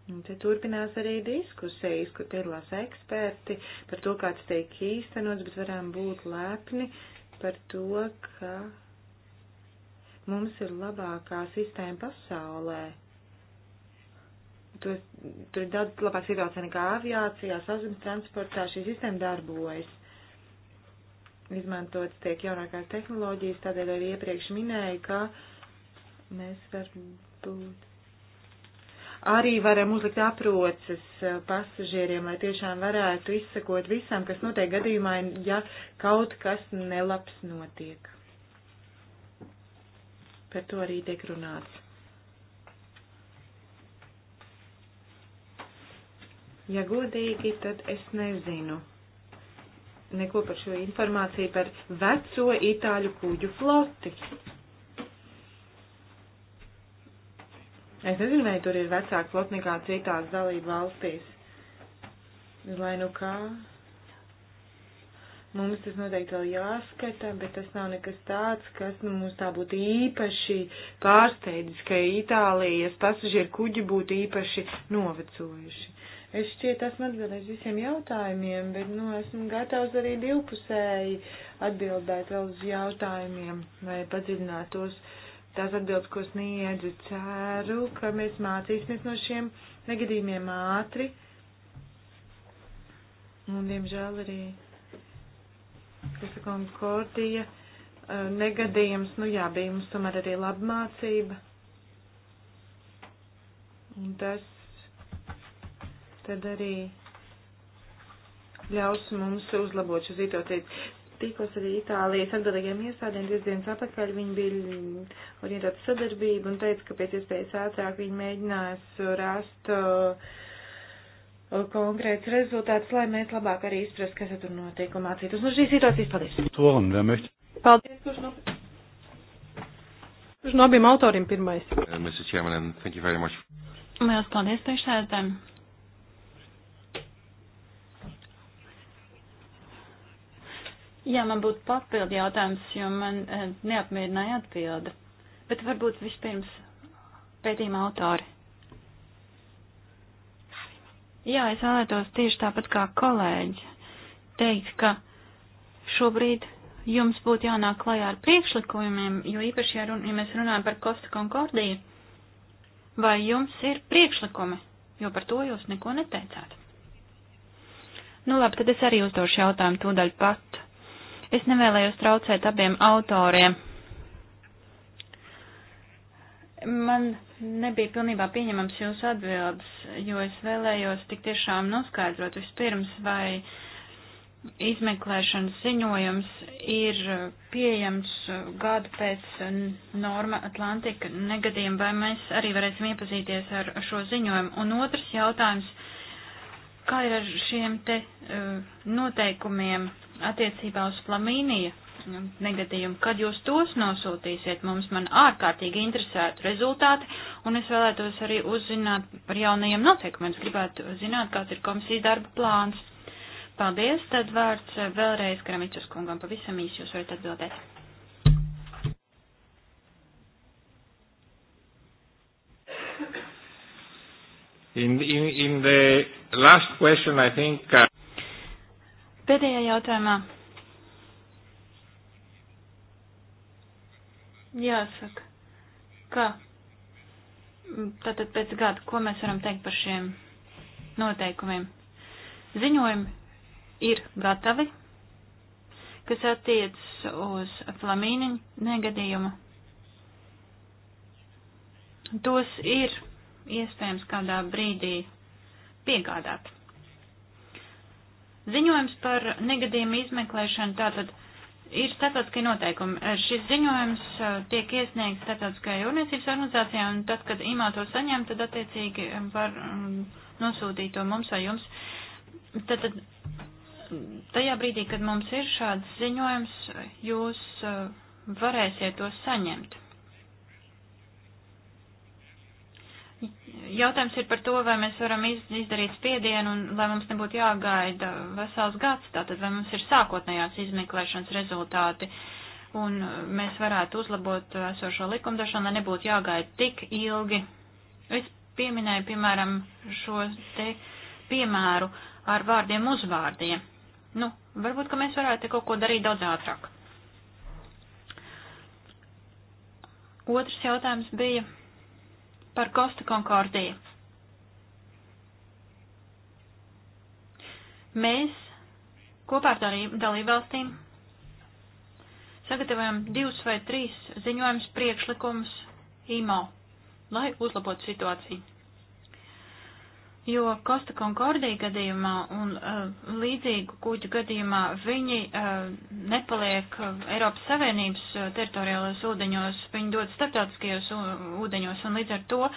Un te turpinās arī diskusijas, kur piedalās eksperti par to, kāds tiek īstenots, bet varam būt lepni par to, ka mums ir labākā sistēma pasaulē. Tur, tur ir daudz labāka situācija nekā aviācijā, sauszemes transportā šī sistēma darbojas. Izmantotas tiek jaunākās tehnoloģijas, tādēļ arī iepriekš minēju, ka mēs varbūt arī varam uzlikt aproces eh, pasažieriem, lai tiešām varētu izsekot visam, kas notiek gadījumā, ja kaut kas nelabs notiek. Par to arī tiek runāts. Ja godīgi, tad es nezinu neko par šo informāciju par veco itāļu kuģu floti. Es nezinu, vai tur ir vecāki floti nekā citās dalību valstīs. Lai nu kā. Mums tas noteikti vēl jāskata, bet tas nav nekas tāds, kas nu, mums tā būtu īpaši pārsteidzis, ka Itālijas pasažieru kuģi būtu īpaši novecojuši. Es šķiet esmu atbildējis visiem jautājumiem, bet nu, esmu gatavs arī divpusēji atbildēt vēl uz jautājumiem vai padziļināt tos. Uh, tās atbildes, ko sniedzu. Ceru, ka mēs mācīsimies no šiem negadījumiem ātri. Un, diemžēl, arī, kas ir konkordija, eh, negadījums, nu jā, bija mums tomēr arī laba mācība. Un tas tad arī ļaus mums uzlabot šo situāciju tikos arī Itālijas atbildīgiem iestādēm divas dienas atpakaļ. Viņi bija orientēti sadarbību un teica, ka pēc iespējas ātrāk viņi mēģinās rast uh, konkrēts rezultāts, lai mēs labāk arī izprast, kas tur notiek un mācītos no nu, šīs situācijas. Paldies! Paldies! Kurš no, kurš no abiem autoriem pirmais? Uh, mēs paldies priekšsēdētājiem! Jā, man būtu papildi jautājums, jo man eh, neapmierināja atbilde. Bet varbūt vispirms pētījuma autori. Jā, es vēlētos tieši tāpat kā kolēģi teikt, ka šobrīd jums būtu jānāk klajā ar priekšlikumiem, jo īpaši, ja, run, ja mēs runājam par Kosta Konkordiju, vai jums ir priekšlikumi, jo par to jūs neko neteicāt. Nu labi, tad es arī uzdošu jautājumu tūdaļ pat. Es nevēlējos traucēt abiem autoriem. Man nebija pilnībā pieņemams jūsu atbildes, jo es vēlējos tik tiešām noskaidrot vispirms, vai izmeklēšanas ziņojums ir pieejams gadu pēc norma Atlantika negadījuma, vai mēs arī varēsim iepazīties ar šo ziņojumu. Un otrs jautājums, kā ir ar šiem te eh, noteikumiem attiecībā uz flamīniju negadījumu, kad jūs tos nosūtīsiet mums, man ārkārtīgi interesētu rezultāti, un es vēlētos arī uzzināt par jaunajiem noteikumiem. Es gribētu zināt, kāds ir komisijas darba plāns. Paldies, tad vārds vēlreiz Karamicus kungam, pavisam īsi jūs varat atbildēt. In, in, in the last question, I think. Uh... Pēdējā jautājumā. Jāsaka, ka tātad pēc gada, ko mēs varam teikt par šiem noteikumiem? Ziņojumi ir gatavi, kas attiecas uz flamīniņu negadījumu. Tos ir iespējams kādā brīdī piegādāt. Ziņojums par negadījumu izmeklēšanu tātad ir starptautiskie noteikumi. Eh, šis ziņojums eh, tiek iesniegts starptautiskajai jūrniecības organizācijai, un tad, kad imā to saņem, tad attiecīgi eh, var mm, nosūtīt to mums vai jums. Tad, tad tajā brīdī, kad mums ir šāds ziņojums, jūs varēsiet to saņemt. Jautājums ir par to, vai mēs varam izdarīt spiedienu un lai mums nebūtu jāgaida vesels gads, tātad vai mums ir sākotnējās izmeklēšanas rezultāti un mēs varētu uzlabot esošo likumdošanu, lai nebūtu jāgaida tik ilgi. Es pieminēju, piemēram, šo te piemēru ar vārdiem uzvārdiem. Nu, varbūt, ka mēs varētu kaut ko darīt daudz ātrāk. Otrs jautājums bija par Kosta Konkordiju. Mēs kopā ar dalībvalstīm sagatavojam divus vai trīs ziņojumus priekšlikumus IMO, lai uzlabotu situāciju jo Kosta Konkordija gadījumā un uh, līdzīgu kuģu gadījumā viņi uh, nepaliek uh, Eiropas Savienības uh, teritoriālajos ūdeņos, viņi dod starptautiskajos ūdeņos un līdz ar to uh,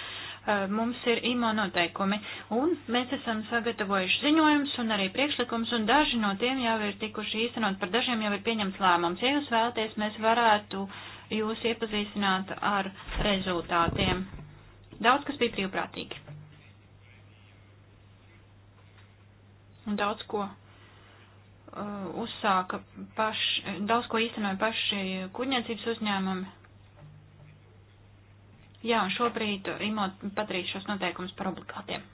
mums ir IMO noteikumi. Un mēs esam sagatavojuši ziņojums un arī priekšlikums un daži no tiem jau ir tikuši īstenot, par dažiem jau ir pieņemts lēmums. Ja jūs vēlaties, mēs varētu jūs iepazīstināt ar rezultātiem. Daudz kas bija brīvprātīgi. un daudz ko uh, uzsāka paši, daudz ko īstenoja paši kuģniecības uzņēmumi. Jā, un šobrīd imot padarīs šos noteikumus par obligātiem.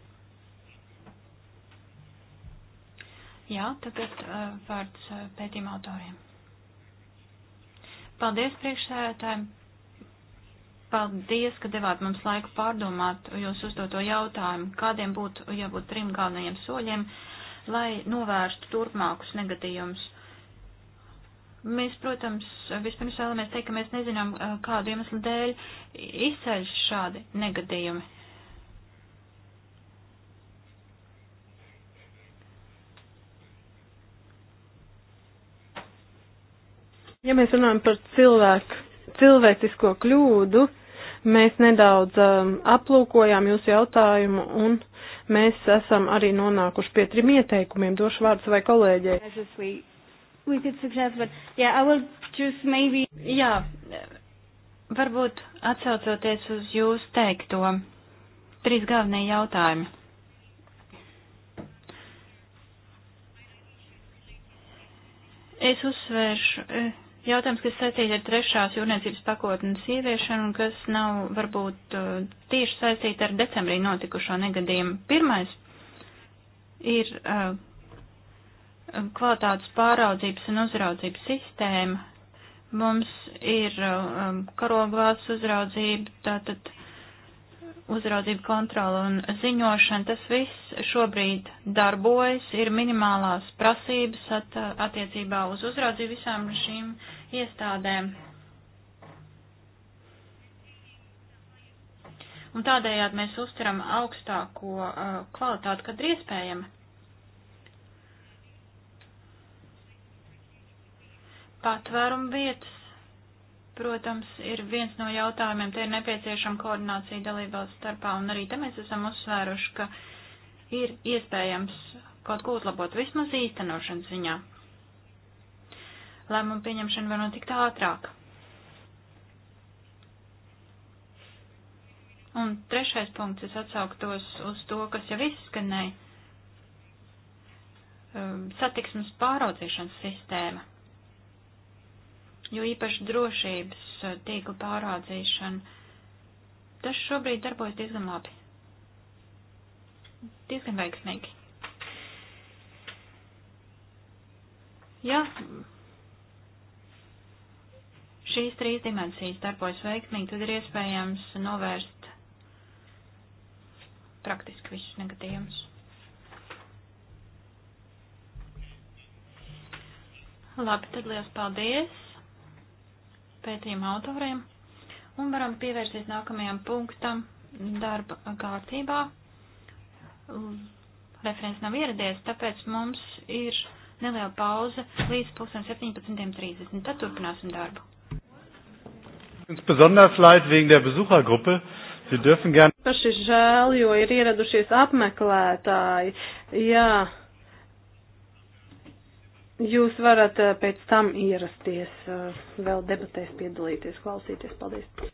Jā, tagad uh, vārds uh, pētījuma autoriem. Paldies priekšsēdētājiem. Paldies, ka devāt mums laiku pārdomāt jūsu uzdoto jautājumu, kādiem būtu jābūt trim galvenajiem soļiem. Uh, lai novērstu turpmākus negadījumus. Mēs, protams, vispirms vēlamies teikt, ka mēs nezinām, eh, kādu iemeslu dēļ izceļ šādi negadījumi. Ja mēs runājam par cilvēku, cilvēcisko kļūdu, mēs nedaudz um, aplūkojām jūsu jautājumu un uh, Mēs esam arī nonākuši pie trim ieteikumiem. Došu vārdu vai kolēģei. Jā, varbūt atsaucoties uz jūsu teikto, trīs galvenie jautājumi. Es uzsvēršu eh, Jautājums, kas saistīts ar trešās jūrniecības pakotnes ieviešanu un kas nav varbūt uh, tieši saistīta ar decembrī notikušo negadījumu. Pirmais ir uh, kvalitātes pāraudzības un uzraudzības sistēma. Mums ir um, uh, karogvāts uzraudzība, tātad uzraudzību kontroli un ziņošana, tas viss šobrīd darbojas, ir minimālās prasības at, attiecībā uz uzraudzību visām šīm iestādēm. Un tādējādi mēs uztveram augstāko uh, kvalitāti, kad ir iespējama. Patvērumu vietas protams, ir viens no jautājumiem, te ir nepieciešama koordinācija dalībvalsts starpā, un arī te mēs esam uzsvēruši, ka ir iespējams kaut ko uzlabot vismaz īstenošanas ziņā. Lēmumu pieņemšana var notikt ātrāk. Un trešais punkts, es atsauktos uz to, kas jau izskanēja ehm, - satiksmes pāraudzīšanas sistēma jo īpaši drošības eh, tīkla pārādzīšana, tas šobrīd darbojas diezgan labi. Diezgan veiksmīgi. Jā, šīs trīs dimensijas darbojas veiksmīgi, tad ir iespējams novērst praktiski visus negatīvus. Labi, tad liels paldies! pētījuma autoriem un varam pievērsties nākamajam punktam darba kārtībā. Referents nav ieradies, tāpēc mums ir neliela pauze līdz 17.30. Tad turpināsim darbu. Besonders leid wegen der Besuchergruppe. Sie dürfen gerne. Paši žēl, jo ir ieradušies apmeklētāji. Jā. Jūs varat eh, pēc tam ierasties, eh, vēl debatēs piedalīties, klausīties. Paldies!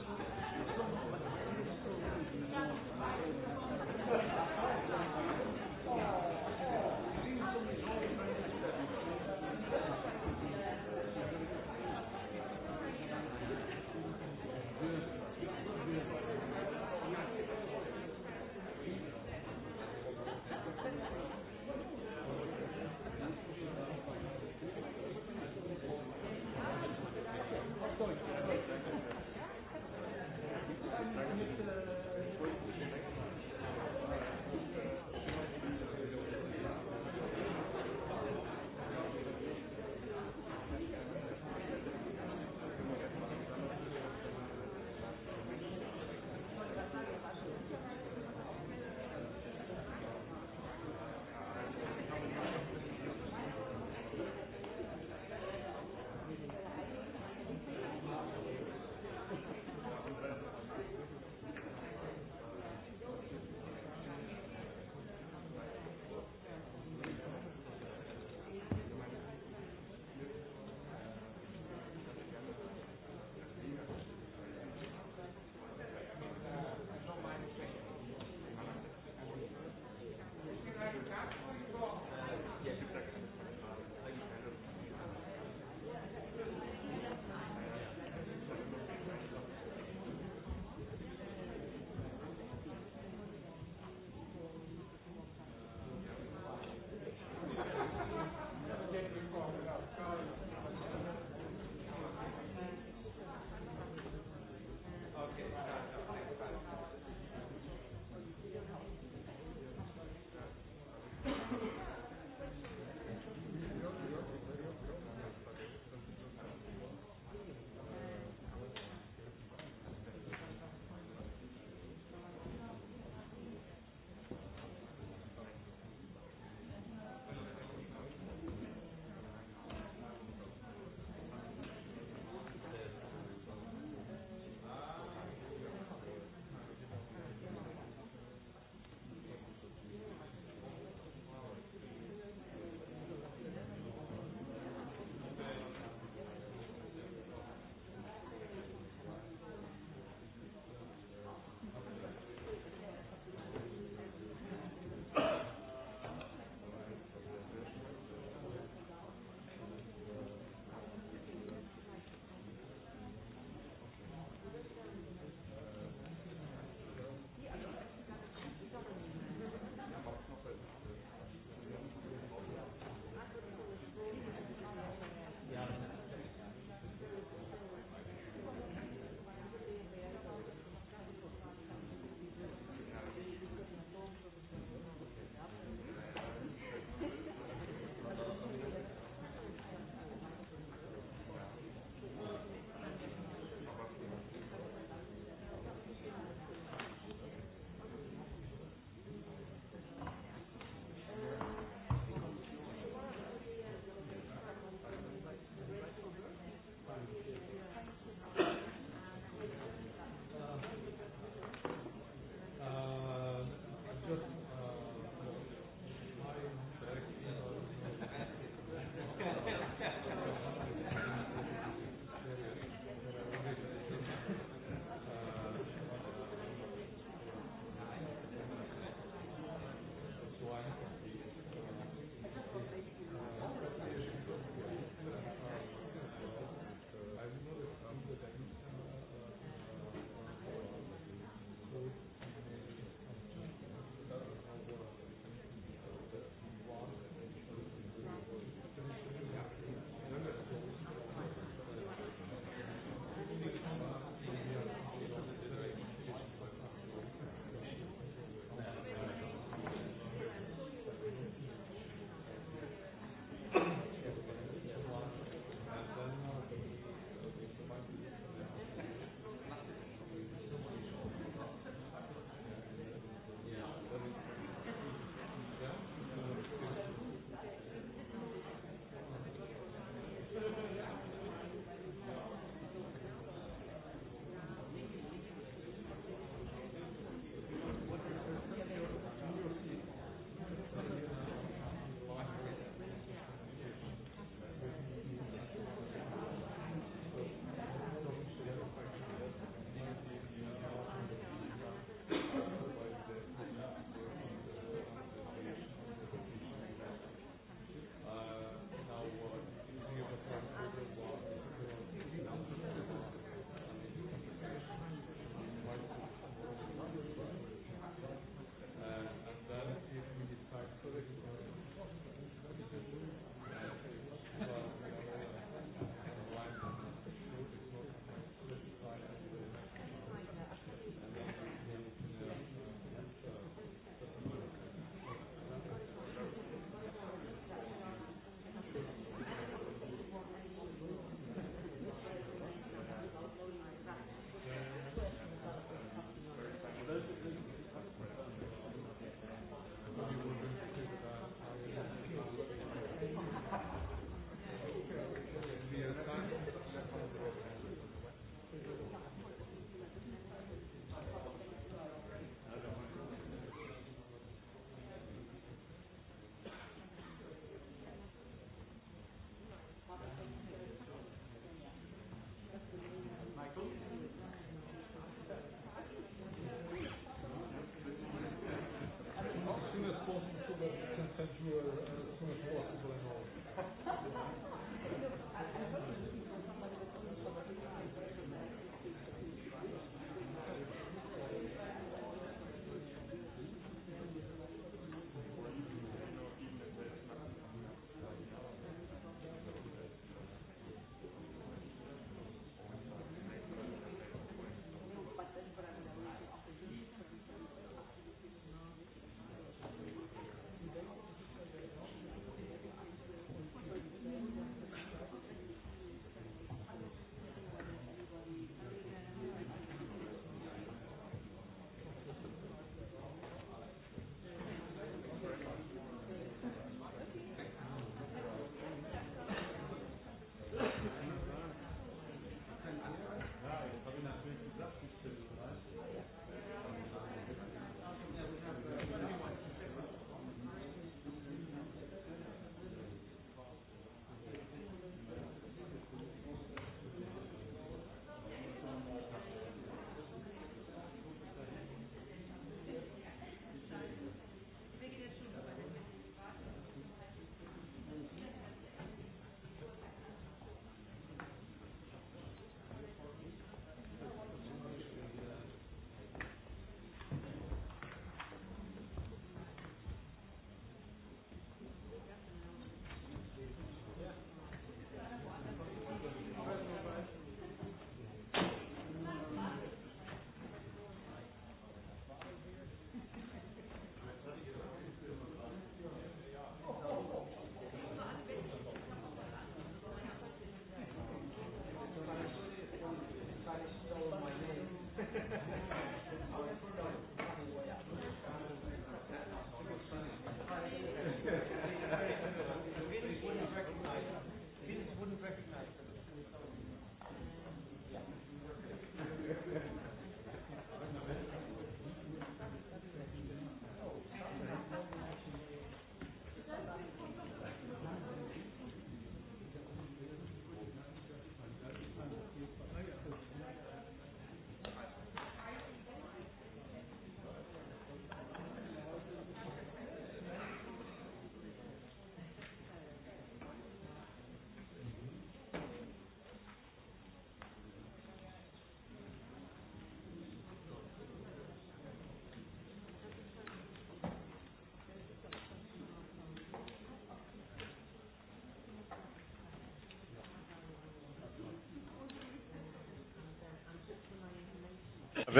consensual uh, as soon as possible and all.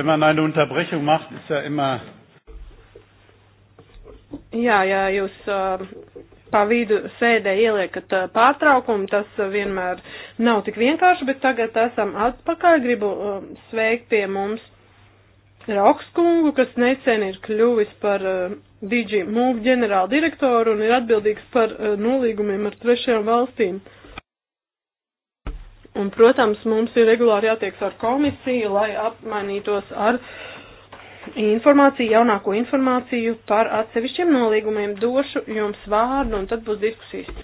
Wenn man eine Unterbrechung macht, ist ja immer. Jā, ja jūs uh, pa vidu sēdē ieliekat uh, pārtraukumu, tas uh, vienmēr nav tik vienkārši, bet tagad esam atpakaļ. Gribu uh, sveikt pie mums Rokskungu, kas nesen ir kļuvis par uh, DG Move ģenerāldirektoru un ir atbildīgs par uh, nolīgumiem ar trešajām valstīm. Uh, Un, protams, mums ir regulāri jātieks ar komisiju, lai apmainītos ar informāciju, jaunāko informāciju par atsevišķiem nolīgumiem. Došu jums vārdu un tad būs diskusijas.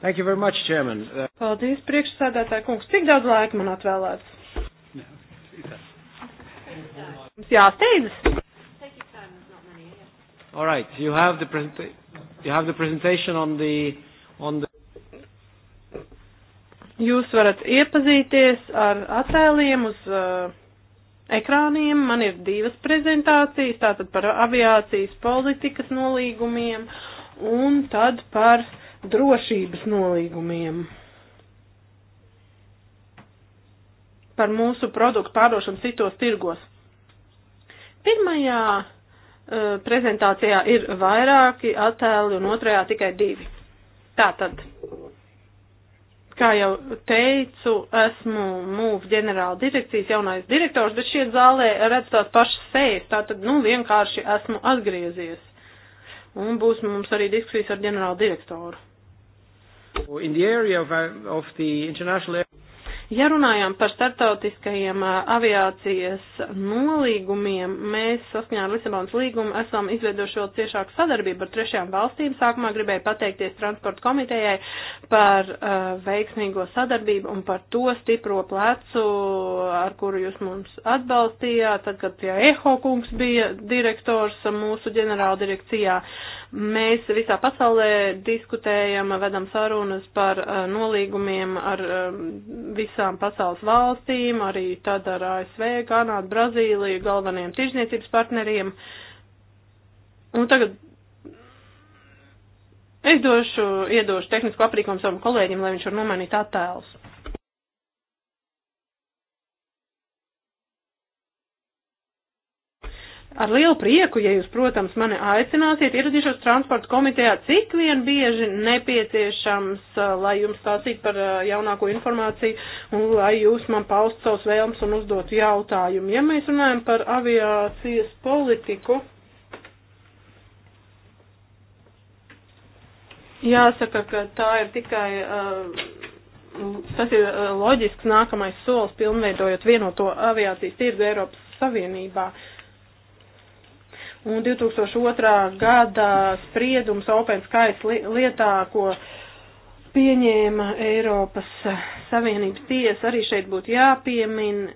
Thank you very much, Chairman. Paldies, priekšsēdētāji kungs. Cik daudz laika man atvēlēts? Mums jāsteidzas. All right, you have the, presenta you have the presentation on the, on the Jūs varat iepazīties ar attēliem uz uh, ekrāniem. Man ir divas prezentācijas, tātad par aviācijas politikas nolīgumiem un tad par drošības nolīgumiem. Par mūsu produktu pārdošanu citos tirgos. Pirmajā uh, prezentācijā ir vairāki attēli un otrajā tikai divi. Tātad kā jau teicu, esmu MUV ģenerāla direkcijas jaunais direktors, bet šie zālē redz tās pašas sejas, tātad, nu, vienkārši esmu atgriezies. Un būs mums arī diskusijas ar ģenerālu direktoru. In the area of, of the international Ja runājām par startautiskajiem aviācijas nolīgumiem, mēs saskaņā ar Lisabonas līgumu esam izveidojuši vēl ciešāku sadarbību ar trešajām valstīm. Sākumā gribēju pateikties transporta komitejai par uh, veiksmīgo sadarbību un par to stipro plecu, ar kuru jūs mums atbalstījāt, tad, kad pie Eho kungs bija direktors mūsu ģenerāldirekcijā. Mēs visā pasaulē diskutējam, vedam sarunas par uh, nolīgumiem ar um, visām pasaules valstīm, arī tad ar ASV, Kanādu, Brazīliju, galvenajiem tirzniecības partneriem. Un tagad es došu, iedošu tehnisko aprīkojumu savam kolēģim, lai viņš var nomainīt attēlus. Ar lielu prieku, ja jūs, protams, mani aicināsiet, ieradīšos transporta komitejā, cik vien bieži nepieciešams, lai jums stāstītu par jaunāko informāciju un lai jūs man paust savus vēlmes un uzdot jautājumu. Ja mēs runājam par aviācijas politiku, jāsaka, ka tā ir tikai. Uh, Tas ir loģisks nākamais solis, pilnveidojot vienoto aviācijas tirgu Eiropas Savienībā. Uh, Un 2002. gada spriedums Open Skies lietā, ko pieņēma Eiropas Savienības tiesa, arī šeit būtu jāpiemina,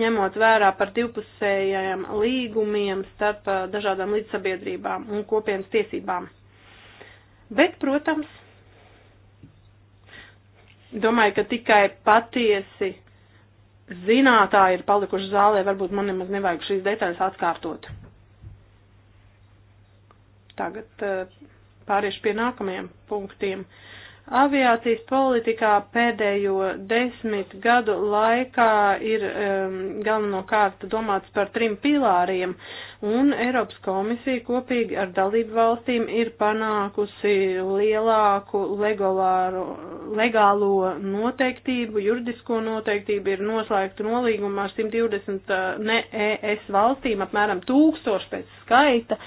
ņemot vērā par divpusējiem līgumiem starp dažādām līdzsabiedrībām un kopienas tiesībām. Bet, protams, domāju, ka tikai patiesi zinātāji ir palikuši zālē, varbūt man nemaz nevajag šīs detaļas atkārtot. Tagad eh, pāriešu pie nākamajiem punktiem. Aviācijas politikā pēdējo desmit gadu laikā ir um, galvenokārt domāts par trim pilāriem, un Eiropas komisija kopīgi ar dalību valstīm ir panākusi lielāku legolāru, legālo noteiktību, juridisko noteiktību, ir noslēgta nolīguma ar 120 ne ES valstīm, apmēram tūkstoši pēc skaita,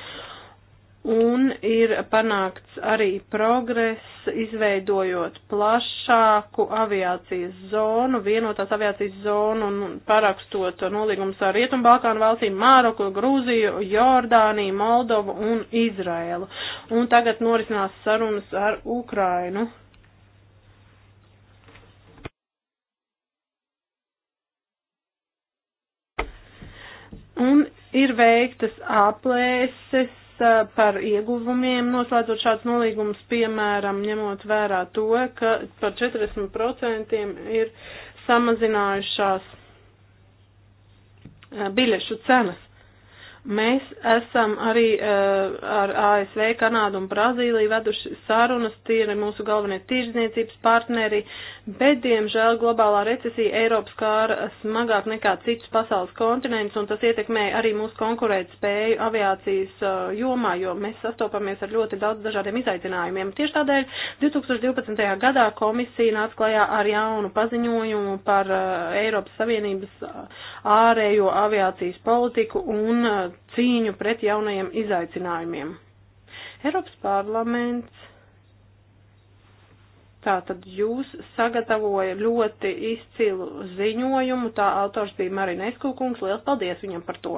un ir panākts arī progress, izveidojot plašāku aviācijas zonu, vienotās aviācijas zonu un parakstot nolīgumus ar Rietumbalkānu valstīm, Māroku, Grūziju, Jordāniju, Moldovu un Izraēlu. Un tagad norisinās sarunas ar Ukrainu. Un ir veiktas aplēses Eh, par ieguvumiem, noslēdzot šāds nolīgums, piemēram, ņemot vērā to, ka par 40% ir samazinājušās eh, biļešu cenas. Mēs esam arī uh, ar ASV, Kanādu un Brazīliju veduši sarunas, tie ir mūsu galvenie tirzniecības partneri, bet, diemžēl, globālā recesija Eiropas kāra smagāk nekā citus pasaules kontinents, un tas ietekmē arī mūsu konkurēt spēju aviācijas uh, jomā, jo mēs sastopamies ar ļoti daudz dažādiem izaicinājumiem. Tieši tādēļ 2012. gadā komisija nāca klajā ar jaunu paziņojumu par uh, Eiropas Savienības ārējo aviācijas politiku un uh, cīņu pret jaunajiem izaicinājumiem. Eiropas parlaments Tātad jūs sagatavoja ļoti izcilu ziņojumu, tā autors bija Marina Eskukungs, liels paldies viņam par to.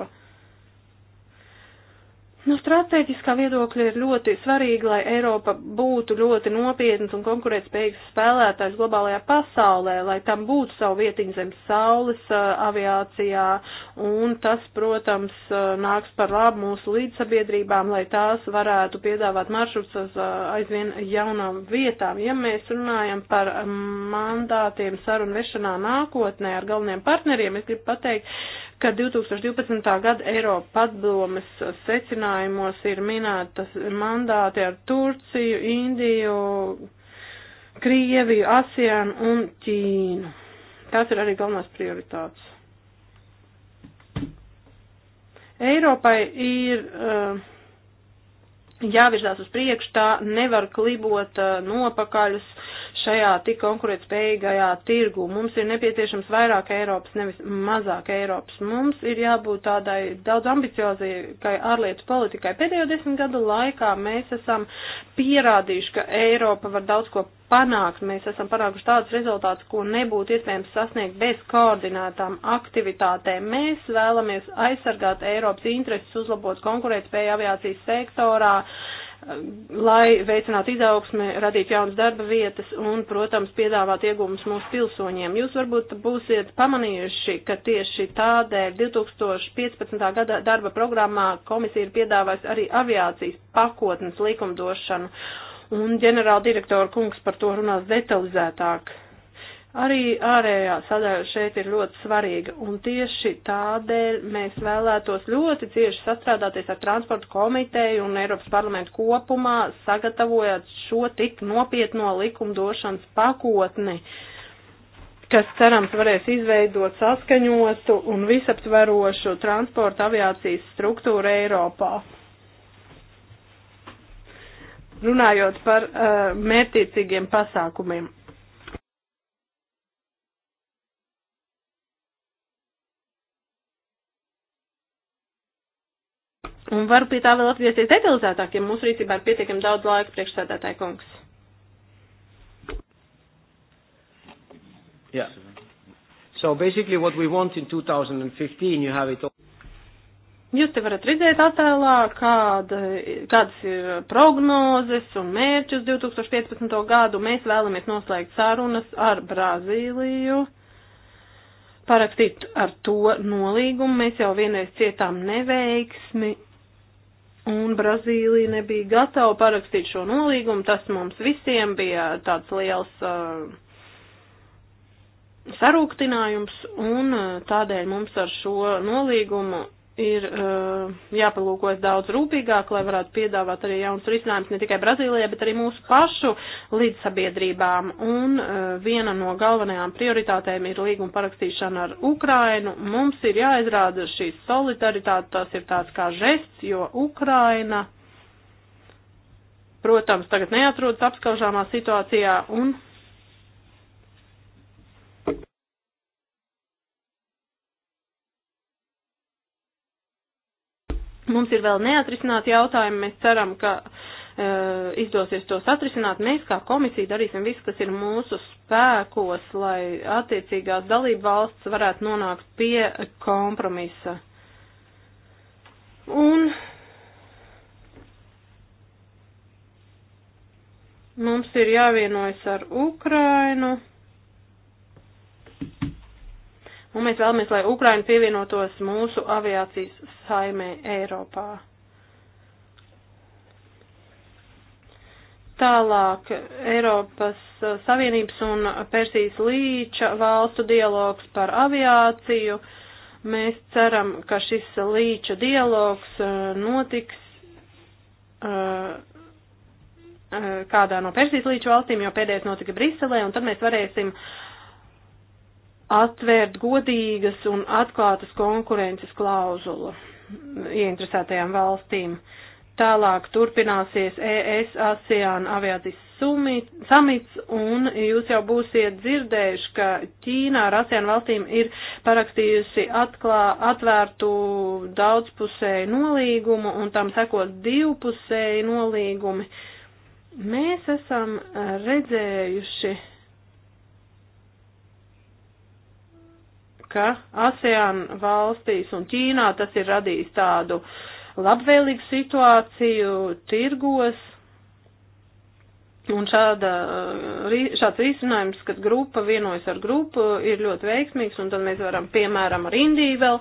No nu, strateģiskā viedokļa ir ļoti svarīgi, lai Eiropa būtu ļoti nopietnas un konkurētspējīgs spēlētājs globālajā pasaulē, lai tam būtu savu vietiņu zem saules uh, aviācijā, un tas, protams, uh, nāks par labu mūsu līdzsabiedrībām, lai tās varētu piedāvāt maršruts uz uh, aizvien jaunām vietām. Ja mēs runājam par um, mandātiem sarunu vešanā nākotnē ar galveniem partneriem, es gribu pateikt, ka 2012. gada Eiropa padomes secinājumos ir minētas mandāti ar Turciju, Indiju, Krieviju, ASEANu un Ķīnu. Tās ir arī galvenās prioritātes. Eiropai ir uh, jāvirzās uz priekšu, tā nevar klibot uh, nopakaļus uh, šajā tik konkurētspējīgajā tirgu. Mums ir nepieciešams vairāk Eiropas, nevis mazāk Eiropas. Mums ir jābūt tādai daudz ambiciozākai ārlietu politikai. Pēdējo desmit gadu laikā mēs esam pierādījuši, ka Eiropa var daudz ko panākt. Mēs esam panākuši tādus rezultātus, ko nebūtu iespējams sasniegt bez koordinētām aktivitātēm. Mēs vēlamies aizsargāt Eiropas intereses, uzlabot konkurētspēju aviācijas sektorā, uh, lai veicinātu izaugsmi, radītu jaunas darba vietas un, protams, piedāvāt iegūmus mūsu pilsoņiem. Jūs varbūt būsiet pamanījuši, ka tieši tādēļ 2015. gada darba programmā komisija ir piedāvājusi arī aviācijas pakotnes likumdošanu, un ģenerāla direktora kungs par to runās detalizētāk. Arī ārējā sadaļa šeit ir ļoti svarīga, un tieši tādēļ mēs vēlētos ļoti cieši sastrādāties ar transportu komiteju un Eiropas parlamentu kopumā, sagatavojot šo tik nopietno likumdošanas pakotni, kas cerams varēs izveidot saskaņotu un visaptverošu transporta aviācijas struktūru Eiropā. Runājot par uh, mērķiecīgiem pasākumiem Un varu pie tā vēl atgriezties detalizētāk, ja mūsu rīcībā ir pietiekami daudz laika priekšsēdētāja kungs. Yeah. So basically what we want in 2015, you have it all. Jūs te varat redzēt attēlā, kāda, kādas ir prognozes un mērķus 2015. gadu. Mēs vēlamies noslēgt sarunas ar Brazīliju, parakstīt ar to nolīgumu. Mēs jau vienreiz cietām neveiksmi Un Brazīlija nebija gatava parakstīt šo nolīgumu. Tas mums visiem bija tāds liels uh, sarūktinājums, un uh, tādēļ mums ar šo nolīgumu ir uh, jāpalūkojas daudz rūpīgāk, lai varētu piedāvāt arī jauns risinājums ne tikai Brazīlijā, bet arī mūsu pašu līdzsabiedrībām. Un uh, viena no galvenajām prioritātēm ir līguma parakstīšana ar Ukrainu. Mums ir jāizrāda šī solidaritāte, tas ir tāds kā žests, jo Ukraina, protams, tagad neatrodas apskaužāmā situācijā un Mums ir vēl neatrisināti jautājumi, mēs ceram, ka uh, izdosies tos atrisināt. Mēs kā komisija darīsim visu, kas ir mūsu spēkos, lai attiecīgās dalība valsts varētu nonākt pie kompromisa. Un mums ir jāvienojas ar Ukrainu un mēs vēlamies, lai Ukraina pievienotos mūsu aviācijas saimē Eiropā. Tālāk Eiropas Savienības un Persijas līča valstu dialogs par aviāciju. Mēs ceram, ka šis līča dialogs uh, notiks uh, uh, kādā no Persijas līča valstīm, jo pēdējais notika Briselē, un tad mēs varēsim uh, atvērt godīgas un atklātas konkurences klauzulu ieinteresētajām valstīm. Tālāk turpināsies ES ASEAN aviācijas samits, un jūs jau būsiet dzirdējuši, ka Ķīna ar ASEAN valstīm ir parakstījusi atklā, atvērtu daudzpusēju nolīgumu, un tam sekos divpusēju nolīgumi. Mēs esam redzējuši ka ASEAN valstīs un Ķīnā tas ir radījis tādu labvēlīgu situāciju tirgos. Un šāda, šāds risinājums, kad grupa vienojas ar grupu, ir ļoti veiksmīgs, un tad mēs varam, piemēram, ar Indiju vēl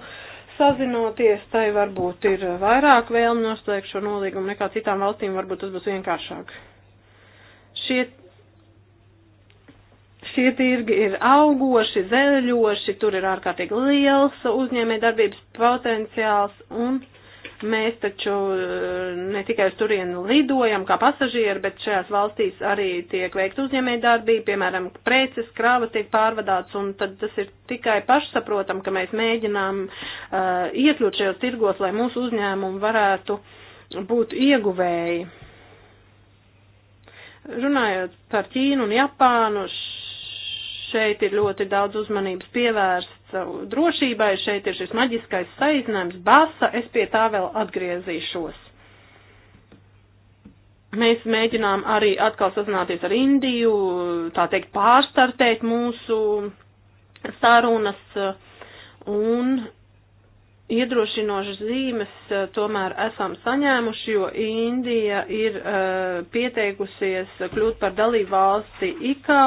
sazinoties, tai varbūt ir vairāk vēlmi noslēgt šo nolīgumu nekā citām valstīm, varbūt tas būs vienkāršāk. Šie šie tirgi ir augoši, zeļoši, tur ir ārkārtīgi liels uzņēmē darbības potenciāls un mēs taču eh, ne tikai uz turienu lidojam kā pasažieri, bet šajās valstīs arī tiek veikt uzņēmē darbība, piemēram, preces, krāva tiek pārvadāts un tad tas ir tikai pašsaprotam, ka mēs mēģinām uh, iekļūt šajos tirgos, lai mūsu uzņēmumi varētu būt ieguvēji runājot par Ķīnu un Japānu, Šeit ir ļoti daudz uzmanības pievērsts drošībai, šeit ir šis maģiskais saiznājums basa, es pie tā vēl atgriezīšos. Mēs mēģinām arī atkal sazināties ar Indiju, tā teikt, pārstartēt mūsu sarunas un iedrošinošas zīmes eh, tomēr esam saņēmuši, jo Indija ir uh, pieteikusies kļūt par dalību valsti IKO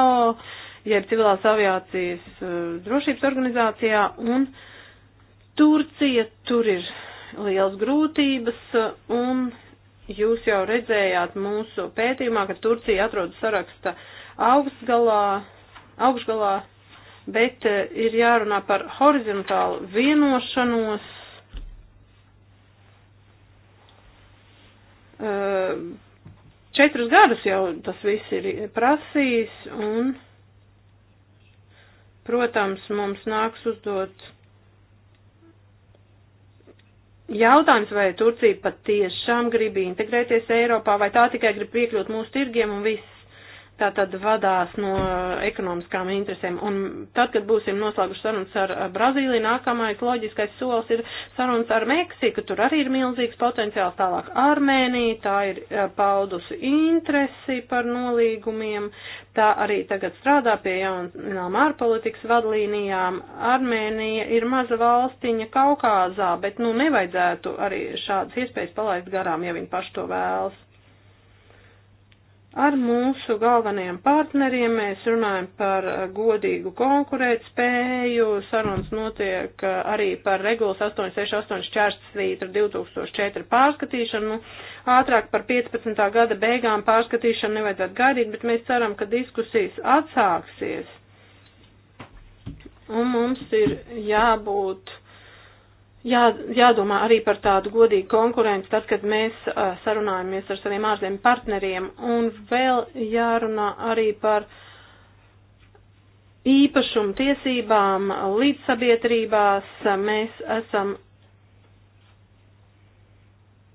jeb civilās aviācijas eh, drošības organizācijā, un Turcija tur ir liels grūtības, eh, un jūs jau redzējāt mūsu pētījumā, ka Turcija atrodas saraksta augstgalā, augstgalā, bet eh, ir jārunā par horizontālu vienošanos. Četrus gadus jau tas viss ir prasījis, un Protams, mums nāks uzdot jautājums, vai Turcija pat tiešām grib integrēties Eiropā, vai tā tikai grib piekļūt mūsu tirgiem un viss tā tad vadās no ekonomiskām interesēm. Un tad, kad būsim noslēguši sarunas ar Brazīliju, nākamais loģiskais solis ir sarunas ar Meksiku. Tur arī ir milzīgs potenciāls tālāk Armēnija, tā ir eh, paudusi interesi par nolīgumiem, tā arī tagad strādā pie jaunām ārpolitikas vadlīnijām. Armēnija ir maza valstiņa Kaukāzā, bet nu nevajadzētu arī šādas iespējas palaist garām, ja viņi paši to vēlas. Ar mūsu galvenajiem partneriem mēs runājam par eh, godīgu konkurētspēju, sarunas notiek eh, arī par regulas 868 čērstsvītra 2004 pārskatīšanu. Nu, ātrāk par 15. gada beigām pārskatīšanu nevajadzētu gaidīt, bet mēs ceram, ka diskusijas atsāksies. Un mums ir jābūt jā, jādomā arī par tādu godīgu konkurenci, tad, kad mēs uh, sarunājamies ar saviem ārzemju partneriem, un vēl jārunā arī par īpašumu tiesībām līdzsabiedrībās. Mēs esam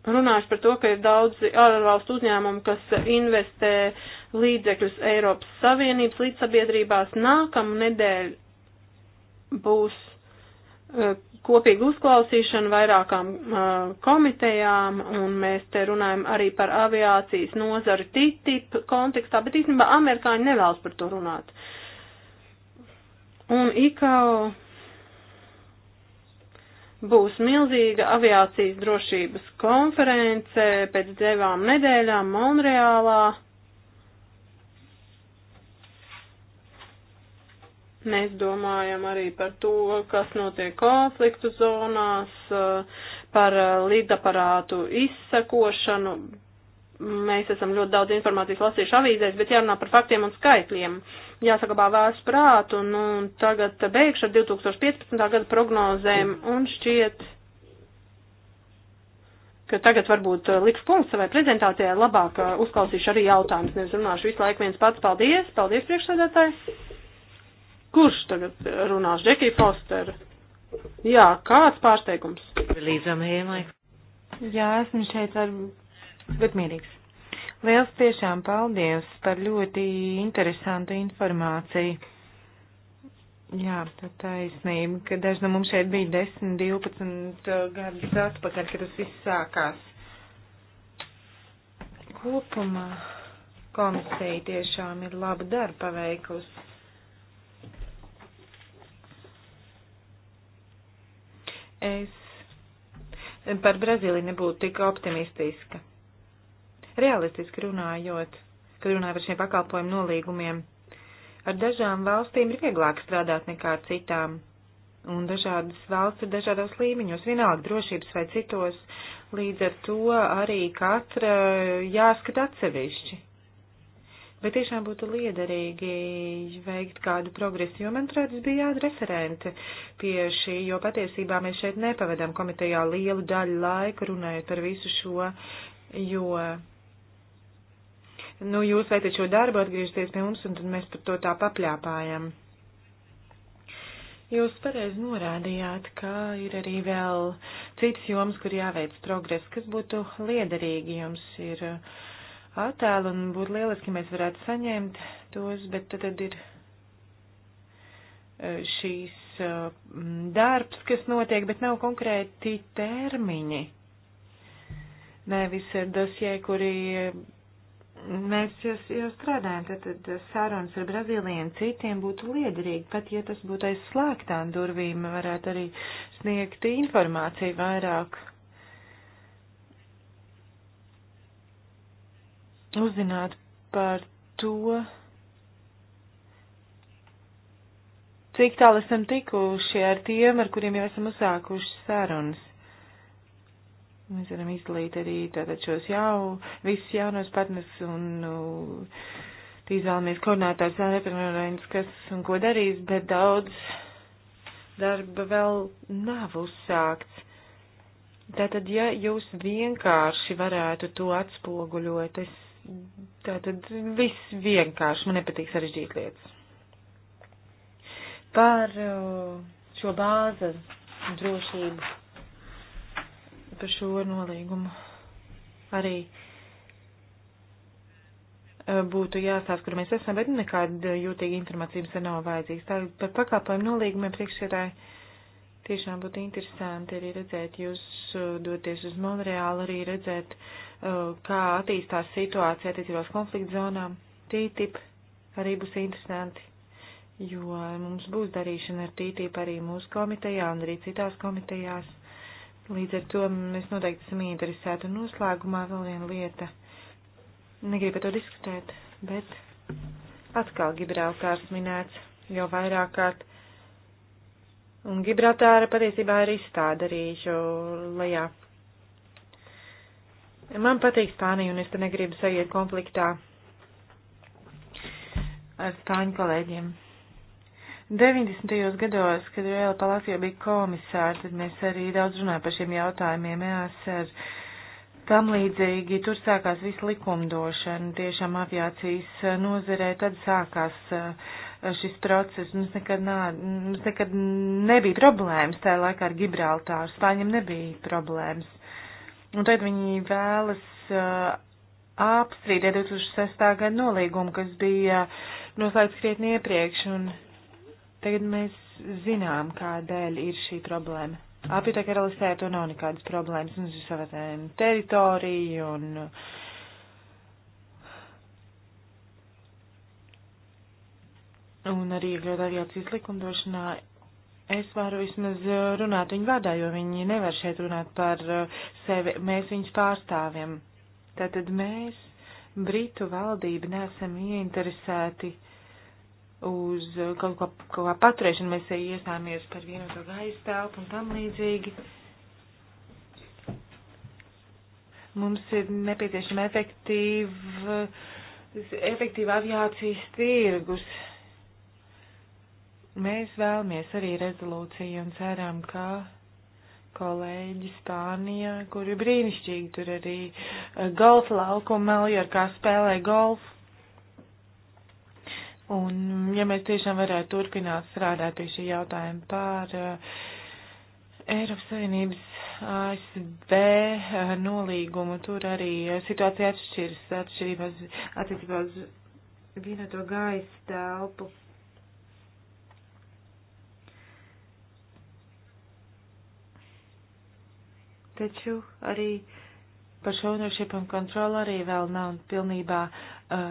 runājuši par to, ka ir daudzi ārvalstu uzņēmumi, kas investē līdzekļus Eiropas Savienības līdzsabiedrībās. Nākamnedēļ būs kopīgu uzklausīšanu vairākām uh, komitejām, un mēs te runājam arī par aviācijas nozaru TTIP kontekstā, bet īstenībā amerikāņi nevēlas par to runāt. Un IKAO būs milzīga aviācijas drošības konference pēc divām nedēļām Monreālā. Mēs domājam arī par to, kas notiek konfliktu zonās, par līdaparātu izsakošanu. Mēs esam ļoti daudz informācijas lasījuši avīzēs, bet jārunā par faktiem un skaitļiem. Jāsagabā vērs prātu, un nu, tagad beigšu ar 2015. gada prognozēm, un šķiet, ka tagad varbūt liks punkts savai prezentācijai, labāk uh, uzklausīšu arī jautājumus, nevis runāšu visu laiku viens pats. Paldies, paldies priekšsēdētāji! Kurš tagad runās? Džekija Fostera. Jā, kāds pārsteigums? Līdzam Hēmai. Jā, esmu šeit ar... bet mierīgs. Liels tiešām paldies par ļoti interesantu informāciju. Jā, tā taisnība, ka daži no mums šeit bija 10, 12 gadus atpakaļ, kad tas viss sākās. Kopumā komisija tiešām ir labu darbu paveikusi es par Brazīliju nebūtu tik optimistiska. Realistiski runājot, kad runāju par šiem pakalpojumu nolīgumiem, ar dažām valstīm ir vieglāk strādāt nekā ar citām, un dažādas valsts ir dažādos līmeņos, vienalga drošības vai citos, līdz ar to arī katra jāskat atsevišķi. Bet tiešām būtu liederīgi veikt kādu progresu, jo, manuprāt, es biju jāatreferente pie šī, jo patiesībā mēs šeit nepavadām komitejā lielu daļu laika runājot par visu šo, jo nu, jūs veicat šo darbu, atgriežaties pie mums, un tad mēs par to tā papļāpājam. Jūs pareizi norādījāt, ka ir arī vēl cits joms, kur jāveic progress, kas būtu liederīgi jums ir. Uh, attēlu un būtu lieliski, ja mēs varētu saņemt tos, bet tad, tad ir eh, šīs eh, darbs, kas notiek, bet nav konkrēti termiņi. Nevis dosie, kuri eh, mēs jau, jau strādājam, tad, tad sarunas ar Brazīliju un citiem būtu liederīgi, pat ja tas būtu aiz slēgtām durvīm, varētu arī sniegt informāciju vairāk. uzzināt par to, cik tālu esam tikuši ar tiem, ar kuriem jau esam uzsākuši sarunas. Mēs varam izdalīt arī tātad šos jau, visus jaunos partners un uh, nu, izvēlamies koordinātājs un referentus, kas un ko darīs, bet daudz darba vēl nav uzsākts. Tātad, ja jūs vienkārši varētu to atspoguļot, es Tātad viss vienkārši, man nepatīk sarežģīt lietas. Par uh, šo bāzes drošību, par šo nolīgumu arī uh, būtu jāstāsta, kur mēs esam, bet nekāda jūtīga informācija mums nav vajadzīga. Tā par pakāpojumu nolīgumiem priekšsēdāji tiešām būtu interesanti arī redzēt jūs uh, doties uz Monreālu, arī redzēt uh, Uh, kā attīstās situācija attiecībās konflikt zonām. TTIP arī būs interesanti, jo mums būs darīšana ar TTIP arī mūsu komitejā un arī citās komitejās. Līdz ar to mēs noteikti esam interesēti. Un noslēgumā vēl viena lieta. Negribu par to diskutēt, bet atkal Gibraltārs minēts jau vairāk kārt. Un Gibraltāra patiesībā ir izstāda arī šo lejā. Ja Man patīk Spānija, un es te negribu sajiet konfliktā ar spāņu kolēģiem. 90. gados, kad Rēla Palacio bija komisāra, tad mēs arī daudz runājām par šiem jautājumiem. Jās ar tam līdzīgi tur sākās visa likumdošana, tiešām aviācijas nozerē, tad sākās uh, šis process. Mums nekad, nā, mums nekad nebija problēmas tajā laikā ar Gibraltāru, Spāņiem nebija problēmas Un tad viņi vēlas uh, apstrīdēt 2006. gada nolīgumu, kas bija noslēgts krietni iepriekš, un tagad mēs zinām, kādēļ ir šī problēma. Apjūtā karalistē to nav nekādas problēmas, mums ir sava teritorija un. Un arī iekļaut aviācijas likumdošanā Es varu vismaz eh, runāt viņu vārdā, jo viņi nevar šeit runāt par eh, sevi. Mēs viņus pārstāvjam. Tātad mēs, Britu valdība, neesam ieinteresēti uz eh, kaut ko, kaut kā paturēšanu. Mēs iestāmies par vienoto gaisa telpu un tam līdzīgi. Mums ir nepieciešama efektīva, efektīva aviācijas tirgus Mēs vēlamies arī rezolūciju un ceram, ka kolēģi Spānijā, kuri brīnišķīgi tur arī eh, golfa laukumu Maljorkā spēlē golfu. Un ja mēs tiešām varētu turpināt strādāt pie šī jautājuma par uh, Eiropas Savienības ASV uh, eh, nolīgumu, tur arī uh, situācija atšķiras atšķirībās attiecībā uz vienoto gaisa telpu. taču arī par šo ownership un kontroli arī vēl nav pilnībā uh,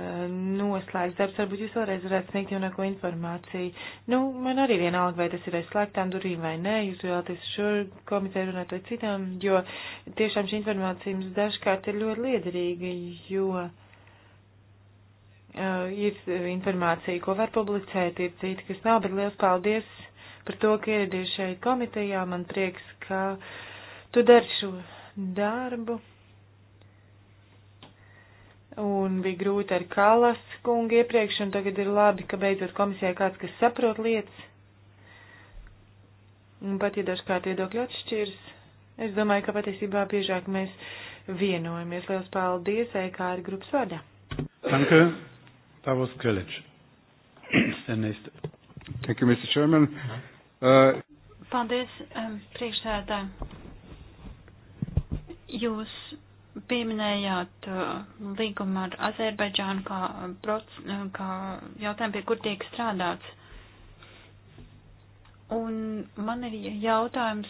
noslēgts darbs. Varbūt jūs vēlreiz varētu sniegt jaunāko informāciju. Nu, man arī vienalga, vai tas ir aizslēgtām durvīm vai nē, jūs vēlaties šo komiteju runāt vai citām, jo tiešām šī informācija mums dažkārt ir ļoti liederīga, jo uh, ir informācija, ko var publicēt, ir cita, kas nav, bet liels paldies par to, ka ieradies šeit komitejā. Man prieks, ka. Uh, Tu dari šo darbu. Un bija grūti ar Kalas kungu iepriekš, un tagad ir labi, ka beidzot komisijai kāds, kas saprot lietas. Un pat, ja dažkārt viedokļi atšķirs, es domāju, ka patiesībā biežāk mēs vienojamies. Liels paldies, EKR grupas vārdā. Danke, Tavos Krelič. Thank you, Mr. Chairman. Uh... Paldies, um, priekšsēdētāji. Jūs pieminējāt uh, līgumu ar Azerbaidžānu kā, uh, proc, uh, kā jautājumu, pie kur tiek strādāts. Un man ir jautājums,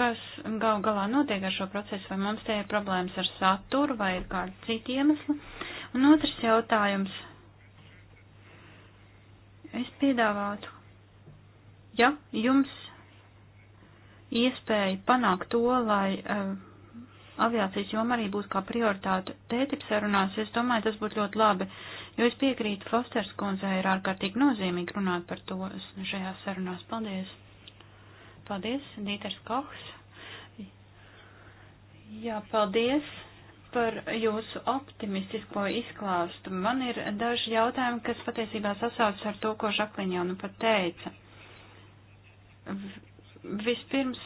kas gal galā notiek ar šo procesu, vai mums te ir problēmas ar saturu vai ir kādi citi iemesli. Un otrs jautājums. Es piedāvātu, ja jums iespēja panākt to, lai uh, aviācijas joma arī būs kā prioritāte tētip sarunās, es domāju, tas būtu ļoti labi, jo es piekrītu Fosters kundzei ir ārkārtīgi nozīmīgi runāt par to šajās sarunās. Paldies! Paldies, Dīters Kochs! Jā, paldies! par jūsu optimistisko izklāstu. Man ir daži jautājumi, kas patiesībā sasaucas ar to, ko Žakliņa jau nu pat teica. Vispirms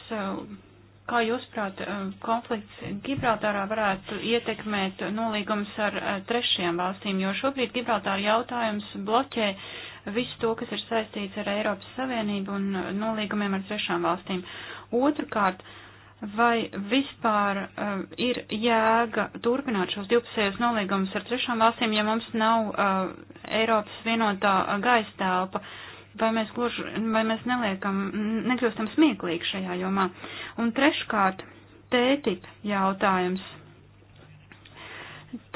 Kā jūs prāt, eh, konflikts Gibraltārā varētu ietekmēt nolīgums ar eh, trešajām valstīm, jo šobrīd Gibraltāra jautājums bloķē visu to, kas ir saistīts ar Eiropas Savienību un nolīgumiem ar trešām valstīm. Otrkārt, vai vispār uh, ir jēga turpināt šos divpusējos nolīgumus ar trešām valstīm, ja mums nav uh, Eiropas vienotā gaistelpa? Uh, vai mēs, gluži, vai mēs neliekam, nekļūstam smieklīgi šajā jomā. Un treškārt, tētip jautājums.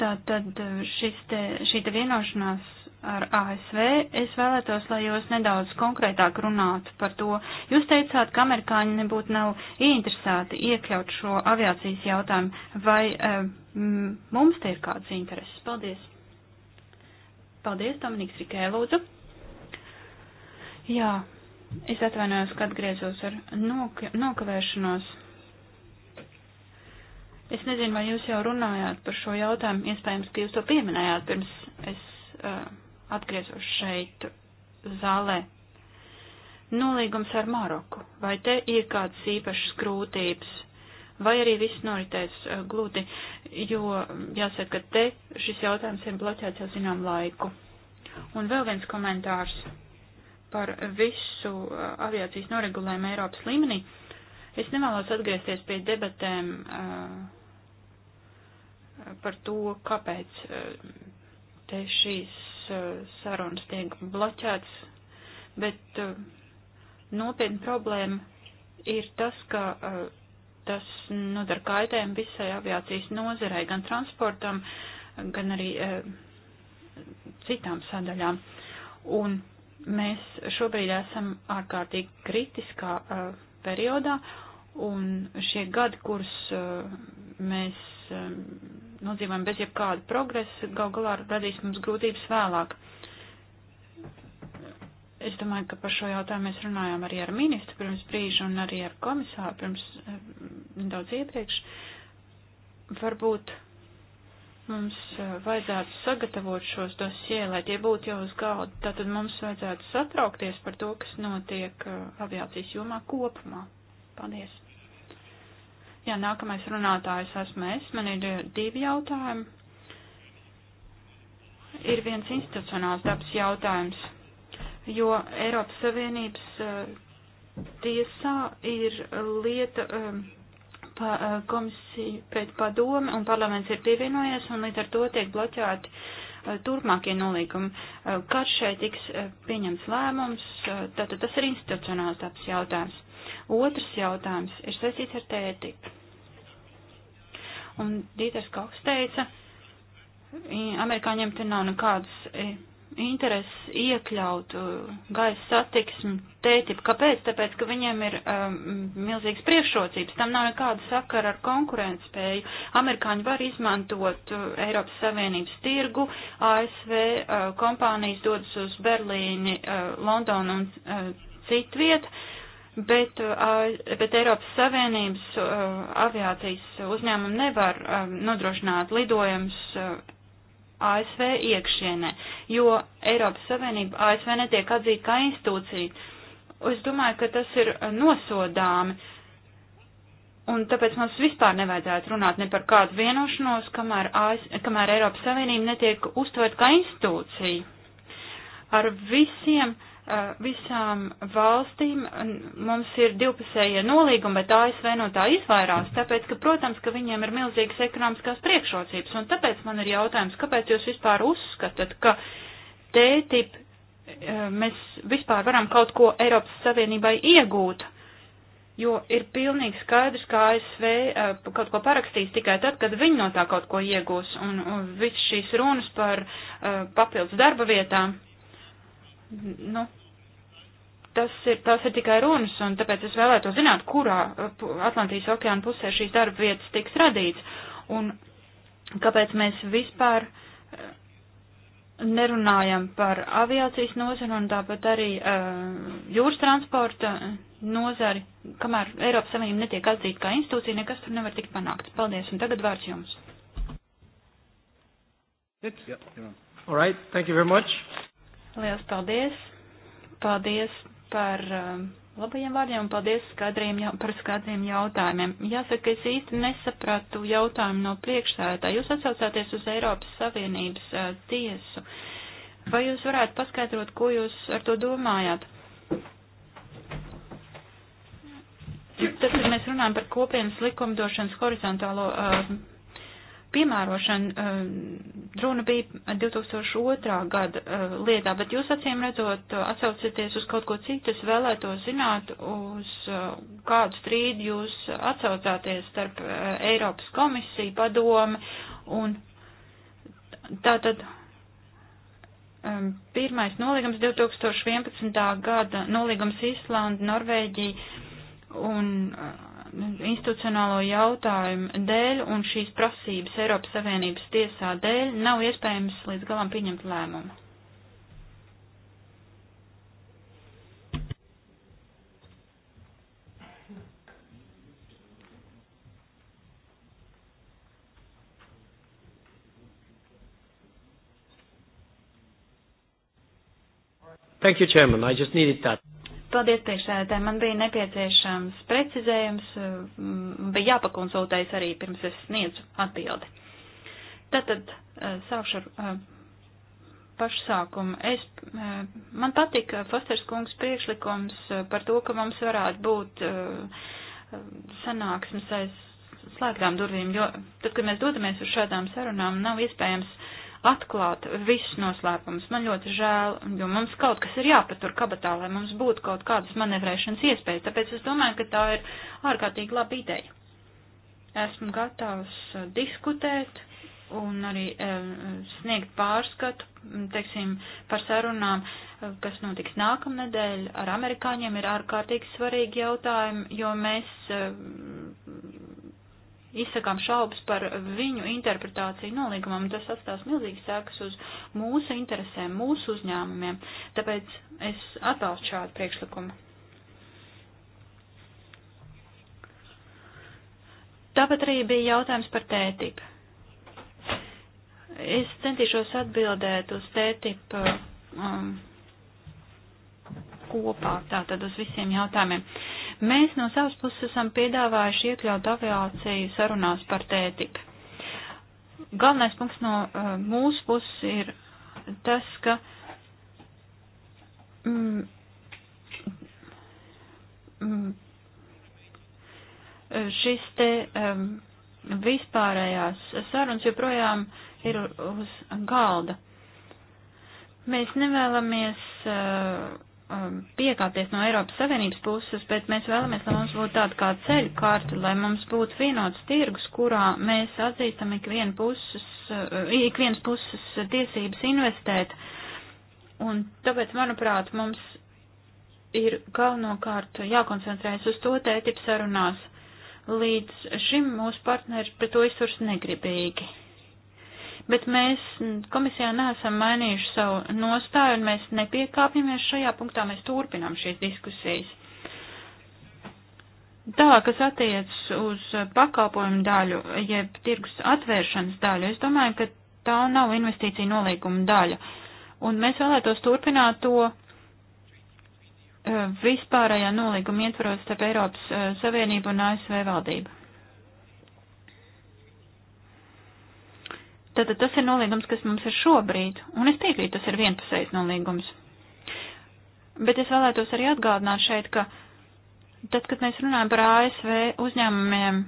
Tātad šis te, šī te vienošanās ar ASV, es vēlētos, lai jūs nedaudz konkrētāk runātu par to. Jūs teicāt, ka amerikāņi nebūtu nav ieinteresēti iekļaut šo aviācijas jautājumu, vai mm, mums te ir kādas intereses? Paldies! Paldies, Dominiks Rikē, lūdzu! Jā, es atvainojos, ka atgriezos ar nok nokavēšanos. Es nezinu, vai jūs jau runājāt par šo jautājumu, iespējams, ka jūs to pieminējāt pirms es uh, atgriezos šeit zālē. Nolīgums ar Maroku, vai te ir kādas īpašas grūtības, vai arī viss noritēs uh, glūti, jo jāsaka, ka te šis jautājums ir bloķēts jau zinām laiku. Un vēl viens komentārs par visu uh, aviācijas noregulējumu Eiropas līmenī. Es nevēlos atgriezties pie debatēm uh, par to, kāpēc uh, te šīs sarunas tiek bloķētas, bet nopietna problēma ir tas, ka tas nodara kaitējumu visai aviācijas nozarei, gan transportam, gan arī citām sadaļām. Un Mēs šobrīd esam ārkārtīgi kritiskā uh, periodā, un šie gadi, kurus uh, mēs uh, nodzīvojam bez jebkāda progresa, gal galā radīs mums grūtības vēlāk. Es domāju, ka par šo jautājumu mēs runājām arī ar ministru pirms brīža un arī ar komisāru pirms nedaudz iepriekš. Varbūt Mums eh, vajadzētu sagatavot šos dosie, lai tie būtu jau uz galda. Tātad mums vajadzētu satraukties par to, kas notiek eh, aviācijas jomā kopumā. Paldies! Jā, nākamais runātājs esmu es. Man ir eh, divi jautājumi. Ir viens institucionāls dabas jautājums, jo Eiropas Savienības tiesā ir lieta. Um, pa, eh, komisija pēc padomi un parlaments ir pievienojies un līdz ar to tiek bloķēti eh, turpmākie nolīgumi. Eh, Kad šeit tiks pieņemts lēmums, tātad tas ir institucionāls tāds jautājums. Otrs jautājums ir saistīts ar tētiku. Un Dīters Koks teica, amerikāņiem te nav nekādas intereses iekļaut uh, gaisa satiksmi tētip. Kāpēc? Tāpēc, ka viņiem ir um, milzīgas priekšrocības. Tam nav nekāda sakara ar konkurētspēju. Amerikāņi var izmantot uh, Eiropas Savienības tirgu, ASV uh, kompānijas dodas uz Berlīni, uh, Londonu un uh, citu vietu. Bet, uh, bet Eiropas Savienības uh, aviācijas uzņēmumi nevar nodrošināt lidojumus ASV iekšienē, jo Eiropas Savienība ASV netiek atzīta kā institūcija. Es domāju, ka tas ir nosodāmi. Un tāpēc mums vispār nevajadzētu runāt ne par kādu vienošanos, kamēr, ASV, kamēr Eiropas Savienība netiek uztvert kā institūcija. Ar visiem uh, visām valstīm mums ir divpusējie nolīgumi, bet ASV no tā izvairās, tāpēc, ka, protams, ka viņiem ir milzīgas ekonomiskās priekšrocības, un tāpēc man ir jautājums, kāpēc jūs vispār uzskatat, ka TTIP mēs vispār varam kaut ko Eiropas Savienībai iegūt, jo ir pilnīgi skaidrs, ka ASV kaut ko parakstīs tikai tad, kad viņi no tā kaut ko iegūs, un, un viss šīs runas par papildus darba vietām nu, tas ir, tās ir tikai runas, un tāpēc es vēlētos zināt, kurā uh, Atlantijas okeāna pusē šīs darba vietas tiks radīts, un kāpēc mēs vispār uh, nerunājam par aviācijas nozaru un tāpat arī uh, jūras transporta nozari, kamēr Eiropas Savienība netiek atzīta kā institūcija, nekas tur nevar tikt panākts. Paldies, un tagad vārds jums. Good. Yeah. All right, thank you very much. Liels paldies! Paldies par um, labajiem vārdiem un paldies skadriem, par skadriem jautājumiem. Jāsaka, es īsti nesapratu jautājumu no priekšsētā. Jūs atsaucāties uz Eiropas Savienības uh, tiesu. Vai jūs varētu paskaidrot, ko jūs ar to domājāt? Tad, kad mēs runājam par kopienas likumdošanas horizontālo uh, piemērošana, eh, runa bija 2002. gada eh, lietā, bet jūs acīm redzot eh, atsaucaties uz kaut ko citu, es vēlētos zināt, uz kādu strīdu jūs atsaucāties starp Eiropas komisiju, padomi un tātad. Pirmais nolīgums 2011. gada nolīgums Islanda, Norvēģija un institucionālo jautājumu dēļ un šīs prasības Eiropas Savienības tiesā dēļ nav iespējams līdz galam pieņemt lēmumu. Thank you, Chairman. I just needed that. Paldies priekšsēdētāji, man bija nepieciešams precizējums, bija jāpakonsultējas arī pirms es sniedzu atbildi. Tātad eh, sākšu ar eh, pašu sākumu. Es, eh, man patika Fosters kungs priekšlikums par to, ka mums varētu būt sanāksmes aiz slēgtām durvīm, jo tad, kad mēs dodamies uz šādām sarunām, nav iespējams atklāt visus noslēpumus. Man ļoti žēl, jo mums kaut kas ir jāpatur kabatā, lai mums būtu kaut kādas manevrēšanas iespējas, tāpēc es domāju, ka tā ir ārkārtīgi laba ideja. Esmu gatavs uh, diskutēt un arī e, sniegt pārskatu, mm, teiksim, par sarunām, uh, kas notiks nākamnedēļ ar amerikāņiem, ir ārkārtīgi svarīgi jautājumi, jo mēs e, izsakām šaubas par viņu interpretāciju nolīgumam, tas atstās milzīgas sēkas uz mūsu interesēm, mūsu uzņēmumiem. Tāpēc es atbalstu šādu priekšlikumu. Tāpat arī bija jautājums par tētipu. Es centīšos atbildēt uz tētipu um, kopā, tātad uz visiem jautājumiem. Uh, Mēs no savas puses esam piedāvājuši iekļaut aviāciju sarunās par tētipu. Galvenais punkts no uh, mūsu puses ir tas, ka mm, mm, šis te um, vispārējās sarunas joprojām ir uz galda. Mēs nevēlamies uh, Um, piekāpties no Eiropas Savienības puses, bet mēs vēlamies, lai mums būtu tāda kā ceļu kārta, lai mums būtu vienots tirgus, kurā mēs atzīstam ikvien puses, uh, ikvienas puses tiesības investēt. Un tāpēc, manuprāt, mums ir galvenokārt jākoncentrējas uz to tētip sarunās. Līdz šim mūsu partneri pret to izturs negribīgi bet mēs komisijā neesam mainījuši savu nostāju un mēs nepiekāpjamies šajā punktā, mēs turpinām šīs diskusijas. Tālāk, kas attiec uz pakalpojumu daļu, jeb tirgus atvēršanas daļu, es domāju, ka tā nav investīcija nolīguma daļa. Un mēs vēlētos turpināt to eh, vispārējā nolīguma ietvaros starp Eiropas eh, Savienību un ASV valdību. Tātad tas ir nolīgums, kas mums ir šobrīd, un es piekrītu, tas ir vienpusējs nolīgums. Bet es vēlētos arī atgādināt šeit, ka tad, kad mēs runājam par ASV uzņēmumiem,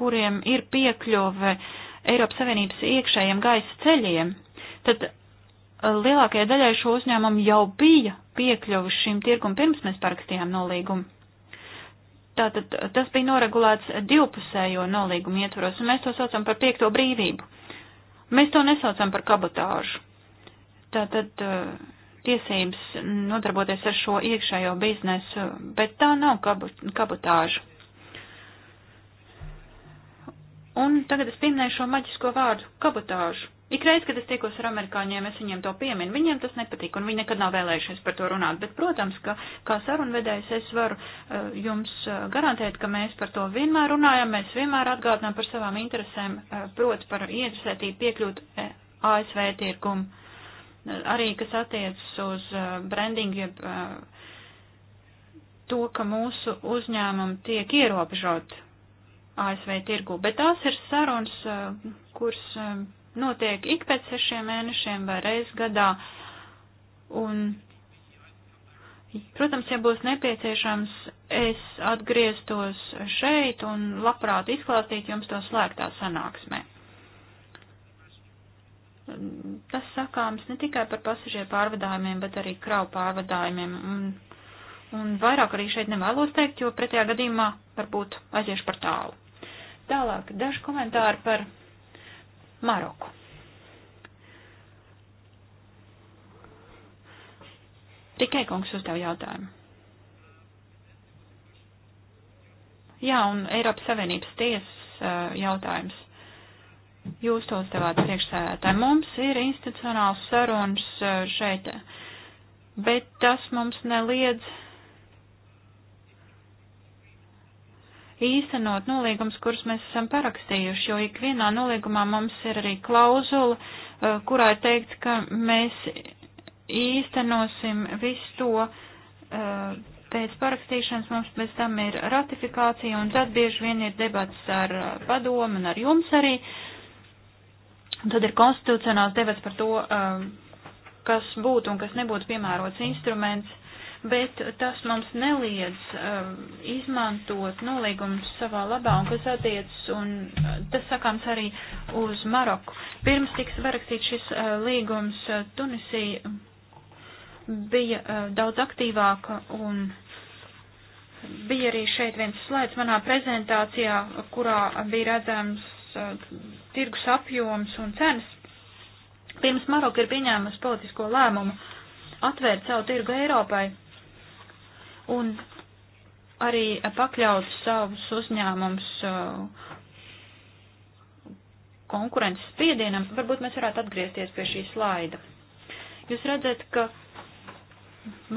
kuriem ir piekļuve Eiropas Savienības iekšējiem gaisa ceļiem, tad uh, lielākajai daļai šo uzņēmumu jau bija piekļuve šim tirgum pirms mēs parakstījām nolīgumu. Tātad uh, tas bija noregulēts divpusējo nolīgumu ietvaros, un mēs to saucam par piekto brīvību. Mēs to nesaucam par kabotāžu. Tātad uh, tiesības nodarboties ar šo iekšējo biznesu, bet tā nav kabotāža. Un tagad es pieminēju šo maģisko vārdu - kabotāžu. Ikreiz, kad es tikos ar amerikāņiem, es viņiem to pieminu, viņiem tas nepatīk, un viņi nekad nav vēlējušies par to runāt. Bet, protams, ka kā sarunvedējs es varu uh, jums eh, garantēt, ka mēs par to vienmēr runājam, mēs vienmēr atgādinām par savām interesēm, uh, proti par ieinteresētību piekļūt ASV tirkumu, arī kas attiecas uz uh, brandingu, jeb to, ka mūsu uzņēmumi tiek ierobežoti ASV tirgu. Bet tās ir sarunas, kuras notiek ik pēc sešiem mēnešiem vai reiz gadā. Un, protams, ja būs nepieciešams, es atgrieztos šeit un labprāt izklāstītu jums to slēgtā sanāksmē. Tas sakāms ne tikai par pasažieru pārvadājumiem, bet arī kravu pārvadājumiem. Un, un vairāk arī šeit nevēlos teikt, jo pretējā gadījumā varbūt aiziešu par tālu. Tālāk, daži komentāri par Maroku. Tikai kungs uzdev jautājumu. Jā, un Eiropas Savienības tiesas eh, jautājums. Jūs to uzdevāt priekšsēdētāji. Mums ir institucionāls sarunas eh, šeit, bet tas mums neliedz īstenot nolīgums, kurus mēs esam parakstījuši, jo ikvienā nolīgumā mums ir arī klauzula, eh, kurā ir teikts, ka mēs īstenosim visu to eh, pēc parakstīšanas, mums pēc tam ir ratifikācija, un tad bieži vien ir debats ar eh, padomu un ar jums arī. Un tad ir konstitucionāls debats par to, kas būtu un kas nebūtu piemērots instruments bet tas mums neliedz um, izmantot nolīgumus savā labā, un kas attiecas, un uh, tas sakāms arī uz Maroku. Pirms tiks varakstīts šis uh, līgums, uh, Tunisija bija uh, daudz aktīvāka un bija arī šeit viens slaids manā prezentācijā, kurā bija redzams uh, tirgus apjoms un cenas. Pirms Maroka ir pieņēmusi politisko lēmumu atvērt savu tirgu Eiropai, un arī pakļaut savus uzņēmumus uh, konkurences spiedienam, varbūt mēs varētu atgriezties pie šī slaida. Jūs redzat, ka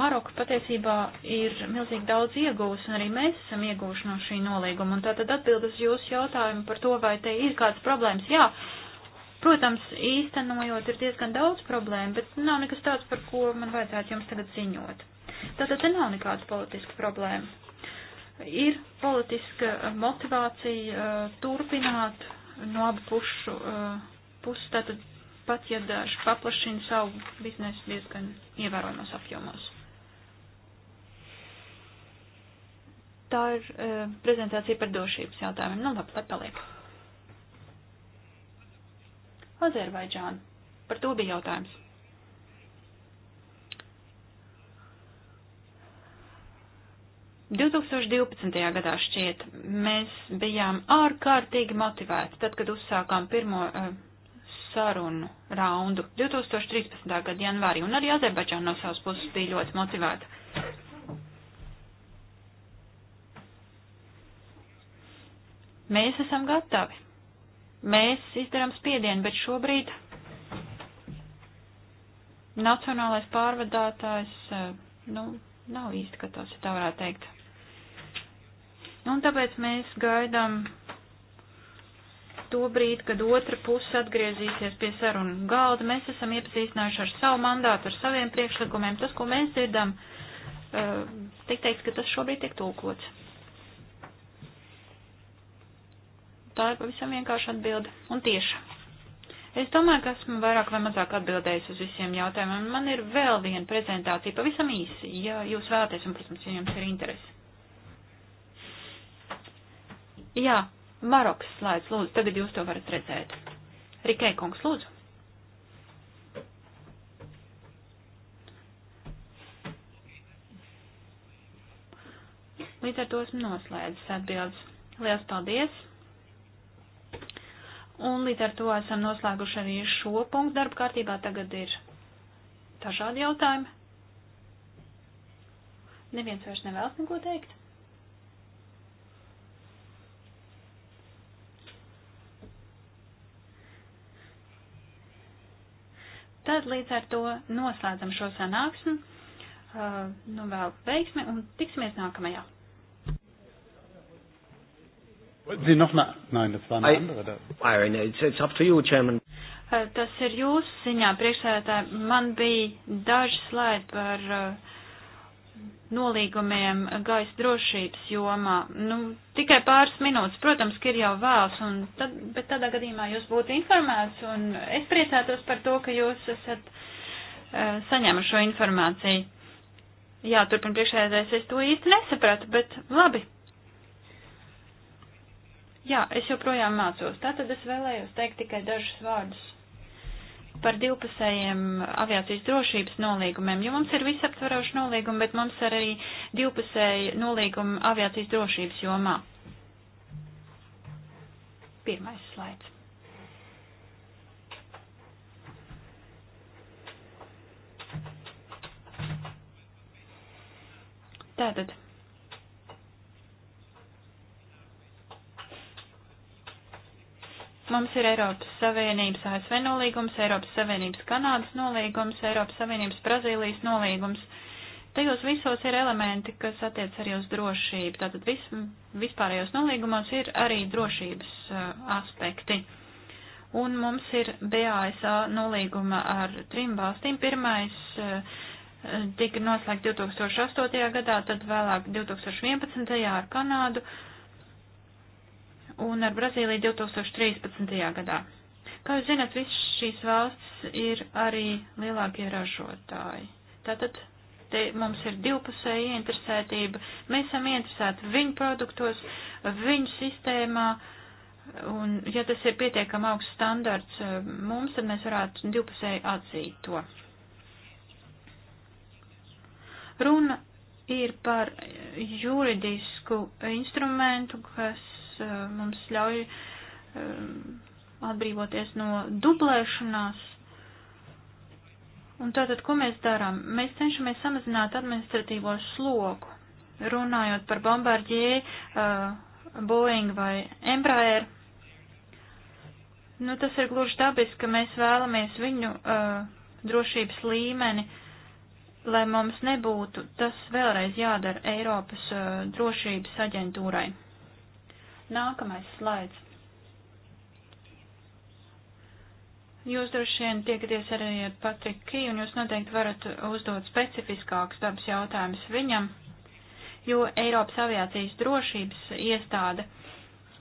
Maroka patiesībā ir milzīgi daudz iegūs, un arī mēs esam iegūši no šī nolīguma. Un tātad atbild uz jūsu jautājumu par to, vai te ir kādas problēmas. Jā, protams, īstenojot ir diezgan daudz problēmu, bet nav nekas tāds, par ko man vajadzētu jums tagad ziņot. Tātad te nav nekāda politiska problēma. Ir politiska eh, motivācija eh, turpināt no abu pušu eh, puses, tātad pat ja daži paplašina savu biznesu diezgan ievērojamos apjomos. Tā ir e, prezentācija par drošības jautājumiem. Nu, labi, lai paliek. Azerbaidžāna. Par to bija jautājums. 2012. gadā šķiet mēs bijām ārkārtīgi motivēti, tad, kad uzsākām pirmo uh, sarunu raundu 2013. gada janvārī, un arī Azerbaidžāna no savas puses bija ļoti motivēta. Mēs esam gatavi. Mēs izdarām spiedienu, bet šobrīd nacionālais pārvadātājs, uh, nu, nav īsti, ka tas ir tā varētu teikt. Un tāpēc mēs gaidām to brīdi, kad otra puse atgriezīsies pie sarunu galda. Mēs esam iepazīstinājuši ar savu mandātu, ar saviem priekšlikumiem. Tas, ko mēs dzirdam, eh, tiek teikt, ka tas šobrīd tiek tulkots. Tā ir pavisam vienkārši atbilde un tieša. Es domāju, ka esmu vairāk vai mazāk atbildējis uz visiem jautājumiem. Man ir vēl viena prezentācija, pavisam īsi, ja jūs vēlaties, un, protams, ja jums ir interesi. Jā, Marokas slaids, lūdzu, tagad jūs to varat redzēt. Rikē kungs, lūdzu. Līdz ar to esmu noslēdzis atbildes. Lielas paldies! Un līdz ar to esam noslēguši arī šo punktu darba kārtībā. Tagad ir dažādi jautājumi. Neviens vairs nevēlas neko teikt. Tad līdz ar to noslēdzam šo sanāksmi, uh, nu vēl veiksmi un tiksimies nākamajā. Sie noch mal, nein, das war eine I, andere. Irene, it's, it's up to you, Chairman. Uh, tas ir jūsu ziņā, priekšsēdētāji. Man bija daži slaidi par uh, nolīgumiem gaisa drošības jomā. Nu, tikai pāris minūtes, protams, ka ir jau vēls, un tad, bet tādā gadījumā jūs būtu informēts, un es priecātos par to, ka jūs esat uh, saņēmuši šo informāciju. Jā, turpin priekšēdēs es to īsti nesapratu, bet labi. Jā, es joprojām mācos, tātad es vēlējos teikt tikai dažus vārdus par divpusējiem aviācijas drošības nolīgumiem, jo mums ir visaptvaroši nolīgumi, bet mums ir arī divpusēji nolīgumi aviācijas drošības jomā. Pirmais slaids. Tātad Mums ir Eiropas Savienības ASV nolīgums, Eiropas Savienības Kanādas nolīgums, Eiropas Savienības Brazīlijas nolīgums. Tajos visos ir elementi, kas attiec arī uz drošību. Tātad vis, vispārējos nolīgumos ir arī drošības uh, aspekti. Un mums ir BASA nolīguma ar trim valstīm. Pirmais uh, tika noslēgts 2008. gadā, tad vēlāk 2011. ar Kanādu un ar Brazīliju 2013. gadā. Kā jūs zināt, visas šīs valsts ir arī lielākie ražotāji. Tātad te mums ir divpusēja interesētība. Mēs esam interesēti viņu produktos, viņu sistēmā, un ja tas ir pietiekami augsts standarts eh, mums, tad mēs varētu divpusēji atzīt to. Runa ir par juridisku instrumentu, kas Eh, mums ļauj eh, atbrīvoties no dublēšanās. Un tātad, ko mēs darām? Mēs cenšamies samazināt administratīvo slogu, runājot par Bombardier, eh, Boeing vai Embraer. Nu, tas ir gluži dabiski, ka mēs vēlamies viņu uh, drošības līmeni, lai mums nebūtu tas vēlreiz jādara Eiropas uh, drošības aģentūrai. Nākamais slaids. Jūs droši vien tiekaties arī ar Patriku Kī, un jūs noteikti varat uzdot specifiskākus dabas jautājumus viņam, jo Eiropas aviācijas drošības iestāde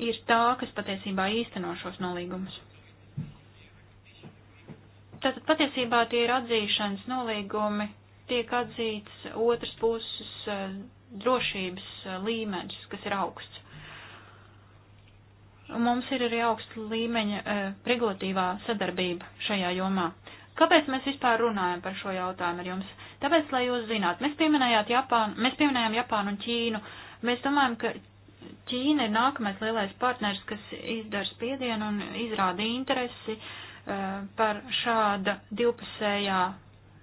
ir tā, kas patiesībā īsteno šos nolīgumus. Tātad patiesībā tie ir atzīšanas nolīgumi, tiek atzīts otras puses eh, drošības eh, līmenis, kas ir augsts. Mums ir arī augsta līmeņa e, regulatīvā sadarbība šajā jomā. Kāpēc mēs vispār runājam par šo jautājumu ar jums? Tāpēc, lai jūs zinātu, mēs, Japānu, mēs pieminējām Japānu un Ķīnu. Mēs domājam, ka Ķīna ir nākamais lielais partners, kas izdara spiedienu un izrāda interesi uh, par šāda divpusējā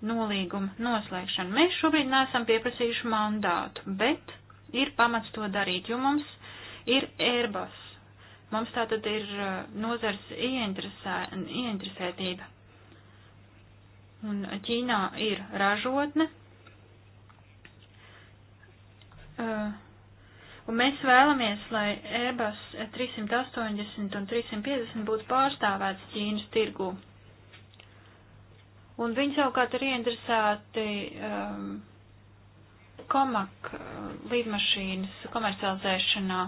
nolīguma noslēgšanu. Mēs šobrīd neesam pieprasījuši mandātu, bet ir pamats to darīt, jo mums ir Airbus Mums tā tad ir uh, nozars ieinteresē, ieinteresētība. Un Ķīnā ir ražotne. Uh, un mēs vēlamies, lai Airbus 380 un 350 būtu pārstāvēts Ķīnas tirgū. Un viņi savukārt ir ieinteresēti um, komak uh, līdmašīnas komercializēšanā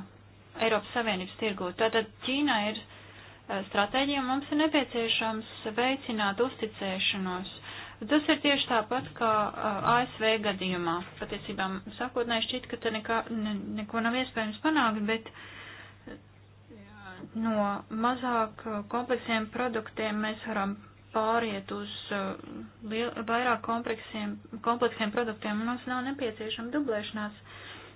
Eiropas Savienības tirgu. Tātad Ķīnā ir e, stratēģija, mums ir nepieciešams veicināt uzticēšanos. Tas ir tieši tāpat kā e, ASV gadījumā. Patiesībā sākotnēji šķiet, ka te nekā, ne, neko nav iespējams panākt, bet e, no mazāk kompleksiem produktiem mēs varam pāriet uz liel, vairāk kompleksiem, kompleksiem produktiem. Mums nav nepieciešama dublēšanās.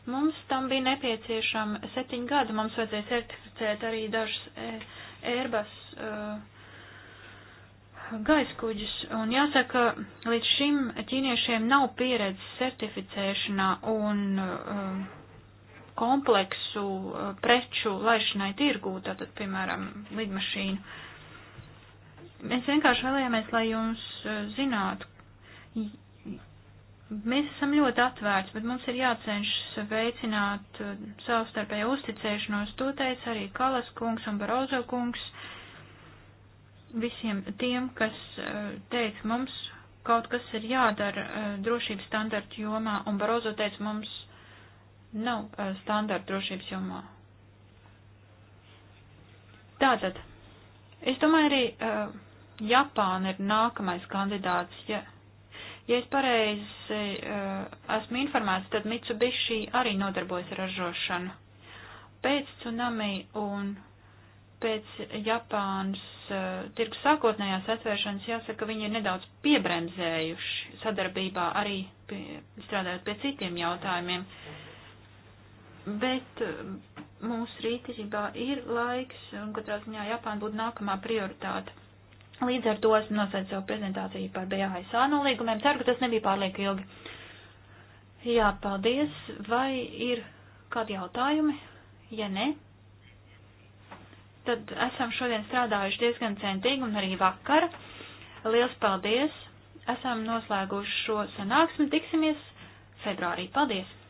Mums tam bija nepieciešama septiņi gadi, mums vajadzēja certificēt arī dažus e, Airbus e, gaiskuģus, un jāsaka, līdz šim ķīniešiem nav pieredzes certificēšanā un e, kompleksu preču laišanai tirgū, tātad, piemēram, lidmašīnu. Mēs vienkārši vēlējāmies, lai jums zinātu, Mēs esam ļoti atvērti, bet mums ir jācenšas veicināt uh, savstarpēju uzticēšanos. To teica arī Kalas kungs un Barozo kungs visiem tiem, kas uh, teica mums, kaut kas ir jādara uh, drošības standartu jomā, un Barozo teica mums, nav standartu drošības jomā. Tātad, es domāju arī Japāna ir nākamais kandidāts, ja Ja es pareizi uh, esmu informēts, tad Mitsubishi arī nodarbojas ar ražošanu. Pēc tsunami un pēc Japānas uh, tirgus sākotnējās atvēršanas jāsaka, viņi ir nedaudz piebremzējuši sadarbībā arī pie, strādājot pie citiem jautājumiem. Bet uh, mūsu rītībā ir laiks, un katrā ziņā Japāna būtu nākamā prioritāte. Līdz ar to esmu noslēdz savu prezentāciju par BASA nolīgumiem. Ceru, ka tas nebija pārlieku ilgi. Jā, paldies. Vai ir kādi jautājumi? Ja ne, tad esam šodien strādājuši diezgan centīgi un arī vakar. Liels paldies! Esam noslēguši šo sanāksmi. Tiksimies februārī. Paldies!